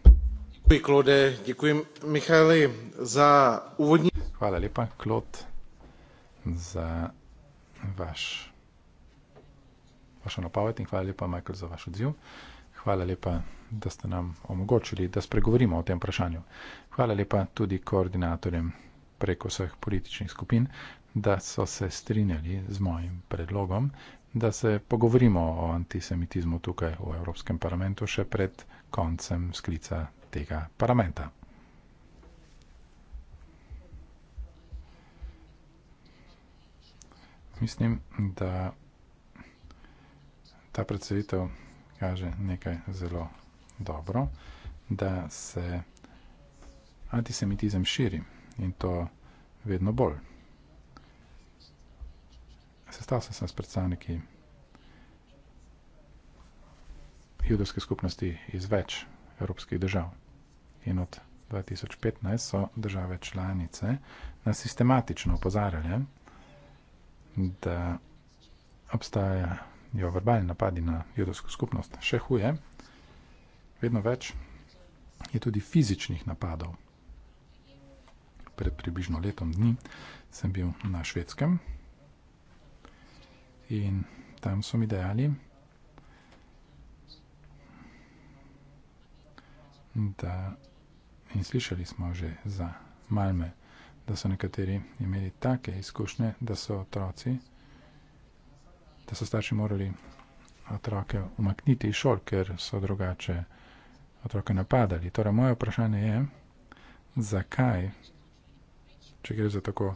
Děkuji, Klode, děkuji, Michali, za úvodní... Hvala lepa, Klod za vaš, vašo napoved in hvala lepa, Michael, za vaš odziv. Hvala lepa, da ste nam omogočili, da spregovorimo o tem vprašanju. Hvala lepa tudi koordinatorjem preko vseh političnih skupin, da so se strinjali z mojim predlogom, da se pogovorimo o antisemitizmu tukaj v Evropskem parlamentu še pred koncem sklica tega parlamenta. mislim, da ta predstavitev kaže nekaj zelo dobro, da se antisemitizem širi in to vedno bolj. Sestal sem se s predstavniki judovske skupnosti iz več evropskih držav. In od 2015 so države članice na sistematično opozarjale, da obstajajo verbalni napadi na judovsko skupnost. Še huje, vedno več je tudi fizičnih napadov. Pred približno letom dni sem bil na švedskem in tam so mi dejali, da in slišali smo že za Malme da so nekateri imeli take izkušnje, da so otroci, da so starši morali otroke umakniti iz šol, ker so drugače otroke napadali. Torej, moje vprašanje je, zakaj, če gre za tako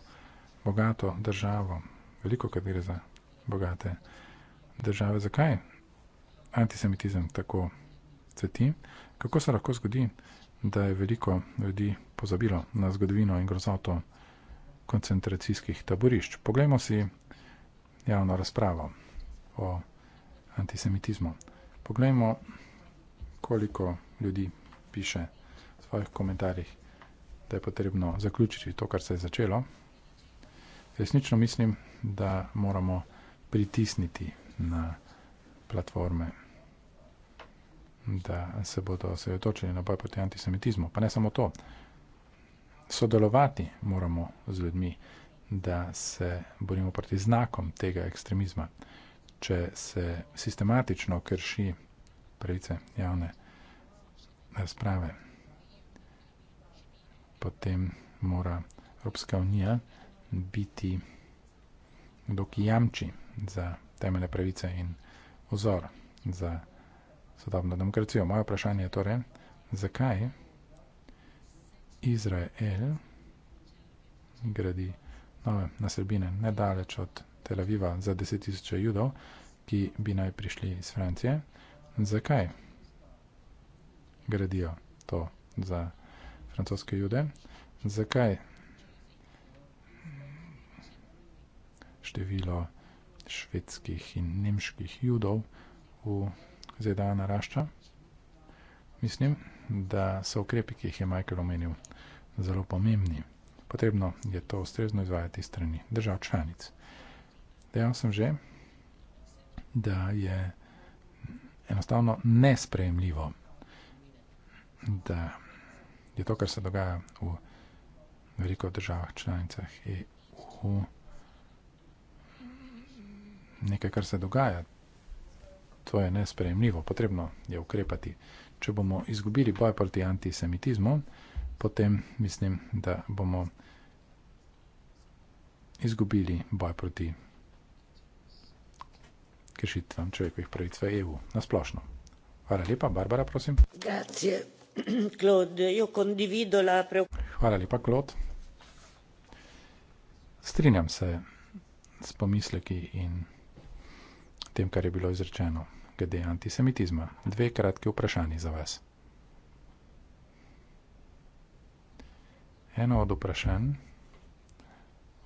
bogato državo, veliko krat gre za bogate države, zakaj antisemitizem tako cveti, kako se lahko zgodi, da je veliko ljudi pozabilo na zgodovino in grozoto koncentracijskih taborišč. Poglejmo si javno razpravo o antisemitizmu. Poglejmo, koliko ljudi piše v svojih komentarjih, da je potrebno zaključiti to, kar se je začelo. Resnično mislim, da moramo pritisniti na platforme da se bodo osredotočili na boj proti antisemitizmu. Pa ne samo to. Sodelovati moramo z ljudmi, da se borimo proti znakom tega ekstremizma. Če se sistematično krši pravice javne razprave, potem mora Evropska unija biti dokaj jamči za temeljne pravice in ozor za sodobno demokracijo. Moje vprašanje je torej, zakaj Izrael gradi nove nasrbine nedaleč od Tel Aviva za 10.000 judov, ki bi naj prišli iz Francije. Zakaj gradijo to za francoske jude? Zakaj število švedskih in nemških judov v ZDA narašča. Mislim, da so ukrepi, ki jih je Michael omenil, zelo pomembni. Potrebno je to ustrezno izvajati strani držav članic. Dejal sem že, da je enostavno nespremljivo, da je to, kar se dogaja v veliko državah članicah EU, nekaj, kar se dogaja To je nespremljivo, potrebno je ukrepati. Če bomo izgubili boj proti antisemitizmu, potem mislim, da bomo izgubili boj proti kršitvam človekovih pravic v EU na splošno. Hvala lepa, Barbara, prosim. Grazie, Claude, io condivido la Hvala lepa, Klod. Strinjam se s pomisleki in tem, kar je bilo izrečeno, glede antisemitizma. Dve kratki vprašanji za vas. Eno od vprašanj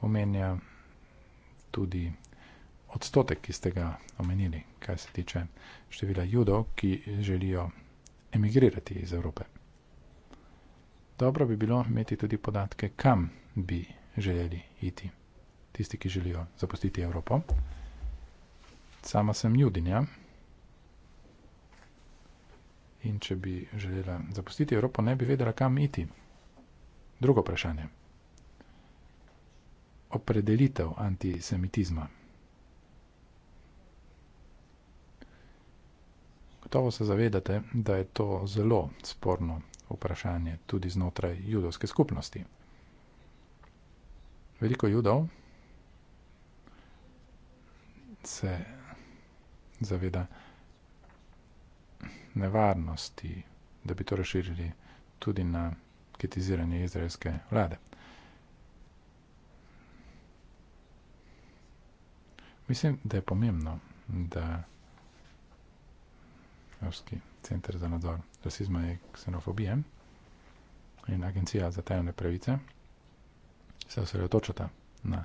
omenja tudi odstotek, ki ste ga omenili, kaj se tiče števila judov, ki želijo emigrirati iz Evrope. Dobro bi bilo imeti tudi podatke, kam bi želeli iti tisti, ki želijo zapustiti Evropo. Sama sem judinja. In če bi želela zapustiti Evropo, ne bi vedela, kam iti. Drugo vprašanje. Opredelitev antisemitizma. Gotovo se zavedate, da je to zelo sporno vprašanje tudi znotraj judovske skupnosti. Veliko judov se zaveda nevarnosti, da bi to razširili tudi na kritiziranje izraelske vlade. Mislim, da je pomembno, da Evropski centr za nadzor rasizma in ksenofobije in agencija za tajne pravice se osredotočata na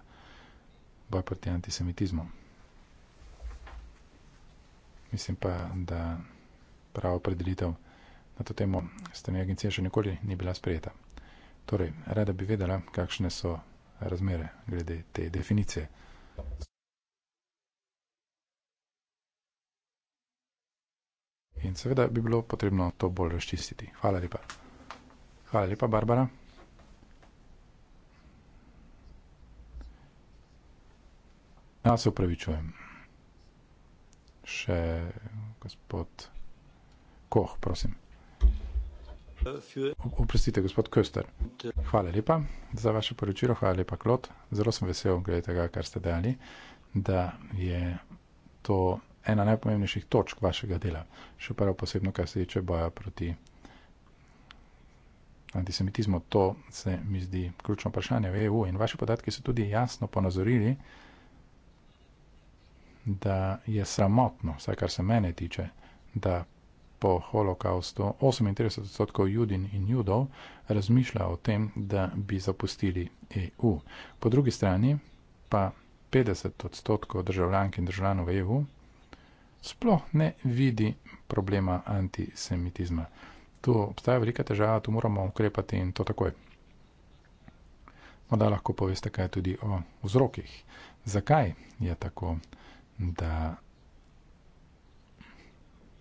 boj proti antisemitizmu mislim pa, da pravo predelitev na to temo strani agencije še nikoli ni bila sprejeta. Torej, rada bi vedela, kakšne so razmere glede te definicije. In seveda bi bilo potrebno to bolj razčistiti. Hvala lepa. Hvala lepa, Barbara. Ja, se upravičujem še gospod Koh, prosim. Oprostite, gospod Köster. Hvala lepa za vaše poročilo, hvala lepa, Klot. Zelo sem vesel, glede tega, kar ste dali, da je to ena najpomembnejših točk vašega dela. Še prav posebno, kar se tiče boja proti antisemitizmu, to se mi zdi ključno vprašanje v EU. In vaši podatki so tudi jasno ponazorili, da je sramotno, vsaj kar se mene tiče, da po holokaustu 38 odstotkov judin in judov razmišlja o tem, da bi zapustili EU. Po drugi strani pa 50 odstotkov državljank in državljanov EU sploh ne vidi problema antisemitizma. Tu obstaja velika težava, tu moramo ukrepati in to takoj. Morda lahko poveste kaj tudi o vzrokih. Zakaj je tako? da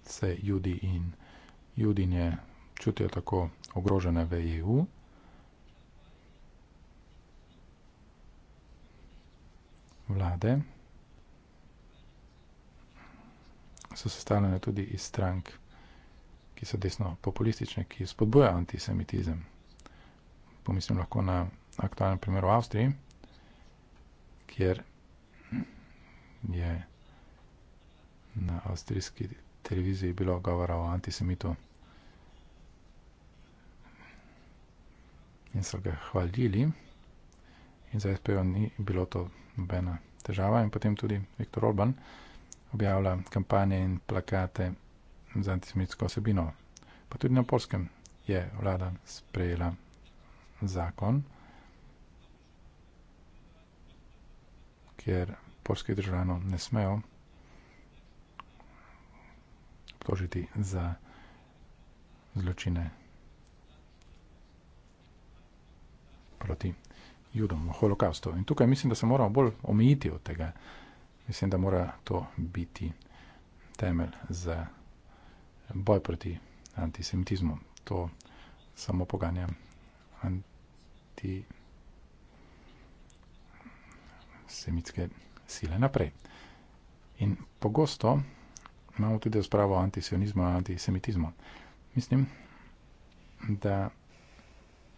se judi in judinje čutijo tako ogrožene v EU. Vlade so sestavljene tudi iz strank, ki so desno populistične, ki spodbujajo antisemitizem. Pomislim lahko na aktualnem primeru v Avstriji, kjer je na avstrijski televiziji bilo govora o antisemitu. In so ga hvalili, in za SPO ni bilo to nobena težava. In potem tudi Viktor Orban objavlja kampanje in plakate za antisemitsko osebino. Pa tudi na polskem je vlada sprejela zakon, kjer poljskih državljanov ne smejo obtožiti za zločine proti judom, holokaustu. In tukaj mislim, da se moramo bolj omejiti od tega. Mislim, da mora to biti temelj za boj proti antisemitizmu. To samo poganja antisemitizmu. Semitske sile naprej. In pogosto imamo tudi razpravo o antisionizmu in antisemitizmu. Mislim, da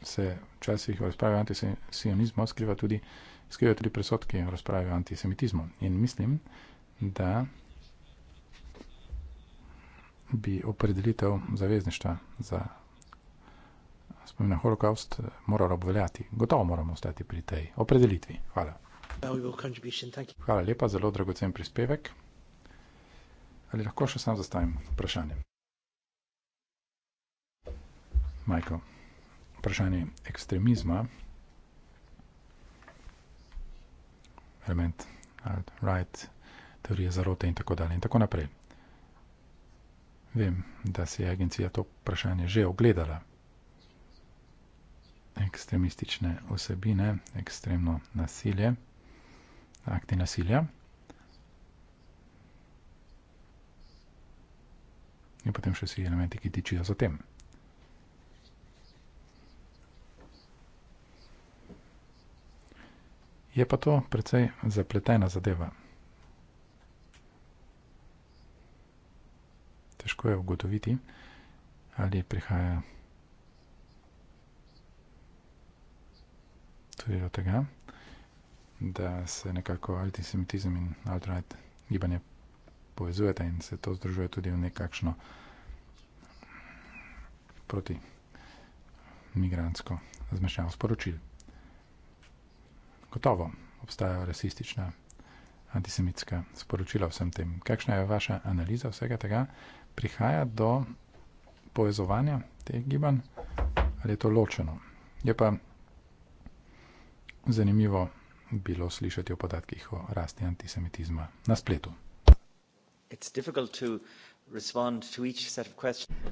se včasih v razpravi o antisionizmu skriva tudi, skrivajo tudi presotke v razpravi o antisemitizmu. In mislim, da bi opredelitev zavezništva za spomin na holokaust moralo obveljati. Gotovo moramo ostati pri tej opredelitvi. Hvala. Hvala lepa, zelo dragocen prispevek. Ali lahko še sam zastavim vprašanje? Majko, vprašanje ekstremizma, element right, teorije zarote in tako dalje in tako naprej. Vem, da si je agencija to vprašanje že ogledala. Ekstremistične osebine, ekstremno nasilje akti nasilja. In potem še vsi elementi, ki tičijo za tem. Je pa to precej zapletena zadeva. Težko je ugotoviti, ali prihaja tudi do tega, da se nekako antisemitizem in alternativno gibanje povezujete in se to združuje tudi v nekakšno proti migransko zmešnjavo sporočil. Gotovo obstajajo rasistična antisemitska sporočila vsem tem. Kakšna je vaša analiza vsega tega? Prihaja do povezovanja teh gibanj ali je to ločeno? Je pa zanimivo, bilo slišati o podatkih o rasti antisemitizma na spletu.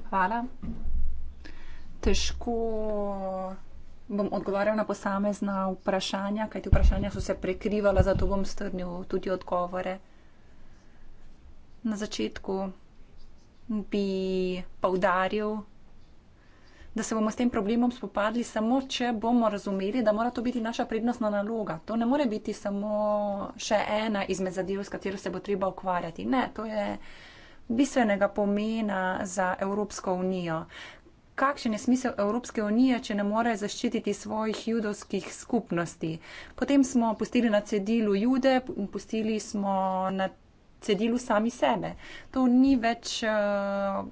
Hvala. Težko bom odgovarjal na posamezna vprašanja, kajti vprašanja so se prekrivala, zato bom strnil tudi odgovore. Na začetku bi poudaril, da se bomo s tem problemom spopadli, samo če bomo razumeli, da mora to biti naša prednostna naloga. To ne more biti samo še ena izmed zadev, s katero se bo treba ukvarjati. Ne, to je bistvenega pomena za Evropsko unijo. Kakšen je smisel Evropske unije, če ne more zaščititi svojih judovskih skupnosti? Potem smo pustili na cedilu jude, pustili smo na cedilu sami sebe. To ni več. Uh,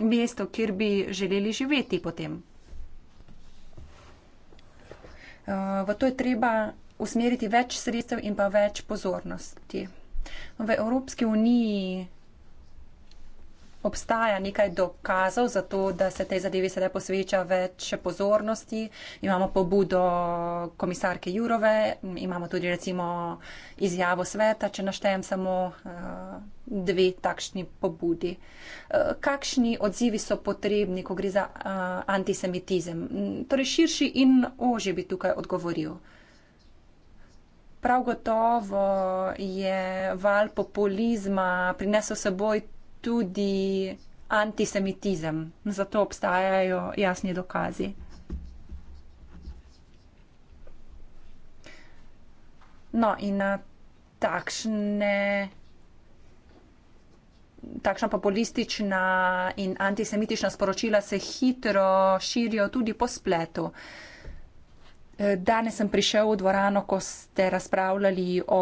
mesto, kjer bi želeli živeti potem? Eh, v to je treba usmeriti več sredstev in pa več pozornosti. V Evropski uniji obstaja nekaj dokazov za to, da se tej zadevi sedaj posveča več pozornosti. Imamo pobudo komisarke Jurove, imamo tudi recimo izjavo sveta, če naštejem samo uh, dve takšni pobudi. Uh, kakšni odzivi so potrebni, ko gre za uh, antisemitizem? Mm, torej širši in ožje bi tukaj odgovoril. Prav gotovo je val populizma prinesel seboj tudi antisemitizem. Zato obstajajo jasni dokazi. No, in na takšne, takšna populistična in antisemitična sporočila se hitro širijo tudi po spletu. Uh, Danes sem prišel v dvorano, ko ste razpravljali o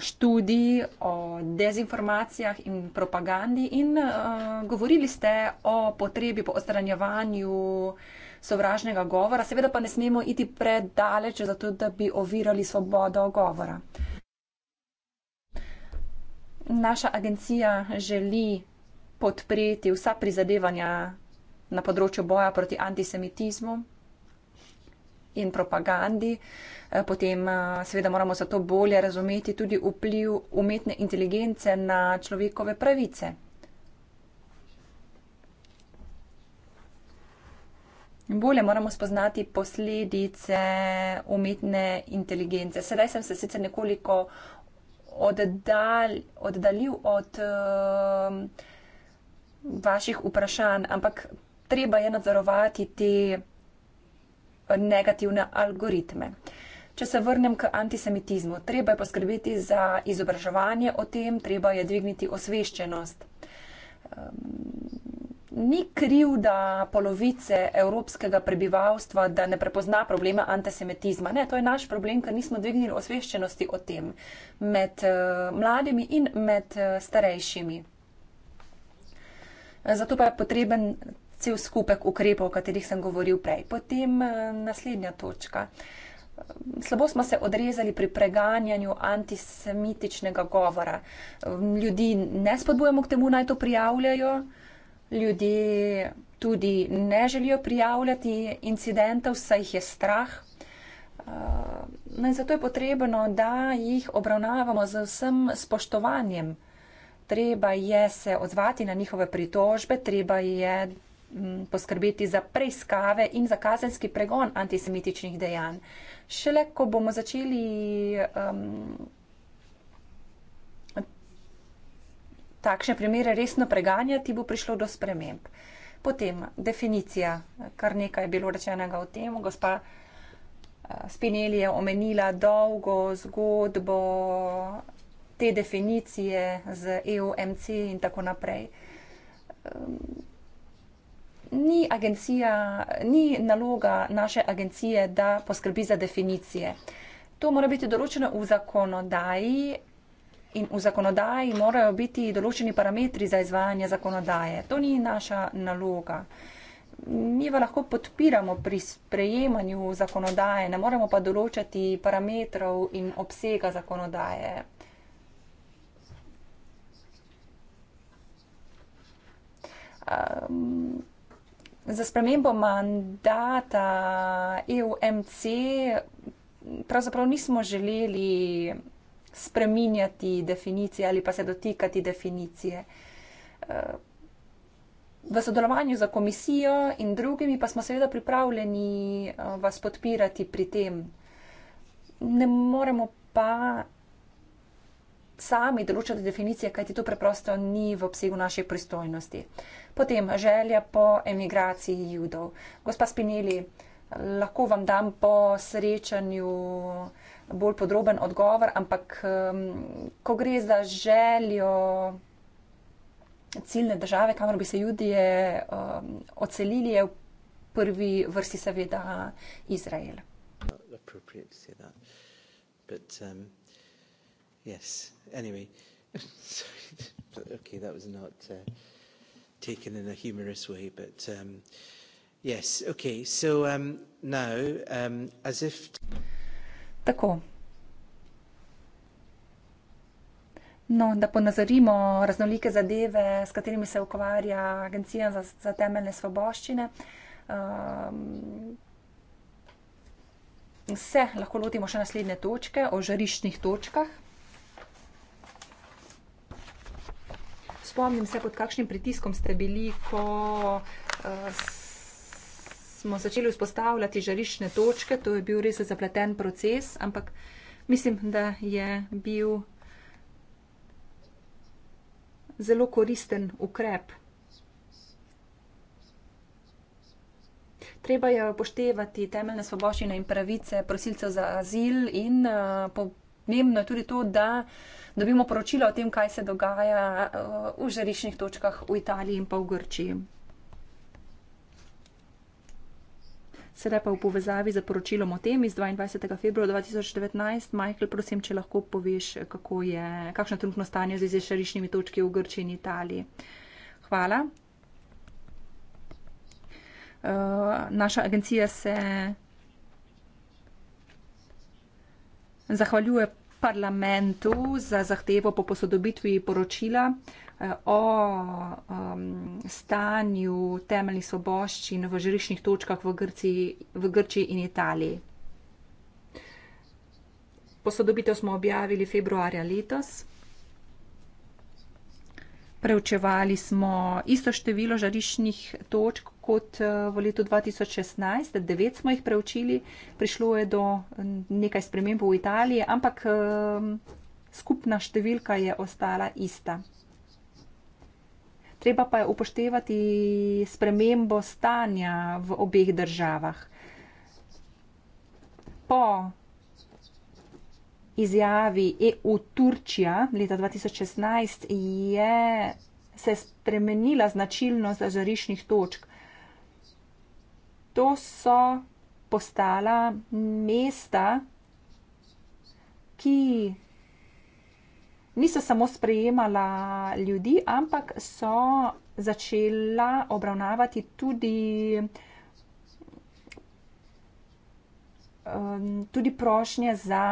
študiji, o dezinformacijah in propagandi in uh, govorili ste o potrebi po odstranjevanju sovražnega govora. Seveda pa ne smemo iti predaleč, zato da bi ovirali svobodo govora. Naša agencija želi podpreti vsa prizadevanja na področju boja proti antisemitizmu in propagandi. Eh, potem eh, seveda moramo zato bolje razumeti tudi vpliv umetne inteligence na človekove pravice. Bolje moramo spoznati posledice umetne inteligence. Sedaj sem se sicer nekoliko oddal, oddaljil od uh, vaših vprašanj, ampak treba je nadzorovati te negativne algoritme. Če se vrnem k antisemitizmu, treba je poskrbeti za izobraževanje o tem, treba je dvigniti osveščenost. Um, ni kriv, da polovice evropskega prebivalstva da ne prepozna problema antisemitizma. Ne, to je naš problem, ker nismo dvignili osveščenosti o tem med uh, mladimi in med uh, starejšimi. Zato pa je potreben cel skupek ukrepov, o katerih sem govoril prej. Potem eh, naslednja točka. Slabo smo se odrezali pri preganjanju antisemitičnega govora. Ljudi ne spodbujamo k temu, naj to prijavljajo. Ljudje tudi ne želijo prijavljati incidentov, saj jih je strah. Eh, no, in zato je potrebno, da jih obravnavamo z vsem spoštovanjem. Treba je se odzvati na njihove pritožbe, treba je poskrbeti za preiskave in za kazenski pregon antisemitičnih dejanj. Šele ko bomo začeli um, takšne primere resno preganjati, bo prišlo do sprememb. Potem definicija, kar nekaj je bilo rečenega o tem, gospa eh, Spinelli je omenila dolgo zgodbo te definicije z EUMC in tako naprej ni agencija, ni naloga naše agencije, da poskrbi za definicije. To mora biti določeno v zakonodaji in v zakonodaji morajo biti določeni parametri za izvajanje zakonodaje. To ni naša naloga. Mi pa lahko podpiramo pri sprejemanju zakonodaje, ne moremo pa določati parametrov in obsega zakonodaje. Um, Za spremembo mandata EUMC pravzaprav nismo želeli spreminjati definicije ali pa se dotikati definicije. V sodelovanju za komisijo in drugimi pa smo seveda pripravljeni eh, vas podpirati pri tem. Ne moremo pa sami določati definicije, kajti to preprosto ni v obsegu naše pristojnosti. Uh, potem želja po emigraciji judov. Gospa Spinelli, lahko vam dam po srečanju bolj podroben odgovor, ampak um, ko gre za željo ciljne države, kamor bi se judije um, ocelili, je v prvi vrsti seveda Izrael. Um, yes, anyway, sorry, okay, that was not. Uh taken in a humorous way, but um, yes, okay, so um, now, um, as if... Tako. No, da ponazorimo raznolike zadeve, s katerimi se ukvarja Agencija za, za temeljne svoboščine. Um, Vse lahko lotimo še naslednje točke, o žariščnih točkah. spomnim se, pod kakšnim pritiskom ste bili, ko uh, smo začeli vzpostavljati žarišne točke. To je bil res zapleten proces, ampak mislim, da je bil zelo koristen ukrep. Treba je upoštevati temeljne svoboščine in pravice prosilcev za azil in uh, pomembno je tudi to, da uh, dobimo poročilo o tem, kaj se dogaja eh, v žariščnih točkah v Italiji in pa v Grčiji. Sedaj pa v povezavi z poročilom o tem iz 22. februarja 2019. Michael, prosim, če lahko poveš, kako je, kakšno je trenutno stanje z izrešeriščnimi točki v Grčiji in Italiji. Hvala. Eh, naša agencija se zahvaljuje parlamentu za zahtevo po posodobitvi poročila eh, o um, stanju temeljnih svoboščin v žiriščnih točkah v, Grci, v Grči in Italiji. Posodobitev smo objavili februarja letos. Preučevali smo isto število žariščnih točk kot eh, v letu 2016. Devet smo jih preučili, prišlo je do nekaj sprememb v Italiji, ampak ehm, skupna številka je ostala ista. Treba pa je upoštevati spremembo stanja v obeh državah. Po izjavi EU Turčija leta 2016 je se spremenila značilnost žariščnih točk to so postala mesta, ki niso samo sprejemala ljudi, ampak so začela obravnavati tudi, um, tudi prošnje za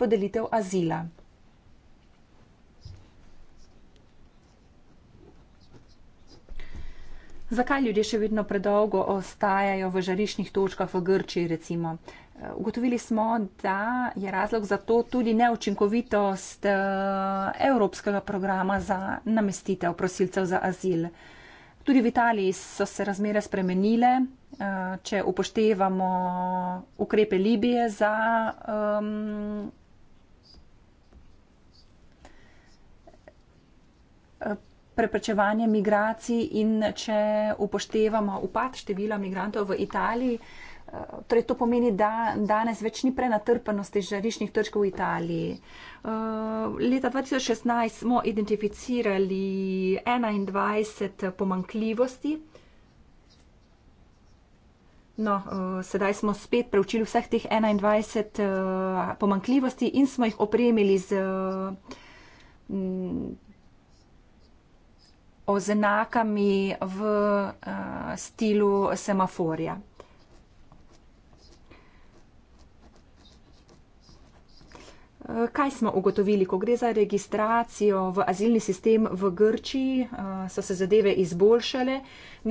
podelitev azila. Zakaj ljudje še vedno predolgo ostajajo v žariščnih točkah v Grčiji, recimo? Eh, ugotovili smo, da je razlog za to tudi neučinkovitost eh, evropskega programa za namestitev prosilcev za azil. Tudi v Italiji so se razmere spremenile, eh, če upoštevamo ukrepe Libije za. Um, uh, preprečevanje migracij in če upoštevamo upad števila migrantov v Italiji, eh, torej to pomeni, da danes več ni prenatrpanosti žariščnih točk v Italiji. Eh, leta 2016 smo identificirali 21 pomankljivosti. No, eh, sedaj smo spet preučili vseh teh 21 pomankljivosti in smo jih opremili z mm, oznakami v uh, stilu semaforja. Eh, kaj smo ugotovili, ko gre za registracijo v azilni sistem v Grčiji, eh, so se zadeve izboljšale,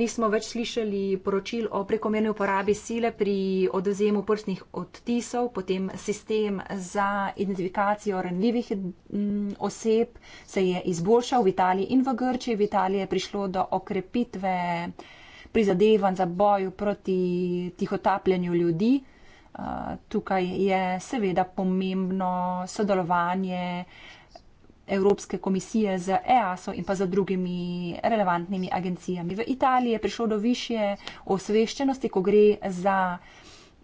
nismo več slišali poročil o prekomerni uporabi sile pri odvzemu prstnih odtisov, potem sistem za identifikacijo ranljivih mm, oseb se je izboljšal v Italiji in v Grčiji. V Italiji je prišlo do okrepitve prizadevanj za boju proti tihotapljenju ljudi tukaj je seveda pomembno sodelovanje Evropske komisije z EASO in pa z drugimi relevantnimi agencijami. V Italiji je prišlo do više osveščenosti, ko gre za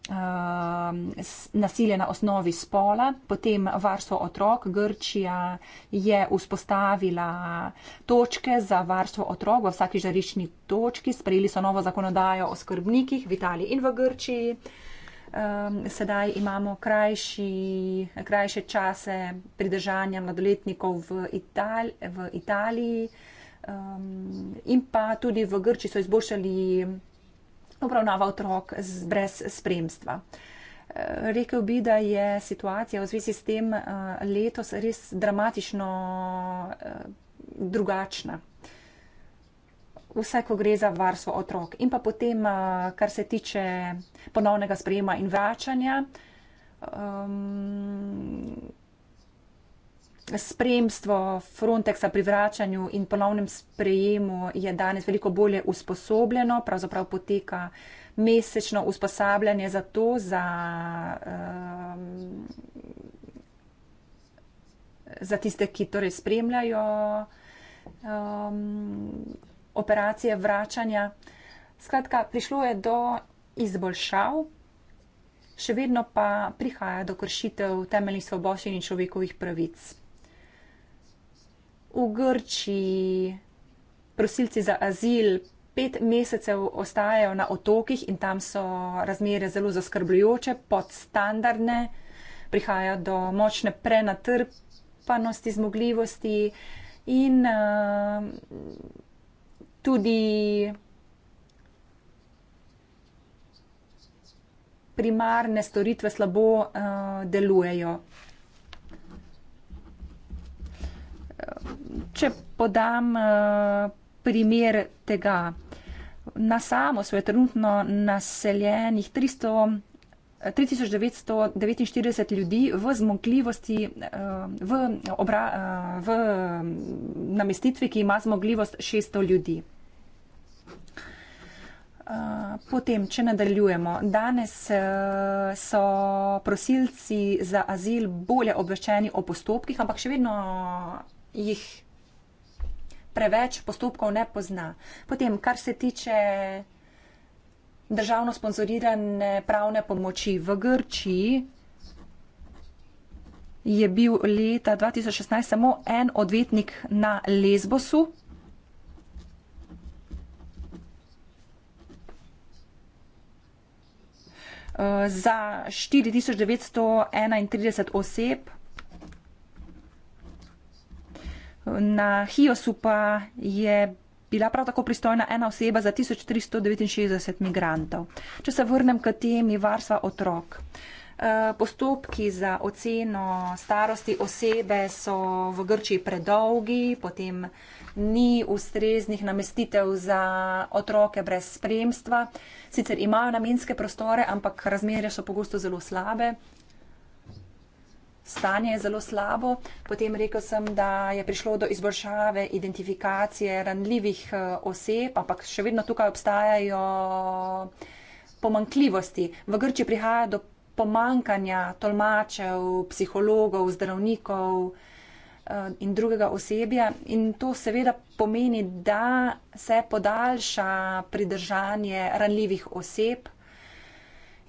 um, nasilje na osnovi spola, potem varstvo otrok. Grčija je vzpostavila točke za varstvo otrok v vsaki žarični točki, sprejeli so novo zakonodajo o skrbnikih v Italiji in v Grčiji um, sedaj imamo krajši, krajše čase pridržanja mladoletnikov v, Itali v Italiji um, in pa tudi v Grči so izboljšali obravnava otrok z, brez spremstva. Ehm, rekel bi, da je situacija v zvezi s tem letos res dramatično drugačna vse, ko gre za varstvo otrok. In pa potem, eh, kar se tiče ponovnega sprejema in vračanja, um, spremstvo Frontexa pri vračanju in ponovnem sprejemu je danes veliko bolje usposobljeno, pravzaprav poteka mesečno usposabljanje za to, za. Um, Za tiste, ki torej spremljajo um, operacije vračanja. Skratka, prišlo je do izboljšav, še vedno pa prihaja do kršitev temeljnih svoboščin in človekovih pravic. V Grčiji prosilci za azil pet mesecev ostajajo na otokih in tam so razmere zelo zaskrbljujoče, podstandardne, prihaja do močne prenatrpanosti zmogljivosti in uh, tudi primarne storitve slabo uh, delujejo. Eh, če podam uh, primer tega, na samo so je trenutno naseljenih 300. 3949 ljudi v zmogljivosti, v, obra, v mm, namestitvi, ki ima zmogljivost 600 ljudi. Eh, potem, če nadaljujemo, danes eh, so prosilci za azil bolje obveščeni o postopkih, ampak še vedno jih preveč postopkov ne pozna. Potem, kar se tiče državno sponsorirane pravne pomoči v Grčiji, je bil leta 2016 samo en odvetnik na Lesbosu. za 4931 oseb. Na Hiosu pa je bila prav tako pristojna ena oseba za 1369 migrantov. Če se vrnem k temi varstva otrok. Eh, postopki za oceno starosti osebe so v Grčiji predolgi, potem ni ustreznih namestitev za otroke brez spremstva. Sicer imajo namenske prostore, ampak razmere so pogosto zelo slabe. Stanje je zelo slabo. Potem rekel sem, da je prišlo do izboljšave identifikacije ranljivih eh, oseb, ampak še vedno tukaj obstajajo pomankljivosti. V Grči prihaja do pomankanja tolmačev, psihologov, zdravnikov, Eh, in drugega osebja. In to seveda pomeni, da se podaljša pridržanje ranljivih oseb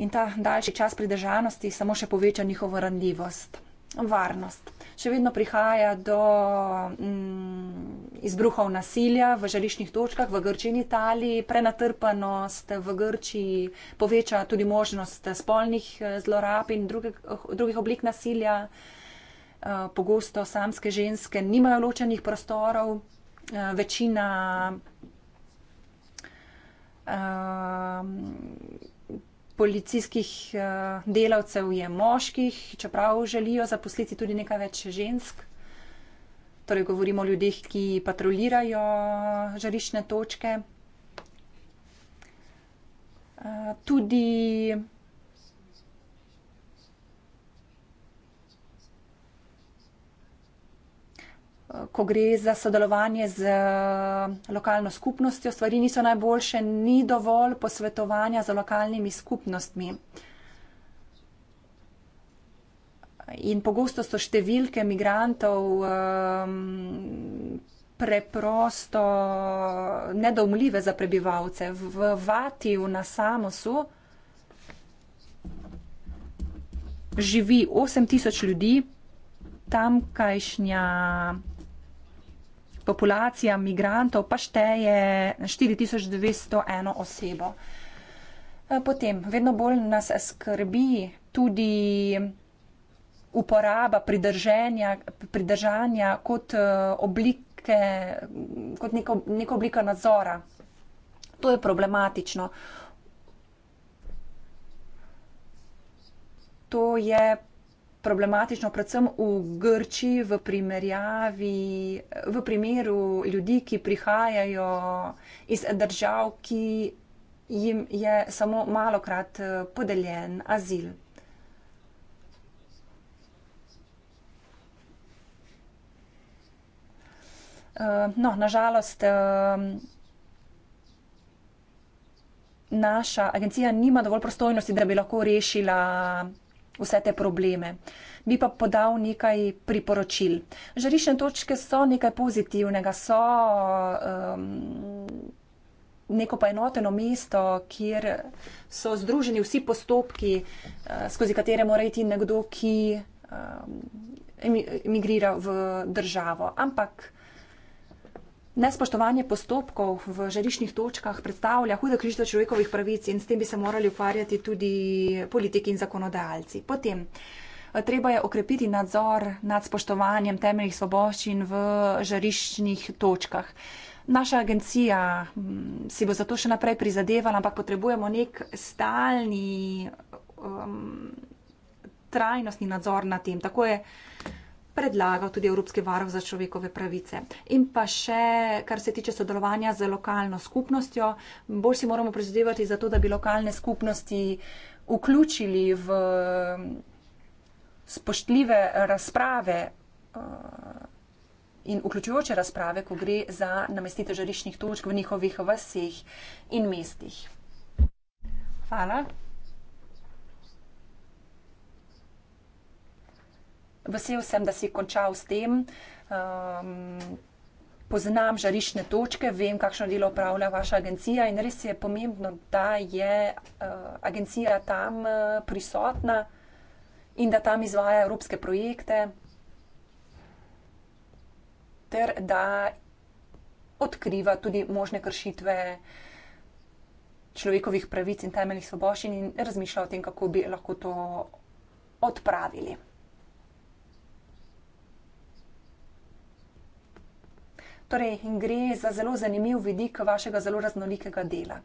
in ta daljši čas pridržanosti samo še poveča njihovo ranljivost, varnost. Še vedno prihaja do mm, izbruhov nasilja v žariščnih točkah, v Grčiji in Italiji. Prenatrpanost v Grčiji poveča tudi možnost spolnih eh, zlorab in drugih, eh, drugih oblik nasilja. Uh, Eh, pogosto samske ženske nimajo ločenih prostorov, eh, večina eh, policijskih delavcev je moških, čeprav želijo zaposliti tudi nekaj več žensk. Torej, govorimo o ljudeh, ki patrolirajo žarišne točke. Tudi ko gre za sodelovanje z eh, lokalno skupnostjo, stvari niso najboljše, ni dovolj posvetovanja z lokalnimi skupnostmi. In pogosto so številke migrantov um, preprosto nedomljive za prebivalce. V Vatiju na Samosu živi 8 tisoč ljudi, tamkajšnja populacija migrantov pa šteje 4201 osebo. E, potem, vedno bolj nas skrbi tudi uporaba pridržanja, pridržanja kot, e, oblike, kot neko, neko obliko nadzora. To je problematično. To je problematično, predvsem v Grči, v primerjavi, v primeru ljudi, ki prihajajo iz držav, ki jim je samo malokrat eh, podeljen azil. Eh, no, nažalost, eh, naša agencija nima dovolj prostojnosti, da bi lahko rešila vse te probleme. Bi pa podal nekaj priporočil. Žarišne točke so nekaj pozitivnega, so um, neko poenoteno mesto, kjer so združeni vsi postopki, uh, skozi katere mora iti nekdo, ki um, emigrira v državo. Ampak Nespoštovanje postopkov v žariščnih točkah predstavlja hudo kršitev človekovih pravic in s tem bi se morali ukvarjati tudi politiki in zakonodajalci. Potem, eh, treba je okrepiti nadzor nad spoštovanjem temeljih svoboščin v žariščnih točkah. Naša agencija hm, si bo zato še naprej prizadevala, ampak potrebujemo nek stalni, um, trajnostni nadzor nad tem. Tako je predlagal tudi Evropski varuh za človekove pravice. In pa še, kar se tiče sodelovanja z lokalno skupnostjo, bolj si moramo prizadevati za to, da bi lokalne skupnosti vključili v spoštljive razprave eh, in vključujoče razprave, ko gre za namestitev žariščnih točk v njihovih vseh in mestih. Hvala. vesel sem, da si končal s tem. Um, poznam žarišne točke, vem, kakšno delo upravlja vaša agencija in res je pomembno, da je uh, agencija tam uh, prisotna in da tam izvaja evropske projekte, ter da odkriva tudi možne kršitve človekovih pravic in temeljnih svoboščin in razmišlja o tem, kako bi lahko to odpravili. Torej, in gre za zelo zanimiv vidik vašega zelo raznolikega dela.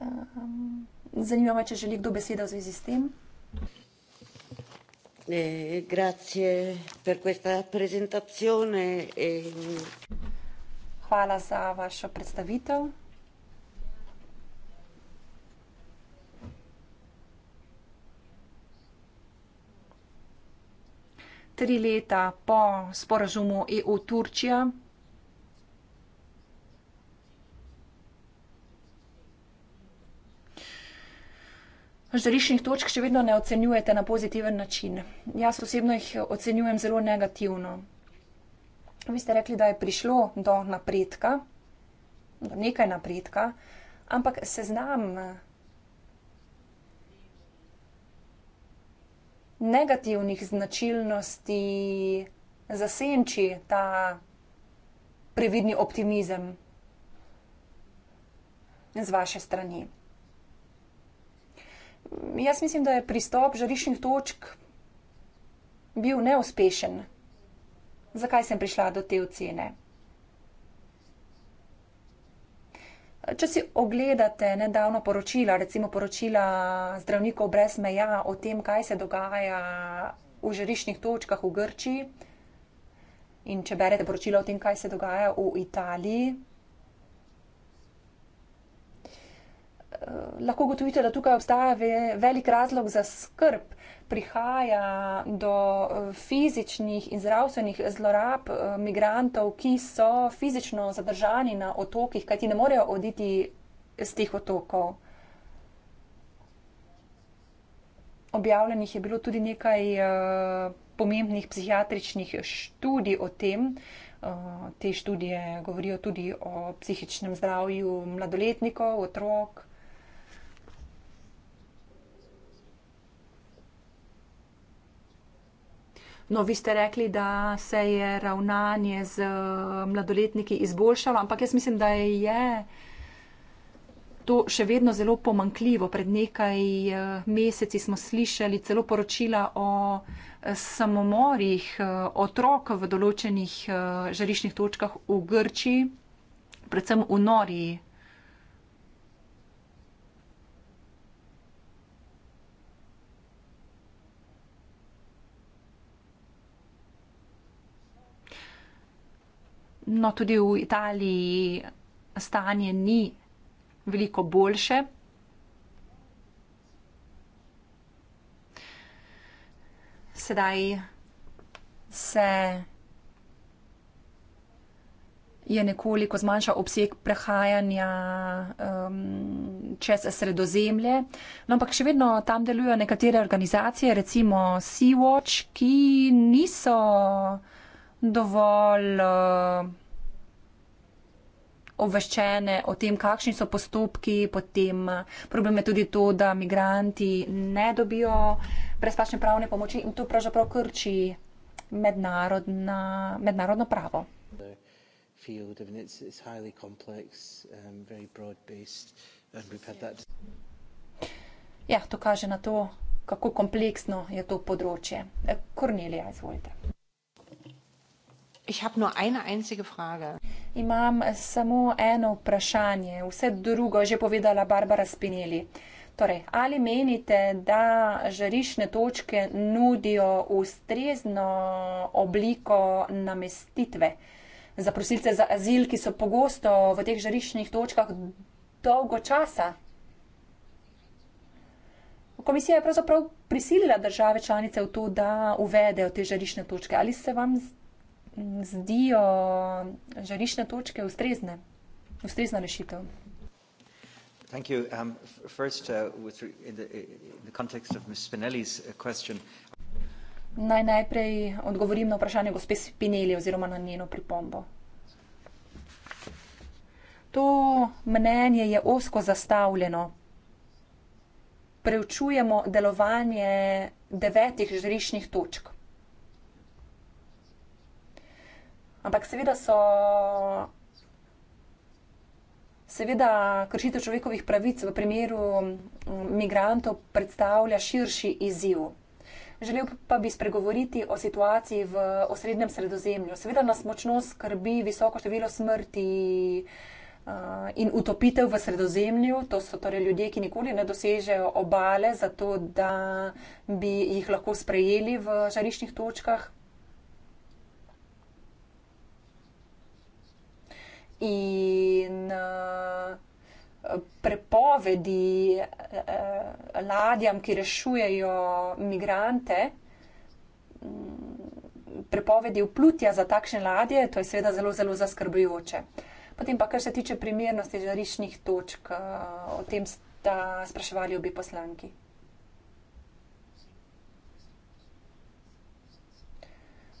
Ehm, zanima me, če želi kdo besedo v zvezi s tem. Eh, e- Hvala za vašo predstavitev. Tri leta po sporazumu EU-Turčija žariščnih točk še vedno ne ocenjujete na pozitiven način. Jaz osebno jih ocenjujem zelo negativno. Vi ste rekli, da je prišlo do napredka, do nekaj napredka, ampak seznam negativnih značilnosti zasenči ta previdni optimizem z vaše strani jaz mislim, da je pristop žariščnih točk bil neuspešen. Zakaj sem prišla do te ocene? Če si ogledate nedavno poročila, recimo poročila zdravnikov brez meja o tem, kaj se dogaja v žariščnih točkah v Grčiji, in če berete poročila o tem, kaj se dogaja v Italiji, Eh, lahko gotovite, da tukaj obstaja velik razlog za skrb. Prihaja do eh, fizičnih in zdravstvenih zlorab eh, migrantov, ki so fizično zadržani na otokih, kajti ne morejo oditi z teh otokov. Objavljenih je bilo tudi nekaj pomembnih psihiatričnih študij o tem. Te študije govorijo tudi o psihičnem zdravju mladoletnikov, otrok. No, vi ste rekli, da se je ravnanje z eh, mladoletniki izboljšalo, ampak jaz mislim, da je to še vedno zelo pomankljivo. Pred nekaj eh, meseci smo slišali celo poročila o eh, samomorih otrok v določenih žariščnih točkah v Grči, predvsem v Noriji. no, tudi v Italiji stanje ni veliko boljše. Sedaj se je nekoliko zmanjšal obseg prehajanja um, čez sredozemlje, no, ampak še vedno tam delujejo nekatere organizacije, recimo Sea-Watch, ki niso uh, dovolj eh, obveščene o tem, kakšni so postopki, potem eh, problem je tudi to, da migranti ne dobijo brezplačne pravne pomoči in to pravzaprav krči mednarodna, mednarodno pravo. Um, ja, to kaže na to, kako kompleksno je to področje. Eh, Kornelija, izvolite. Ich habe nur eine einzige Frage. Imam samo eno vprašanje. Vse drugo je povedala Barbara Spinelli. Torej, ali menite, da žarišne točke nudijo ustrezno obliko namestitve za prosilce za azil, ki so pogosto v teh žariščnih točkah dolgo časa? Komisija je pravzaprav prisilila države članice v to, da uvedejo te žarišne točke. Ali se vam zdi? zdijo žarišne točke ustrezne, ustrezna rešitev? Thank you. Um, first, uh, with in, the, in the context of Ms. Spinelli's uh, question. Naj najprej odgovorim na vprašanje gospe Spinelli oziroma na njeno pripombo. To mnenje je osko zastavljeno. Preučujemo delovanje devetih žrišnih točk. Ampak seveda so. Seveda, kršitev človekovih pravic v primeru mm, migrantov predstavlja širši izziv. Želel pa bi spregovoriti o situaciji v osrednjem sredozemlju. Seveda nas močno skrbi visoko število smrti in utopitev v sredozemlju. To so torej ljudje, ki nikoli ne dosežejo obale, zato da bi jih lahko sprejeli v žariščnih točkah. in eh, prepovedi eh, ladjam, ki rešujejo migrante, mm, prepovedi vplutja za takšne ladje, to je seveda zelo, zelo zaskrbljujoče. Potem pa, kar se tiče primernosti žariščnih točk, eh, o tem sta spraševali obi poslanki.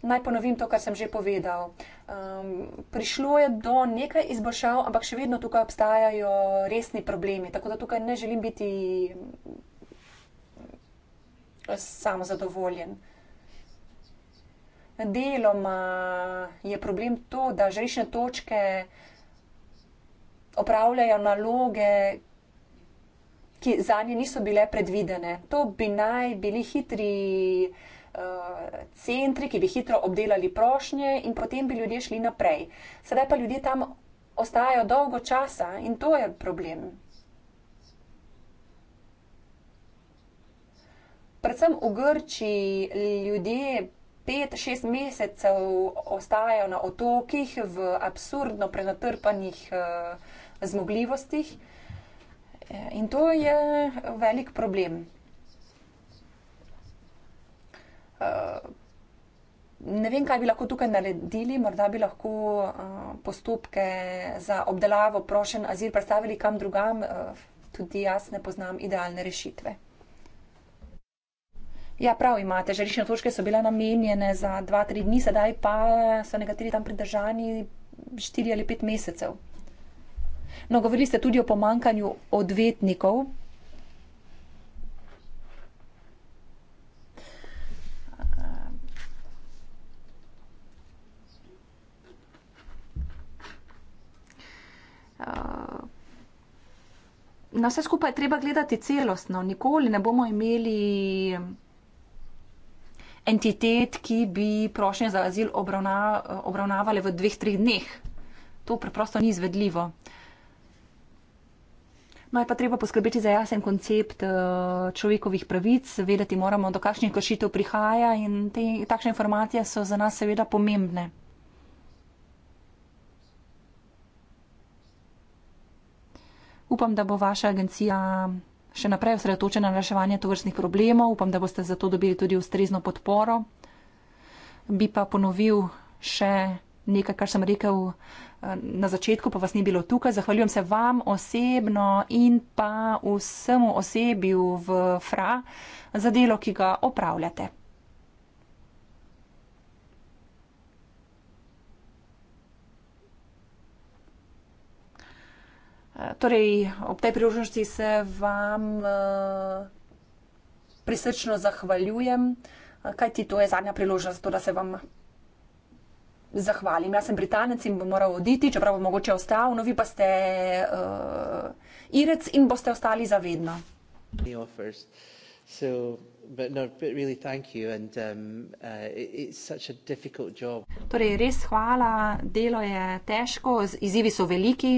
Naj ponovim to, kar sem že povedal. Um, prišlo je do nekaj izboljšav, ampak še vedno tukaj obstajajo resni problemi. Tako da tukaj ne želim biti eh, samo zadovoljen. Deloma je problem to, da žrešne točke opravljajo naloge, ki za nje niso bile predvidene. To bi naj bili hitri centri, ki bi hitro obdelali prošnje in potem bi ljudje šli naprej. Sedaj pa ljudje tam ostajajo dolgo časa in to je problem. Predvsem v Grčiji ljudje pet, šest mesecev ostajajo na otokih v absurdno prenatrpanih uh, zmogljivostih eh, in to je velik problem. Eh, ne vem, kaj bi lahko tukaj naredili, morda bi lahko eh, postopke za obdelavo prošen azil predstavili kam drugam, eh, tudi jaz ne poznam idealne rešitve. Ja, prav imate, žarišne točke so bile namenjene za 2-3 dni, sedaj pa so nekateri tam pridržani 4 ali 5 mesecev. No, govorili ste tudi o pomankanju odvetnikov, na vse skupaj je treba gledati celostno. Nikoli ne bomo imeli entitet, ki bi prošnje za azil obravna, obravnavali v dveh, treh dneh. To preprosto ni izvedljivo. No, je pa treba poskrbeti za jasen koncept eh, človekovih pravic, vedeti moramo, do kakšnih kršitev prihaja in te, takšne informacije so za nas seveda pomembne. Upam, da bo vaša agencija še naprej osredotočena na reševanje tovrstnih problemov. Upam, da boste zato dobili tudi ustrezno podporo. Bi pa ponovil še nekaj, kar sem rekel eh, na začetku, pa vas ni bilo tukaj. Zahvaljujem se vam osebno in pa vsemu osebju v FRA za delo, ki ga opravljate. Torej, ob tej priložnosti se vam eh, prisrčno zahvaljujem, eh, kaj ti to je zadnja priložnost, to, da se vam zahvalim. Jaz sem Britanec in bom moral oditi, čeprav bom mogoče ostal, no vi pa ste uh, Irec in boste ostali za vedno. No, um, uh, torej, res hvala, delo je težko, izzivi so veliki.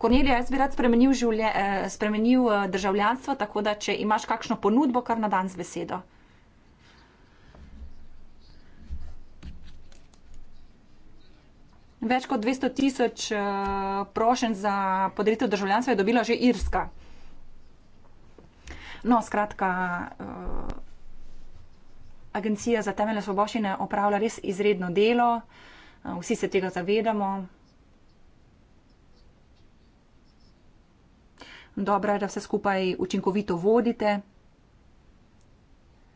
Kornelija, jaz bi rad spremenil, življe, eh, spremenil eh, državljanstvo, tako da če imaš kakšno ponudbo, kar na dan z besedo. Več kot 200 tisoč eh, prošen za podelitev državljanstva je dobila že Irska. No, skratka, Agencija za temeljne svoboščine opravlja res izredno delo, vsi se tega zavedamo. dobro je, da vse skupaj učinkovito vodite.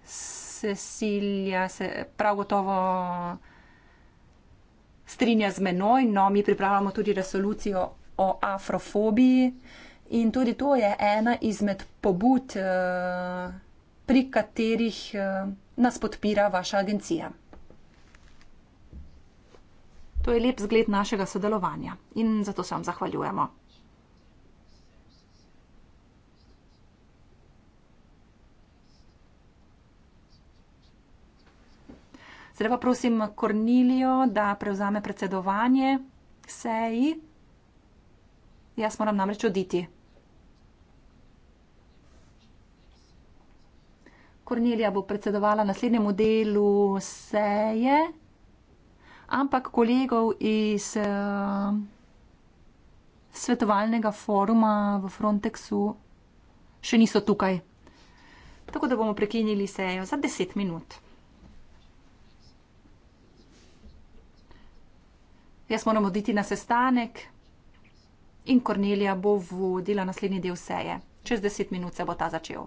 Cecilija se prav gotovo strinja z menoj, no mi pripravljamo tudi resolucijo o afrofobiji in tudi to je ena izmed pobud, eh, pri katerih eh, nas podpira vaša agencija. To je lep zgled našega sodelovanja in zato se vam zahvaljujemo. Zdaj pa prosim Kornilijo, da prevzame predsedovanje seji. Jaz moram namreč oditi. Kornelija bo predsedovala naslednjemu delu seje, ampak kolegov iz uh, svetovalnega foruma v Frontexu še niso tukaj. Tako da bomo prekinili sejo za 10 minut. Jaz moram oditi na sestanek in Kornelija bo vodila naslednji del seje. Čez deset minut se bo ta začel.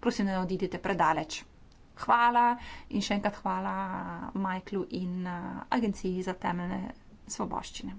Prosim, ne odidite predaleč. Hvala in še enkrat hvala Majklu in uh, Agenciji za temeljne svoboščine.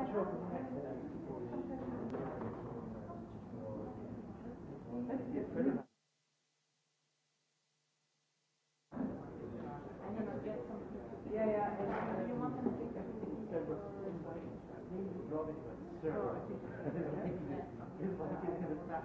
Yeah, yeah. Do you want them to take a picture? Sure. I think it's not.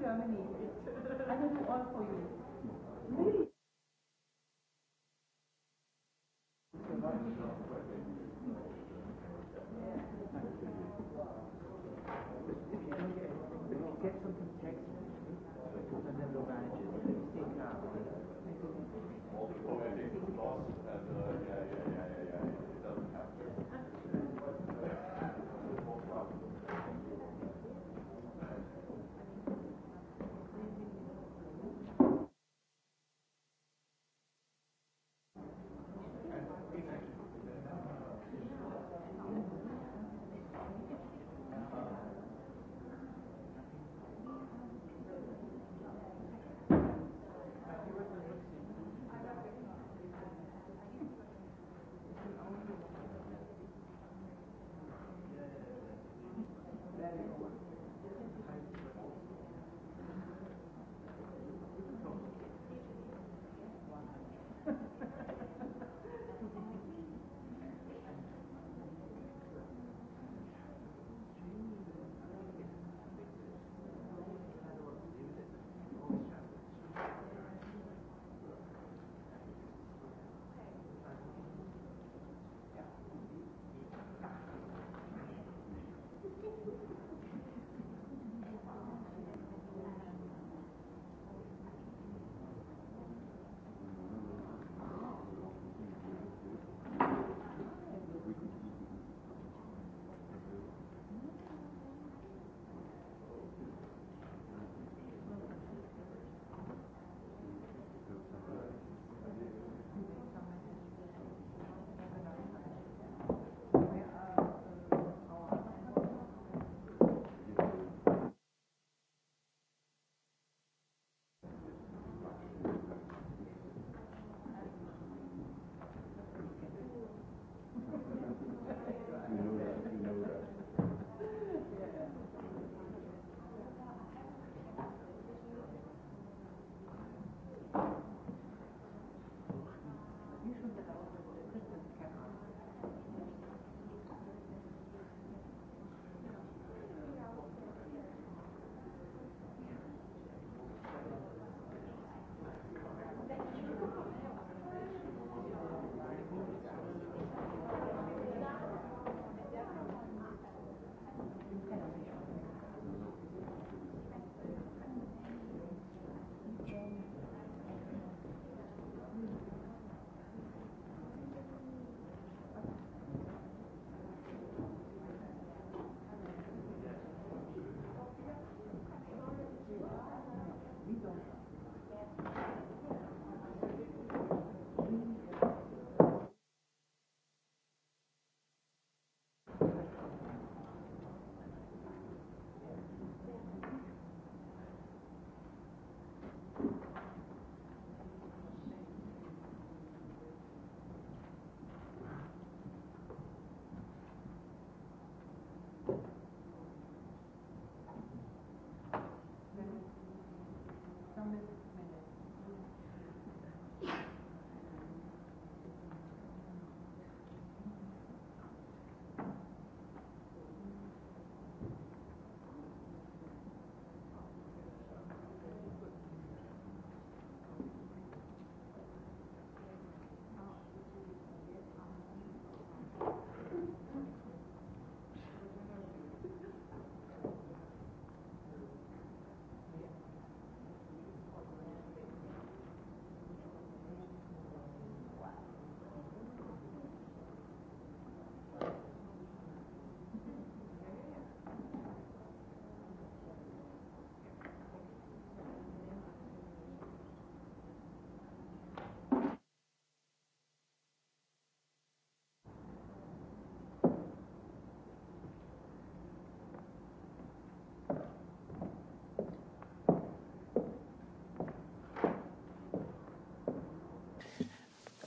Germany. I don't know all for you.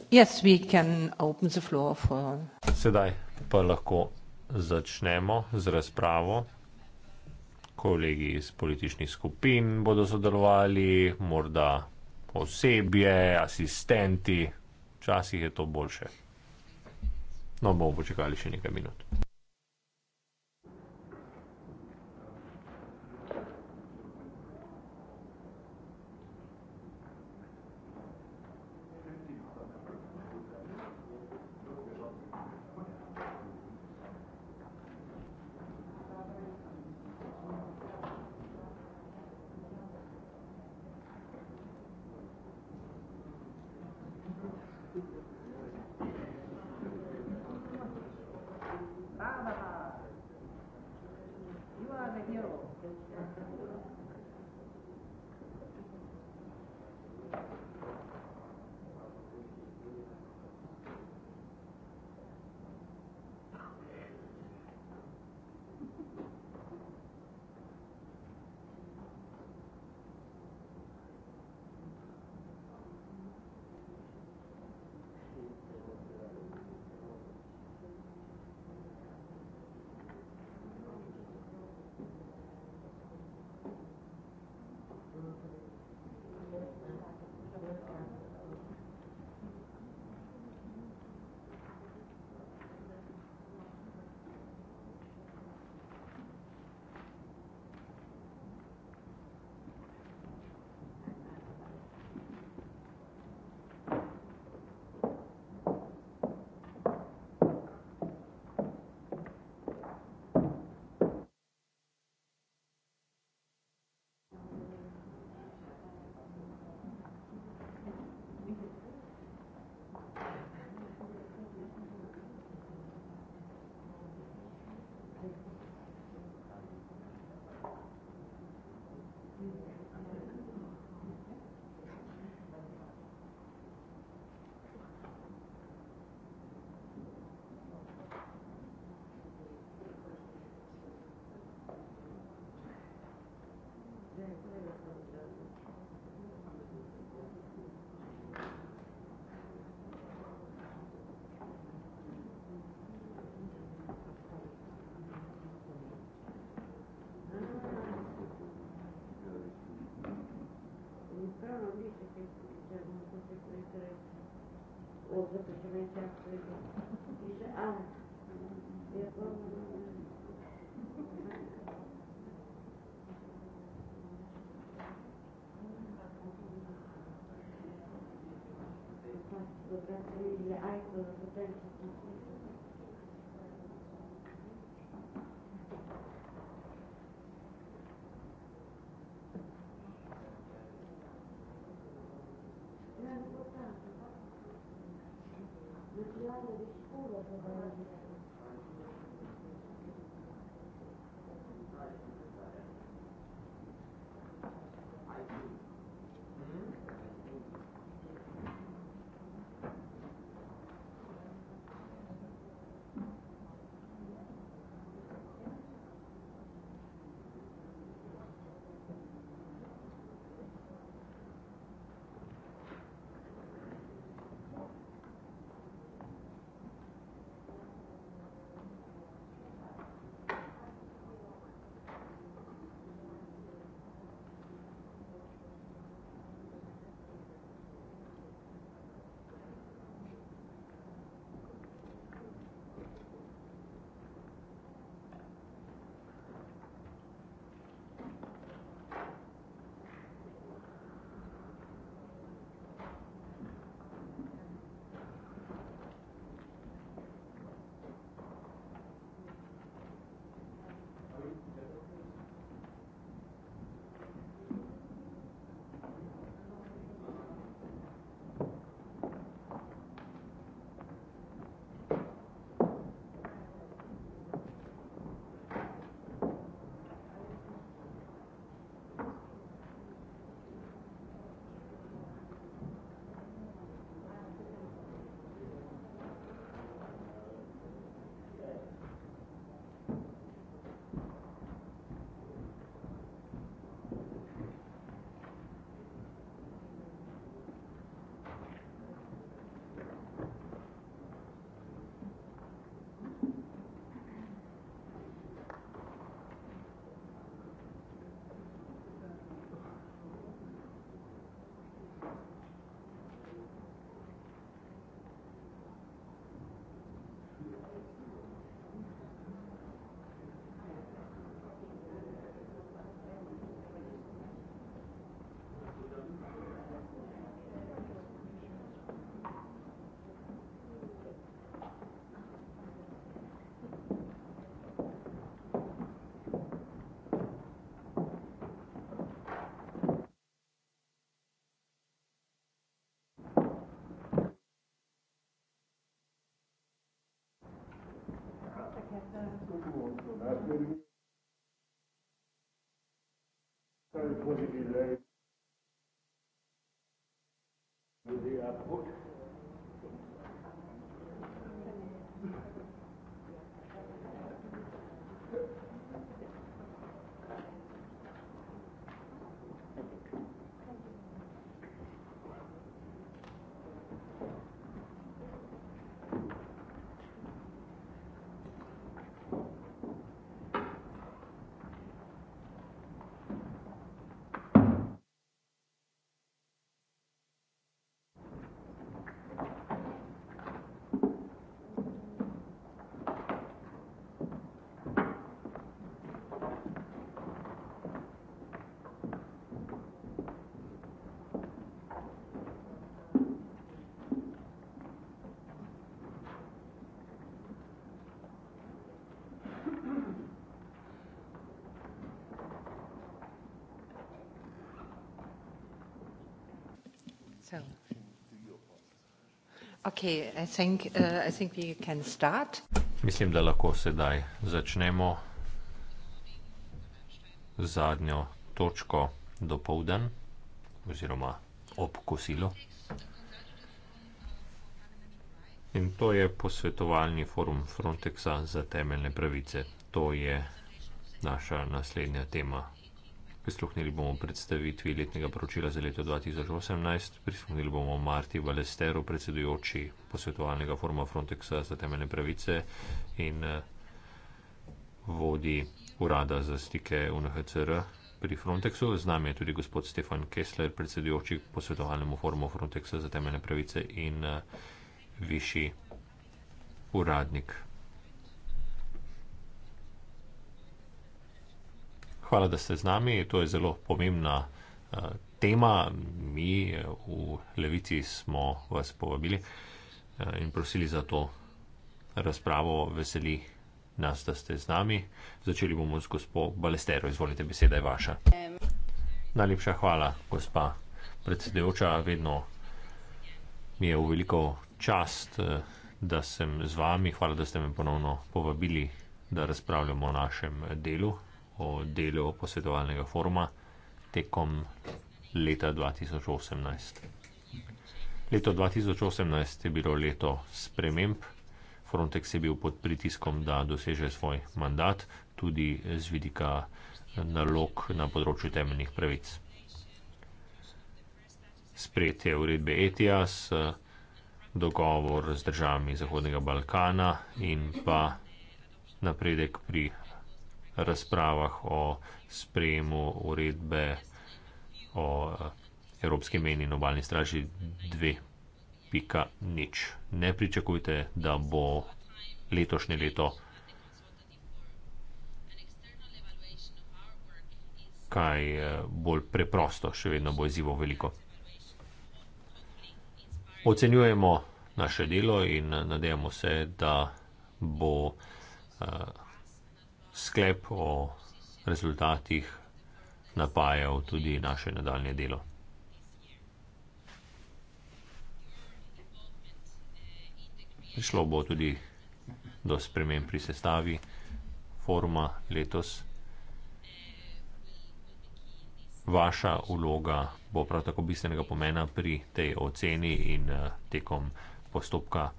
Yes, we can open the floor for. Sedaj pa lahko začnemo z razpravo. Kolegi iz političnih skupin bodo sodelovali, morda osebje, asistenti, včasih je to boljše. No, bomo počakali še nekaj minut. Ljudje, ja, kot. So. Okay, I think, uh, I think we can start. Mislim, da lahko sedaj začnemo zadnjo točko dopoldan oziroma ob kosilu. In to je posvetovalni forum Frontexa za temeljne pravice. To je naša naslednja tema Prisluhnili bomo predstavitvi letnega poročila za leto 2018, prisluhnili bomo Marti Valesteru, predsedujoči posvetovalnega foruma Frontexa za temeljne pravice in eh, vodi urada za stike UNHCR pri Frontexu. Z nami je tudi gospod Stefan Kessler, predsedujoči posvetovalnemu forumu Frontexa za temeljne pravice in eh, višji uradnik Hvala, da ste z nami. To je zelo pomembna uh, tema. Mi eh, v Levici smo vas povabili uh, in prosili za to razpravo. Veseli nas, da ste z nami. Začeli bomo z gospod Balestero. Izvolite, beseda je vaša. Najlepša hvala, gospa predsedujoča. Vedno mi je v veliko čast, da sem z vami. Hvala, da ste me ponovno povabili, da razpravljamo o našem delu o delu posvetovalnega foruma tekom leta 2018. Leto 2018 je bilo leto sprememb. Frontex je bil pod pritiskom, da doseže svoj mandat, tudi z vidika nalog na področju temeljnih pravic. Sprejetje uredbe ETIAS, dogovor z državami Zahodnega Balkana in pa napredek pri razpravah o sprejemu uredbe o eh, Evropski meni in obaljni straži 2.0. Ne pričakujte, da bo letošnje leto kaj eh, bolj preprosto, še vedno bo izzivo veliko. Ocenjujemo naše delo in eh, nadejamo se, da bo uh, sklep o rezultatih napajal tudi naše nadaljne delo. Prišlo bo tudi do sprememb pri sestavi foruma letos. Vaša vloga bo prav tako bistvenega pomena pri tej oceni in eh, tekom postopka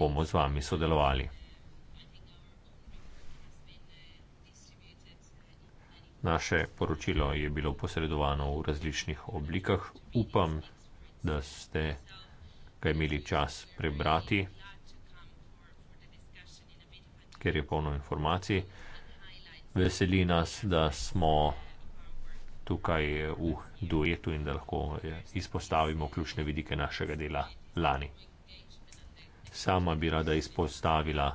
bomo z vami sodelovali. Naše poročilo je bilo posredovano v različnih oblikah. Upam, da ste ga imeli čas prebrati, ker je polno informacij. Veseli nas, da smo tukaj v duetu in da lahko eh, izpostavimo ključne vidike našega dela lani. Sama bi rada izpostavila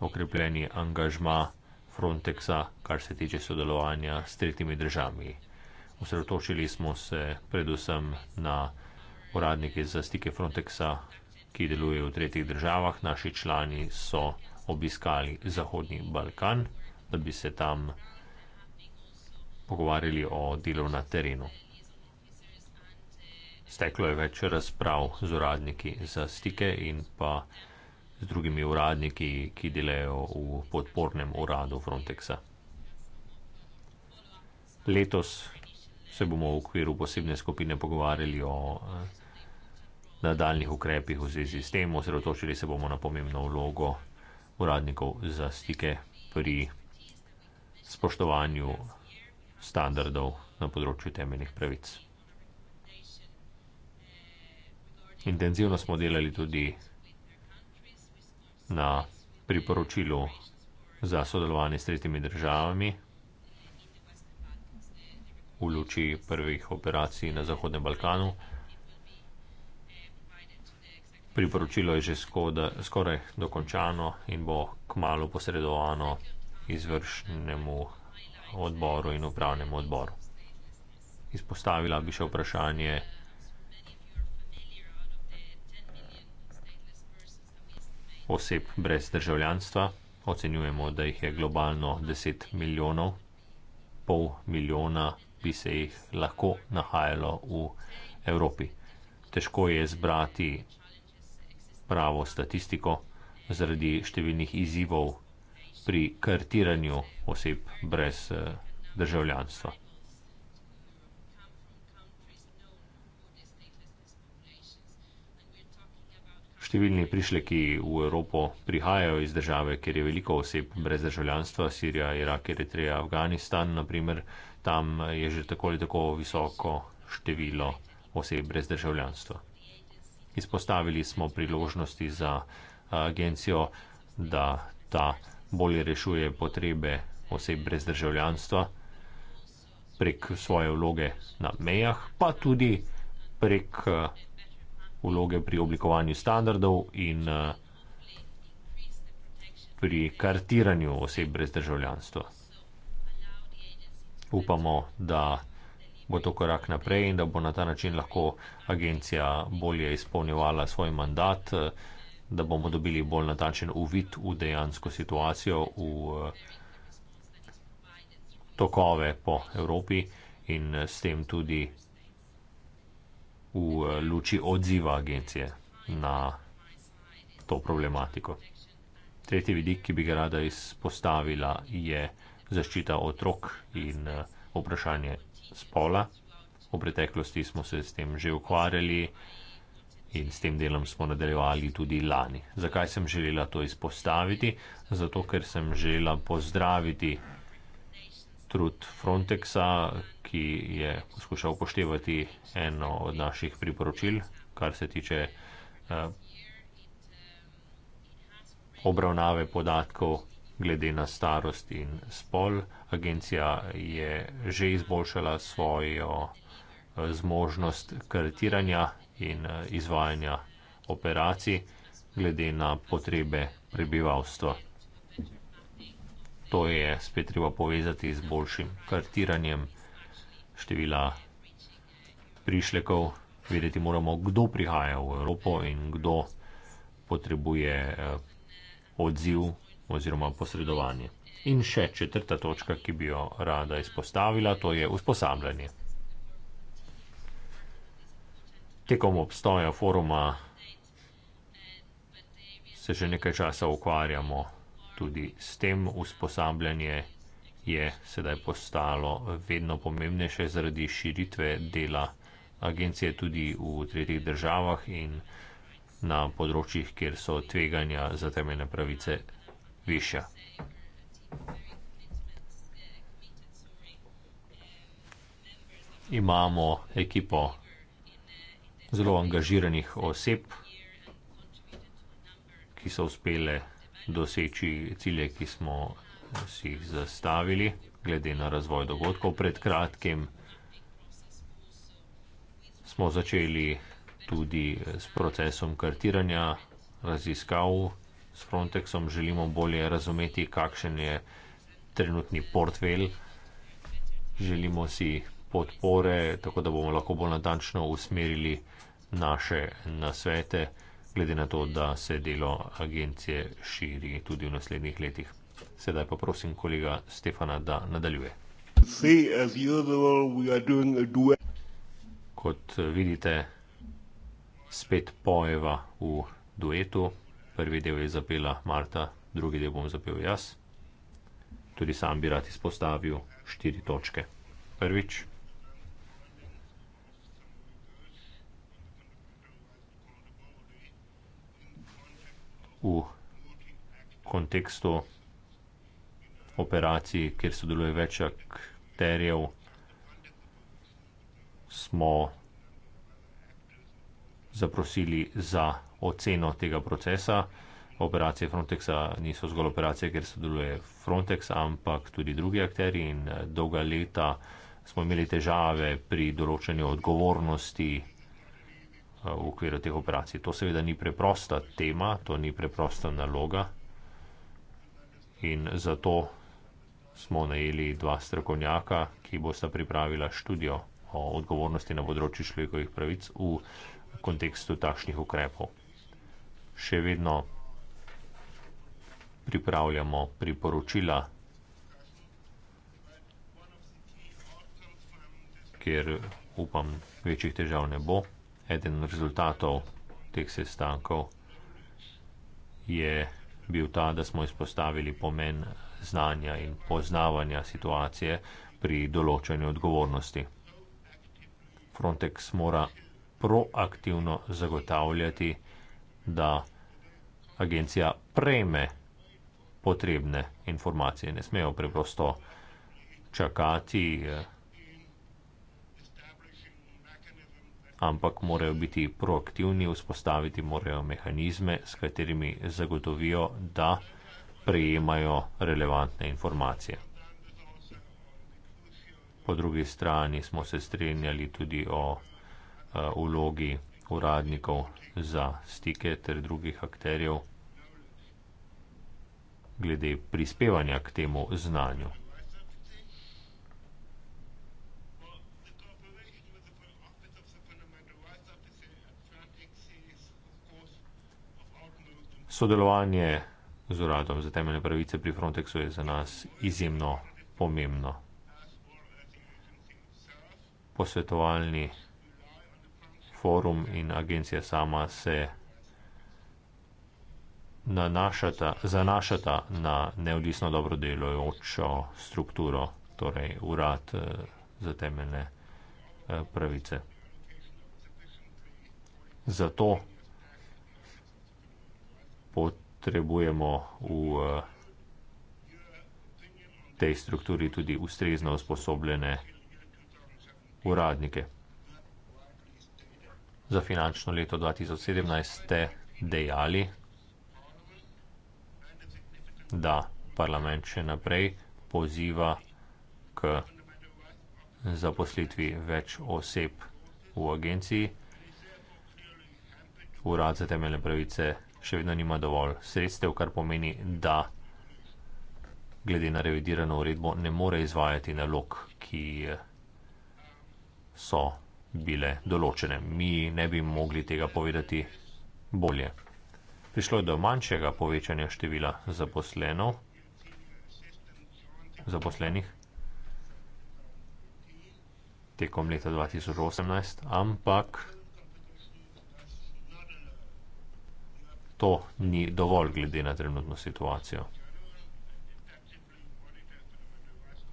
okrepljeni angažma. Frontexa, kar se tiče sodelovanja s tretjimi državami. Osredotočili smo se predvsem na uradnike za stike Frontexa, ki delujejo v tretjih državah. Naši člani so obiskali Zahodni Balkan, da bi se tam pogovarjali o delu na terenu. Steklo je več razprav z uradniki za stike in pa z drugimi uradniki, ki delajo v podpornem uradu Frontexa. Letos se bomo v okviru posebne skupine pogovarjali o eh, nadaljnih ukrepih v zvezi s tem, osredotočili se bomo na pomembno vlogo uradnikov za stike pri spoštovanju standardov na področju temeljnih pravic. Intenzivno smo delali tudi na priporočilu za sodelovanje s tretjimi državami v luči prvih operacij na Zahodnem Balkanu. Priporočilo je že skoraj dokončano in bo kmalo posredovano izvršnemu odboru in upravnemu odboru. Izpostavila bi še vprašanje oseb brez državljanstva, ocenjujemo, da jih je globalno 10 milijonov, pol milijona bi se jih lahko nahajalo v Evropi. Težko je zbrati pravo statistiko zaradi številnih izzivov pri kartiranju oseb brez eh, državljanstva. Številni prišleki v Evropo prihajajo iz države, kjer je veliko oseb brez državljanstva, Sirija, Irak, Eritreja, Afganistan, naprimer, tam je že tako ali tako visoko število oseb brez državljanstva. Izpostavili smo priložnosti za eh, agencijo, da ta bolje rešuje potrebe oseb brez državljanstva prek svoje vloge na mejah, pa tudi prek eh, vloge pri oblikovanju standardov in eh, pri kartiranju oseb brez državljanstva. Upamo, da bo to korak naprej in da bo na ta način lahko agencija bolje izpolnjevala svoj mandat, eh, da bomo dobili bolj natančen uvid v dejansko situacijo v eh, tokove po Evropi in s tem tudi v eh, luči odziva agencije na to problematiko. Tretji vidik, ki bi ga rada izpostavila, je zaščita otrok in eh, vprašanje spola. V preteklosti smo se s tem že ukvarjali in s tem delom smo nadaljevali tudi lani. Zakaj sem želela to izpostaviti? Zato, ker sem želela pozdraviti trud Frontexa, ki je poskušal upoštevati eno od naših priporočil, kar se tiče eh, obravnave podatkov glede na starost in spol. Agencija je že izboljšala svojo eh, zmožnost karitiranja in eh, izvajanja operacij glede na potrebe prebivalstva to je spet treba povezati z boljšim kartiranjem števila prišlekov. Vedeti moramo, kdo prihaja v Evropo in kdo potrebuje eh, odziv oziroma posredovanje. In še četrta točka, ki bi jo rada izpostavila, to je usposabljanje. Tekom obstoja foruma se že nekaj časa ukvarjamo tudi s tem usposabljanje je sedaj postalo vedno pomembnejše zaradi širitve dela agencije tudi v tretjih državah in na področjih, kjer so tveganja za temeljne pravice višja. Imamo ekipo zelo angažiranih oseb, ki so uspele doseči cilje, ki smo si jih zastavili, glede na razvoj dogodkov. Pred kratkim smo začeli tudi s procesom kartiranja raziskav s Frontexom. Želimo bolje razumeti, kakšen je trenutni portfelj. Želimo si podpore, tako da bomo lahko bolj natančno usmerili naše nasvete glede na to, da se delo agencije širi tudi v naslednjih letih. Sedaj pa prosim kolega Stefana, da nadaljuje. Kot vidite, spet pojeva v duetu. Prvi del je zapela Marta, drugi del bom zapel jaz. Tudi sam bi rad izpostavil štiri točke. Prvič. v kontekstu operacij, kjer sodeluje več akterjev, smo zaprosili za oceno tega procesa. Operacije Frontexa niso zgolj operacije, kjer sodeluje Frontex, ampak tudi drugi akteri in dolga leta smo imeli težave pri določanju odgovornosti Eh, v okviru teh operacij. To seveda ni preprosta tema, to ni preprosta naloga in zato smo najeli dva strokovnjaka, ki bosta pripravila študijo o odgovornosti na področju človekovih pravic v kontekstu takšnih ukrepov. Še vedno pripravljamo priporočila, kjer upam večjih težav ne bo eden od rezultatov teh sestankov je bil ta, da smo izpostavili pomen znanja in poznavanja situacije pri določanju odgovornosti. Frontex mora proaktivno zagotavljati, da agencija prejme potrebne informacije. Ne smejo preprosto čakati, eh, ampak morajo biti proaktivni, vzpostaviti morajo mehanizme, s katerimi zagotovijo, da prejemajo relevantne informacije. Po drugi strani smo se strenjali tudi o eh, vlogi uradnikov za stike ter drugih akterjev glede prispevanja k temu znanju. sodelovanje z uradom za temeljne pravice pri Frontexu je za nas izjemno pomembno. Posvetovalni forum in agencija sama se nanašata, zanašata na neodvisno dobro delojočo strukturo, torej urad eh, za temeljne eh, pravice. Zato potrebujemo v eh, tej strukturi tudi ustrezno usposobljene uradnike. Za finančno leto 2017 ste dejali, da parlament še naprej poziva k zaposlitvi več oseb v agenciji. Urad za temeljne pravice še vedno nima dovolj sredstev, kar pomeni, da glede na revidirano uredbo ne more izvajati nalog, ki so bile določene. Mi ne bi mogli tega povedati bolje. Prišlo je do manjšega povečanja števila zaposlenov, zaposlenih tekom leta 2018, ampak to ni dovolj glede na trenutno situacijo.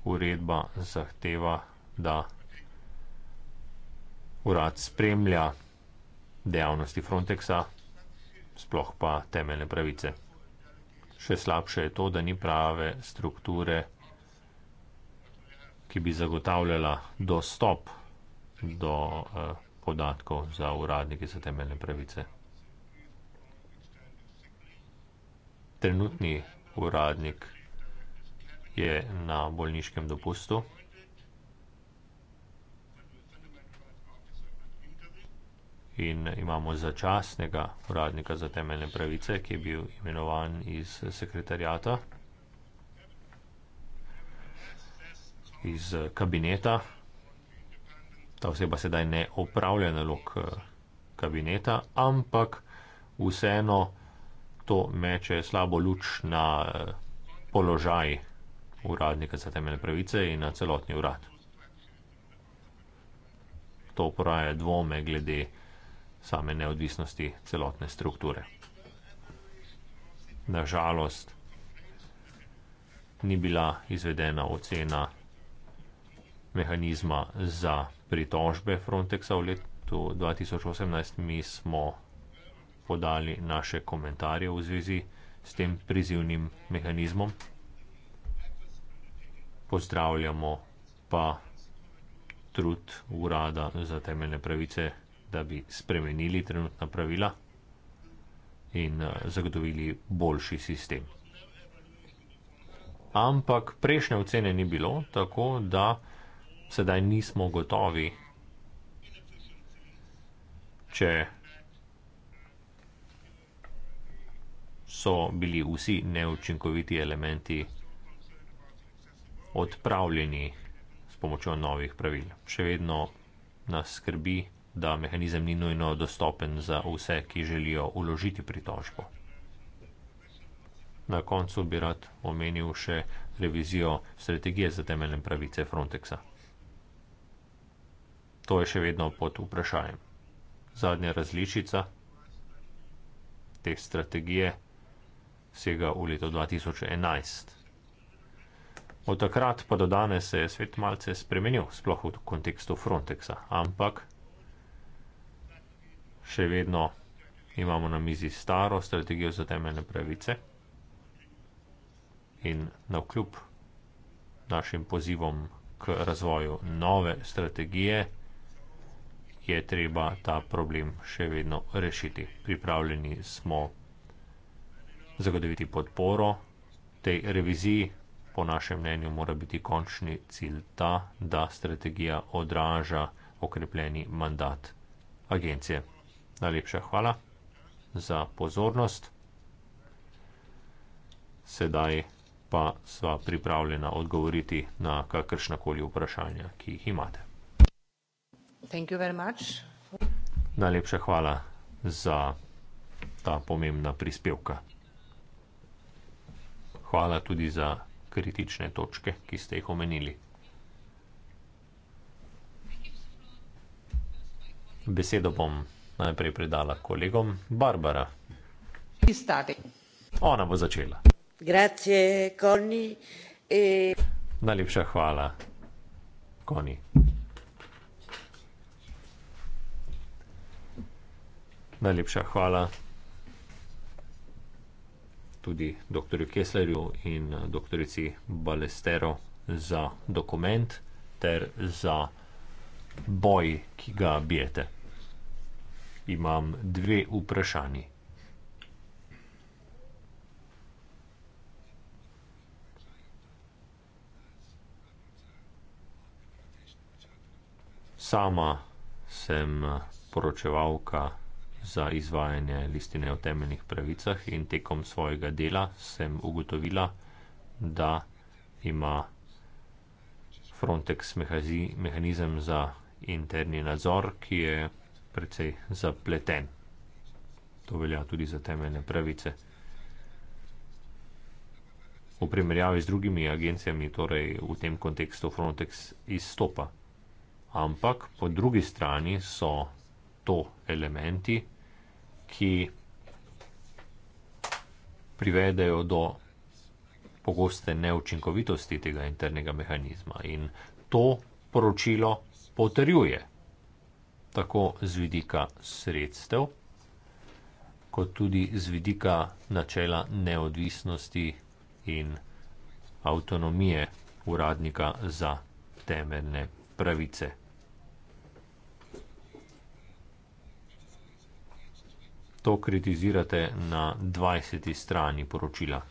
Uredba zahteva, da urad spremlja dejavnosti Frontexa, sploh pa temeljne pravice. Še slabše je to, da ni prave strukture, ki bi zagotavljala dostop do eh, podatkov za uradnike za temeljne pravice. trenutni uradnik je na bolniškem dopustu. In imamo začasnega uradnika za temeljne pravice, ki je bil imenovan iz sekretarijata, iz kabineta. Ta oseba sedaj ne opravlja nalog eh, kabineta, ampak vseeno to meče slabo luč na eh, položaj uradnika za temeljne pravice in na celotni urad. To poraja dvome glede same neodvisnosti celotne strukture. Nažalost, ni bila izvedena ocena mehanizma za pritožbe Frontexa v letu 2018. Mi smo podali naše komentarje v zvezi s tem prizivnim mehanizmom. Pozdravljamo pa trud urada za temeljne pravice, da bi spremenili trenutna pravila in eh, zagotovili boljši sistem. Ampak prejšnje ocene ni bilo, tako da sedaj nismo gotovi, če so bili vsi neučinkoviti elementi odpravljeni s pomočjo novih pravil. Še vedno nas skrbi, da mehanizem ni nujno dostopen za vse, ki želijo uložiti pritožbo. Na koncu bi rad omenil še revizijo strategije za temeljne pravice Frontexa. To je še vedno pod vprašanjem. Zadnja različica te strategije sega v leto 2011. Od takrat pa do danes se je svet malce spremenil, sploh v kontekstu Frontexa, ampak še vedno imamo na mizi staro strategijo za temeljne pravice in na vkljub našim pozivom k razvoju nove strategije je treba ta problem še vedno rešiti. Pripravljeni smo zagotoviti podporo tej reviziji. Po našem mnenju mora biti končni cilj ta, da strategija odraža okrepljeni mandat agencije. Najlepša hvala za pozornost. Sedaj pa sva pripravljena odgovoriti na kakršnakoli vprašanja, ki jih imate. Najlepša hvala za ta pomembna prispevka hvala tudi za kritične točke, ki ste jih omenili. Besedo bom najprej predala kolegom Barbara. Ona bo začela. Grazie, Koni. E... Najlepša hvala, Koni. Najlepša hvala, tudi dr. Kesslerju in eh, dr. Balestero za dokument ter za boj, ki ga bijete. Imam dve vprašanji. Sama sem eh, poročevalka za izvajanje listine o temeljnih pravicah in tekom svojega dela sem ugotovila, da ima Frontex mehanizem za interni nadzor, ki je precej zapleten. To velja tudi za temeljne pravice. V primerjavi z drugimi agencijami, torej v tem kontekstu Frontex izstopa. Ampak po drugi strani so to elementi, ki privedejo do pogoste neučinkovitosti tega internega mehanizma. In to poročilo potrjuje tako z vidika sredstev, kot tudi z vidika načela neodvisnosti in avtonomije uradnika za temeljne pravice. to kritizirate na 20. strani poročila.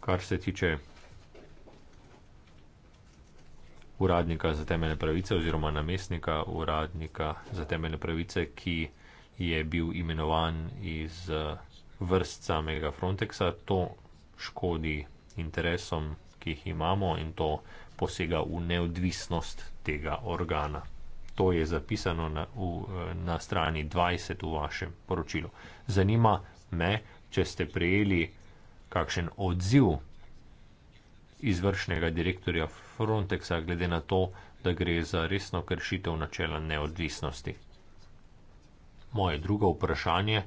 Kar se tiče uradnika za temeljne pravice oziroma namestnika uradnika za temeljne pravice, ki je bil imenovan iz eh, vrst samega Frontexa, to škodi interesom, ki jih imamo in to posega v neodvisnost tega organa. To je zapisano na, v, na strani 20 v vašem poročilu. Zanima me, če ste prejeli kakšen odziv izvršnega direktorja Frontexa, glede na to, da gre za resno kršitev načela neodvisnosti. Moje drugo vprašanje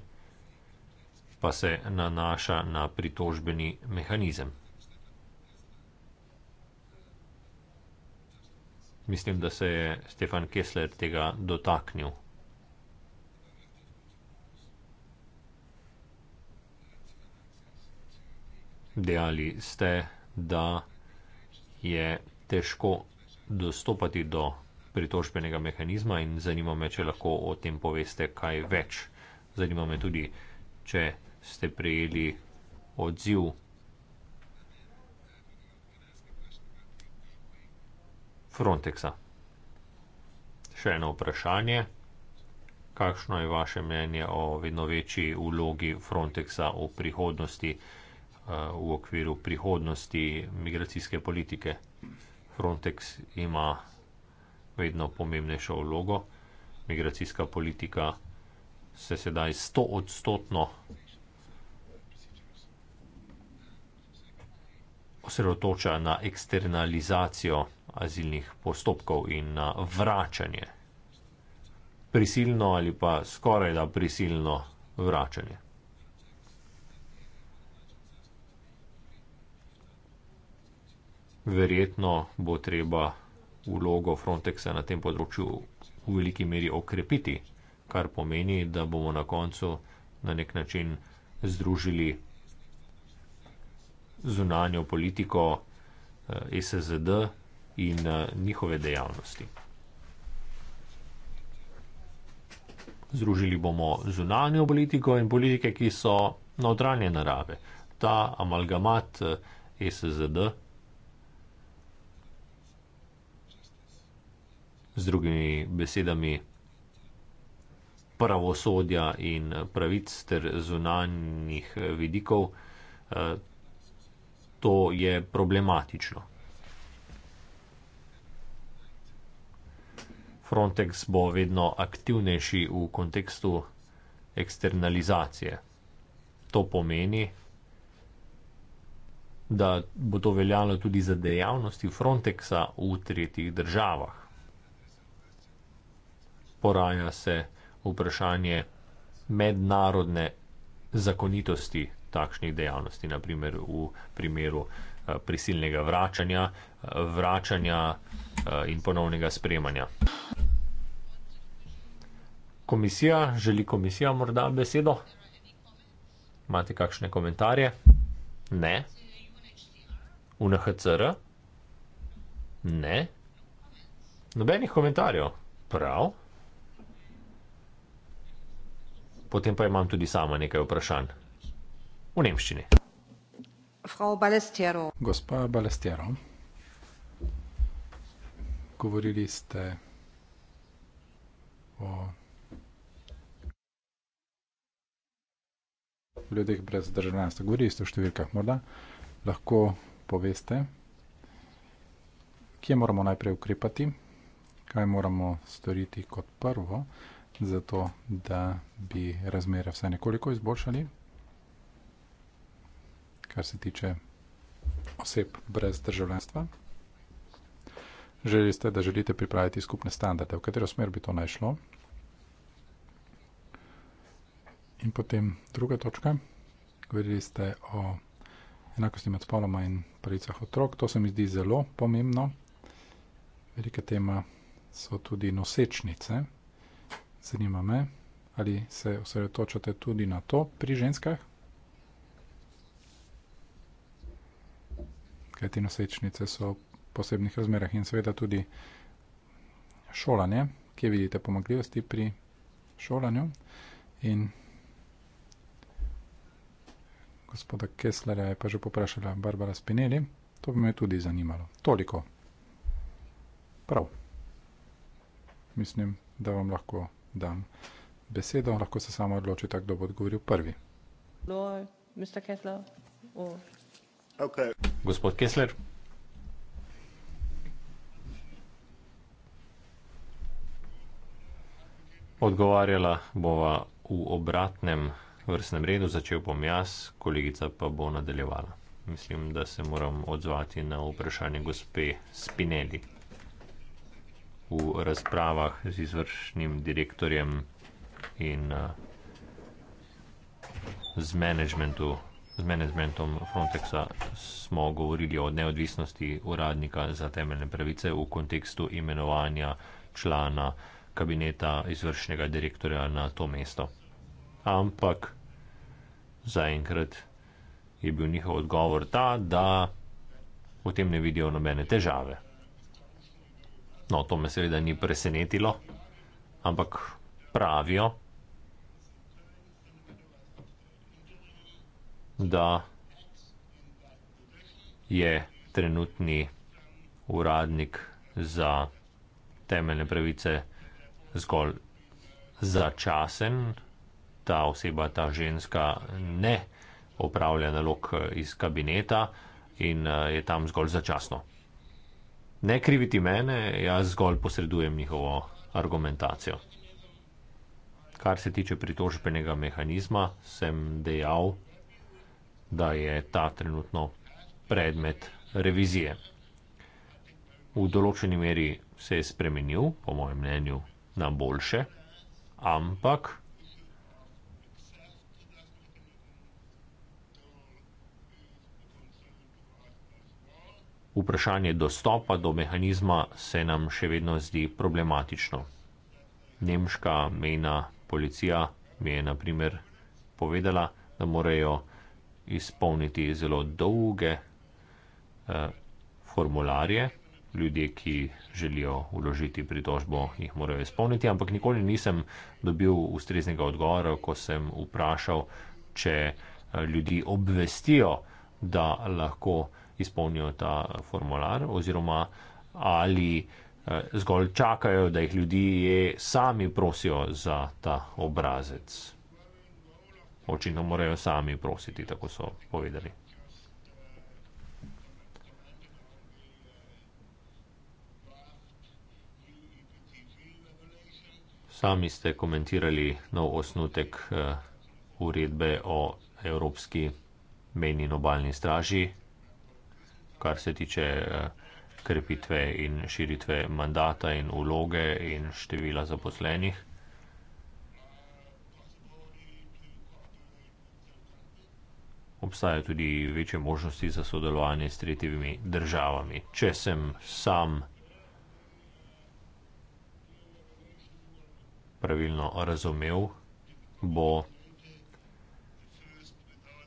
pa se nanaša na pritožbeni mehanizem. Mislim, da se je Stefan Kessler tega dotaknil. Dejali ste, da je težko dostopati do pritožbenega mehanizma in zanima me, če lahko o tem poveste kaj več. Zanima me tudi, če ste prejeli odziv Frontexa. Še eno vprašanje. Kakšno je vaše mnenje o vedno večji vlogi Frontexa v prihodnosti, eh, v okviru prihodnosti migracijske politike? Frontex ima vedno pomembnejšo vlogo, migracijska politika se sedaj stoodstotno osredotoča na eksternalizacijo azilnih postopkov in na vračanje. Prisilno ali pa skoraj da prisilno vračanje. Verjetno bo treba vlogo Frontexa na tem področju v veliki meri okrepiti, kar pomeni, da bomo na koncu na nek način združili zunanjo politiko ESZD in eh, njihove dejavnosti. Združili bomo zunanjo politiko in politike, ki so notranje narave. Ta amalgamat eh, SZD z drugimi besedami pravosodja in pravic ter zunanjih vidikov, eh, to je problematično. Frontex bo vedno aktivnejši v kontekstu eksternalizacije. To pomeni, da bo to veljalo tudi za dejavnosti Frontexa v tretjih državah. Poraja se vprašanje mednarodne zakonitosti takšnih dejavnosti, naprimer v primeru Eh, prisilnega vračanja, eh, vračanja eh, in ponovnega spremanja. Komisija, želi komisija morda besedo? Imate kakšne komentarje? Ne. UNHCR? Ne. Nobenih komentarjev. Prav. Potem pa imam tudi sama nekaj vprašanj. V Nemščini. Frau Balestero. Gospa Balestero, govorili ste o ljudeh brez državljanstva, govorili ste o številkah, morda lahko poveste, kje moramo najprej ukrepati, kaj moramo storiti kot prvo, zato da bi razmere vsaj nekoliko izboljšali, kar se tiče oseb brez državljanstva. Želi ste, da želite pripraviti skupne standarde, v katero smer bi to najšlo. In potem druga točka. Govorili ste o enakosti med spoloma in pravicah otrok. To se mi zdi zelo pomembno. Velika tema so tudi nosečnice. Zanima me, ali se osredotočate tudi na to pri ženskah, kaj ti nosečnice so v posebnih razmerah in seveda tudi šolanje, kje vidite pomagljivosti pri šolanju in gospoda Kesslerja je pa že poprašala Barbara Spinelli, to bi me tudi zanimalo. Toliko. Prav. Mislim, da vam lahko dam besedo, lahko se samo odločite, kdo bo odgovoril prvi. Lord, Mr. Kessler, or... Okay. Gospod Kessler. Odgovarjala bova v obratnem vrstnem redu, začel bom jaz, kolegica pa bo nadaljevala. Mislim, da se moram odzvati na vprašanje gospe Spinelli. V razpravah z izvršnim direktorjem in uh, z menedžmentu z menedžmentom Frontexa smo govorili o neodvisnosti uradnika za temeljne pravice v kontekstu imenovanja člana kabineta izvršnega direktorja na to mesto. Ampak zaenkrat je bil njihov odgovor ta, da v tem ne vidijo nobene težave. No, to me seveda ni presenetilo, ampak pravijo, da je trenutni uradnik za temeljne pravice zgolj začasen, ta oseba, ta ženska ne opravlja nalog eh, iz kabineta in eh, je tam zgolj začasno. Ne kriviti mene, jaz zgolj posredujem njihovo argumentacijo. Kar se tiče pritožbenega mehanizma, sem dejal, da je ta trenutno predmet revizije. V določeni meri se je spremenil, po mojem mnenju, na boljše, ampak vprašanje dostopa do mehanizma se nam še vedno zdi problematično. Nemška mejna policija mi je naprimer povedala, da morajo izpolniti zelo dolge eh, formularje. Ljudje, ki želijo uložiti pritožbo, jih morajo izpolniti, ampak nikoli nisem dobil ustreznega odgovora, ko sem vprašal, če eh, ljudi obvestijo, da lahko izpolnijo ta eh, formular, oziroma ali eh, zgolj čakajo, da jih ljudje sami prosijo za ta obrazec očitno morajo sami prositi, tako so povedali. Sami ste komentirali nov osnutek eh, uredbe o Evropski meni in obaljni straži, kar se tiče eh, krepitve in širitve mandata in uloge in števila zaposlenih. obstajajo tudi večje možnosti za sodelovanje s tretjimi državami. Če sem sam pravilno razumev, bo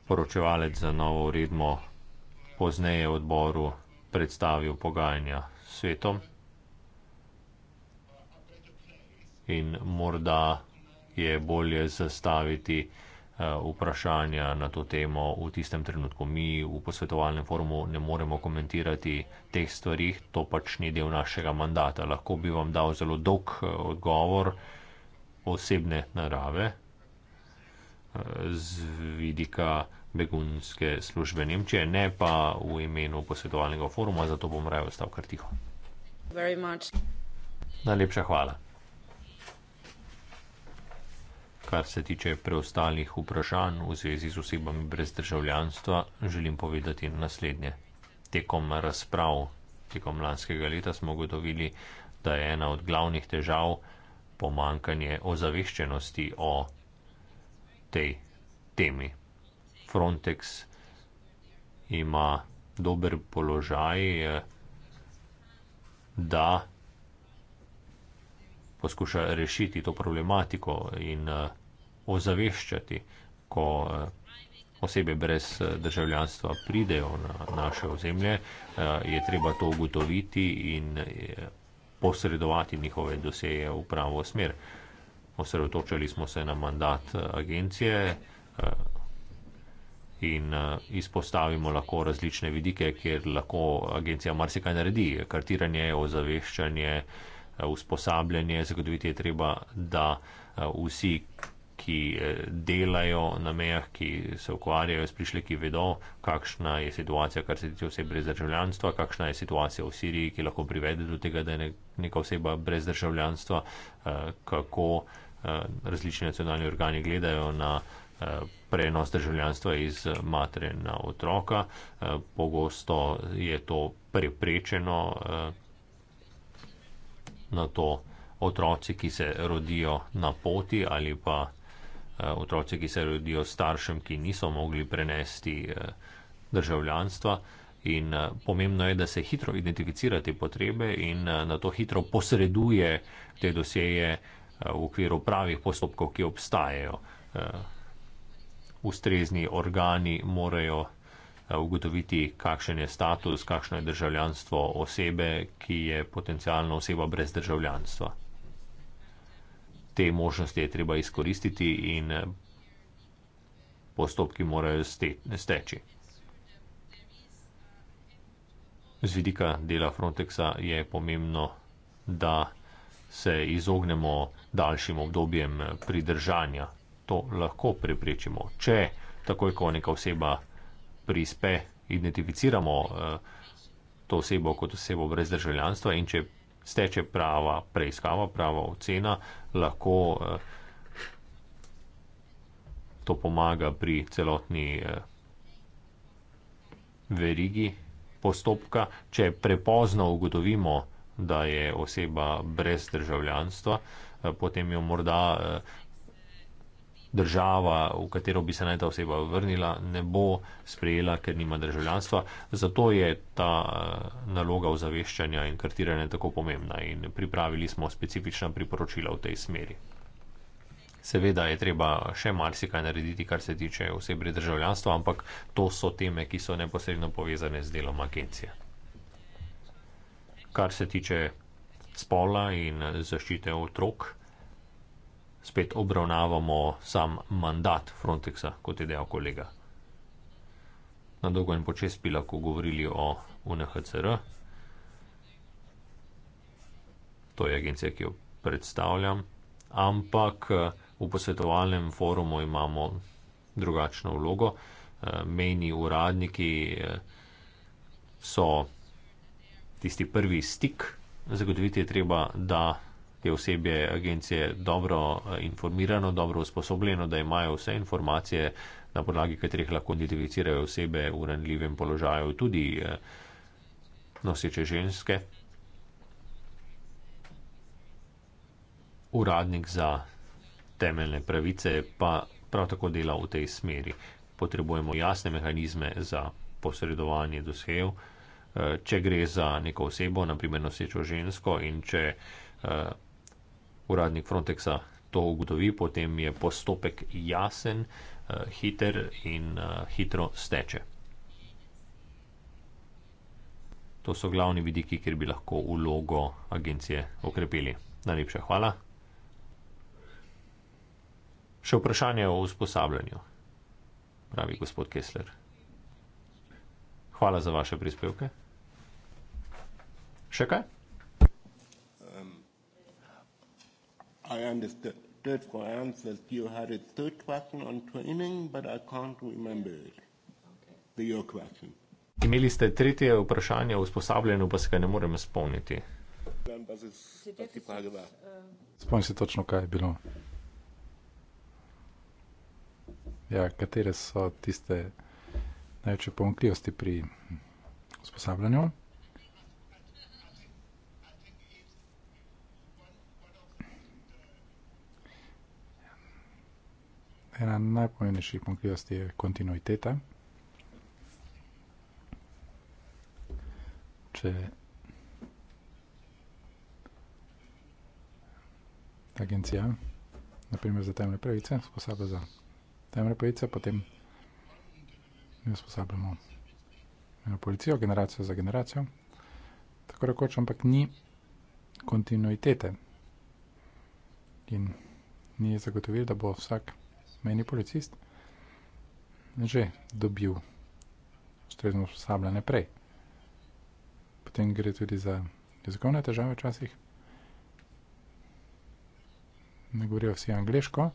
poročevalec za novo uredmo pozneje odboru predstavil pogajanja svetom in morda je bolje zastaviti Eh, vprašanja na to temo v tistem trenutku. Mi v posvetovalnem forumu ne moremo komentirati teh stvari, to pač ni del našega mandata. Lahko bi vam dal zelo dolg eh, odgovor osebne narave eh, z vidika begunske službe Nemčije, ne pa v imenu posvetovalnega foruma, zato bom raje ostal kar tiho. Najlepša hvala kar se tiče preostalih vprašanj v zvezi z osebami brez državljanstva, želim povedati naslednje. Tekom razprav, tekom lanskega leta smo ugotovili, da je ena od glavnih težav pomankanje ozaveščenosti o tej temi. Frontex ima dober položaj, da poskuša rešiti to problematiko in uh, ozaveščati, ko eh, osebe brez eh, državljanstva pridejo na naše ozemlje, eh, je treba to ugotoviti in posredovati njihove doseje v pravo smer. Osredotočali smo se na mandat agencije in izpostavimo lahko različne vidike, kjer lahko agencija marsikaj naredi. Kartiranje, ozaveščanje, usposabljanje, zagotoviti je treba, da vsi, ki eh, delajo na mejah, ki se ukvarjajo s prišleki, vedo, kakšna je situacija, kar se tiče oseb brez državljanstva, kakšna je situacija v Siriji, ki lahko privede do tega, da je neka oseba brez državljanstva, eh, kako eh, različni nacionalni organi gledajo na prenos državljanstva iz matere na otroka. Pogosto je to preprečeno na to otroci, ki se rodijo na poti ali pa Eh, otroci, ki se rodijo staršem, ki niso mogli prenesti eh, državljanstva. In eh, pomembno je, da se hitro identificira te potrebe in na to hitro posreduje te doseje v okviru pravih postopkov, ki obstajajo. Ustrezni organi morajo ugotoviti, kakšen je status, kakšno je državljanstvo osebe, ki je potencijalno oseba brez državljanstva te možnosti je treba izkoristiti in eh, postopki morajo steči. Z vidika dela Frontexa je pomembno, da se izognemo daljšim obdobjem eh, pridržanja. To lahko preprečimo, če takoj, ko neka oseba prispe, identificiramo eh, to osebo kot osebo brez državljanstva in če steče prava preiskava, prava ocena, lahko eh, to pomaga pri celotni eh, verigi postopka. Če prepozno ugotovimo, da je oseba brez državljanstva, eh, potem jo morda država, v katero bi se naj ta oseba vrnila, ne bo sprejela, ker nima državljanstva. Zato je ta eh, naloga ozaveščanja in kartiranja tako pomembna in pripravili smo specifična priporočila v tej smeri. Seveda je treba še marsikaj narediti, kar se tiče osebre državljanstva, ampak to so teme, ki so neposredno povezane z delom agencije. Kar se tiče spola in zaščite otrok, spet obravnavamo sam mandat Frontexa, kot je dejal kolega. Na dolgo in počest bi lahko govorili o UNHCR. To je agencija, ki jo predstavljam. Ampak eh, v posvetovalnem forumu imamo drugačno vlogo. Eh, mejni uradniki eh, so tisti prvi stik. Zagotoviti je treba, da je osebje agencije dobro eh, informirano, dobro usposobljeno, da imajo vse informacije, na podlagi katerih lahko identificirajo osebe v ranljivem položaju, tudi eh, noseče ženske. Uradnik za temeljne pravice pa prav tako dela v tej smeri. Potrebujemo jasne mehanizme za posredovanje dosejev. Eh, če gre za neko osebo, naprimer nosečo žensko in če uradnik Frontexa to ugotovi, potem je postopek jasen, eh, hiter in eh, hitro steče. To so glavni vidiki, kjer bi lahko ulogo agencije okrepili. Najlepša hvala. Še vprašanje o usposabljanju, pravi gospod Kessler. Hvala za vaše prispevke. Še kaj? I understood for answers you had a third question on training, but I can't remember it. Okay. Your question. Imeli ste tretje vprašanje o usposabljanju, pa se ga ne morem spomniti. Eh, Spomnim se točno, kaj je bilo. Ja, katere so tiste največje pomankljivosti pri hm, usposabljanju? ena najpomembnejših pomankljivosti je kontinuiteta. Če agencija, naprimer za temne pravice, sposablja za temne pravice, potem mi sposabljamo policijo, generacijo za generacijo, tako rekoč, ampak ni kontinuitete in ni zagotovil, da bo vsak vsak meni policist že dobil ustrezno usposabljanje prej. Potem gre tudi za jezikovne težave včasih. Ne govorijo vsi angliško,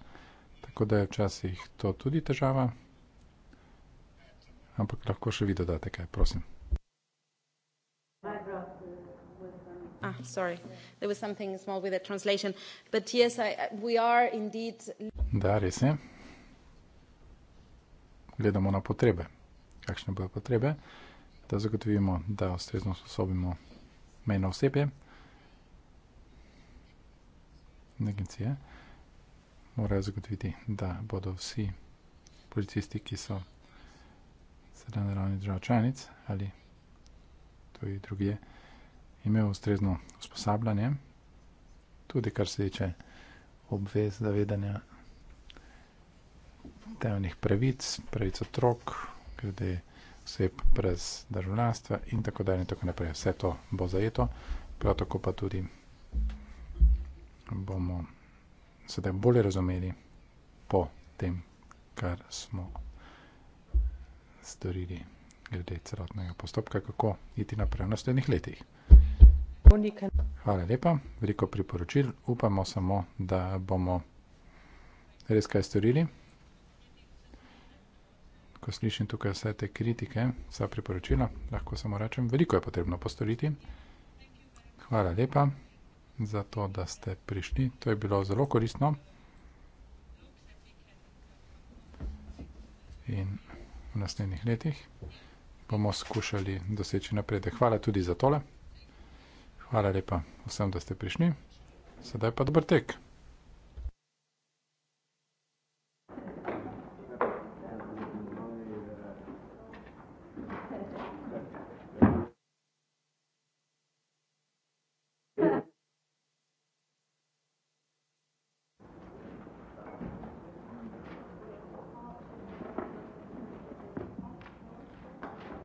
tako da je včasih to tudi težava. Ampak lahko še vi dodate kaj, prosim. Ah, sorry, there was something small with the translation. But yes, I, we are indeed... Da, res je gledamo na potrebe, kakšne bodo potrebe, da zagotovimo, da ustrezno sposobimo mejno osebje, agencije, morajo zagotoviti, da bodo vsi policisti, ki so sedaj na ravni držav članic ali tudi drugi, imeli ustrezno usposabljanje, tudi kar se tiče obvez zavedanja temeljnih pravic, pravic otrok, glede oseb brez državljanstva in tako dalje in tako naprej. Vse to bo zajeto, prav tako pa tudi bomo sedaj bolje razumeli po tem, kar smo storili glede celotnega postopka, kako iti naprej v naslednjih letih. Hvala lepa, veliko priporočil, upamo samo, da bomo res kaj storili ko slišim tukaj vse te kritike, vsa priporočila, lahko samo rečem, veliko je potrebno postoriti. Hvala lepa za to, da ste prišli. To je bilo zelo koristno. In v naslednjih letih bomo skušali doseči napredek. Hvala tudi za tole. Hvala lepa vsem, da ste prišli. Sedaj pa dober tek.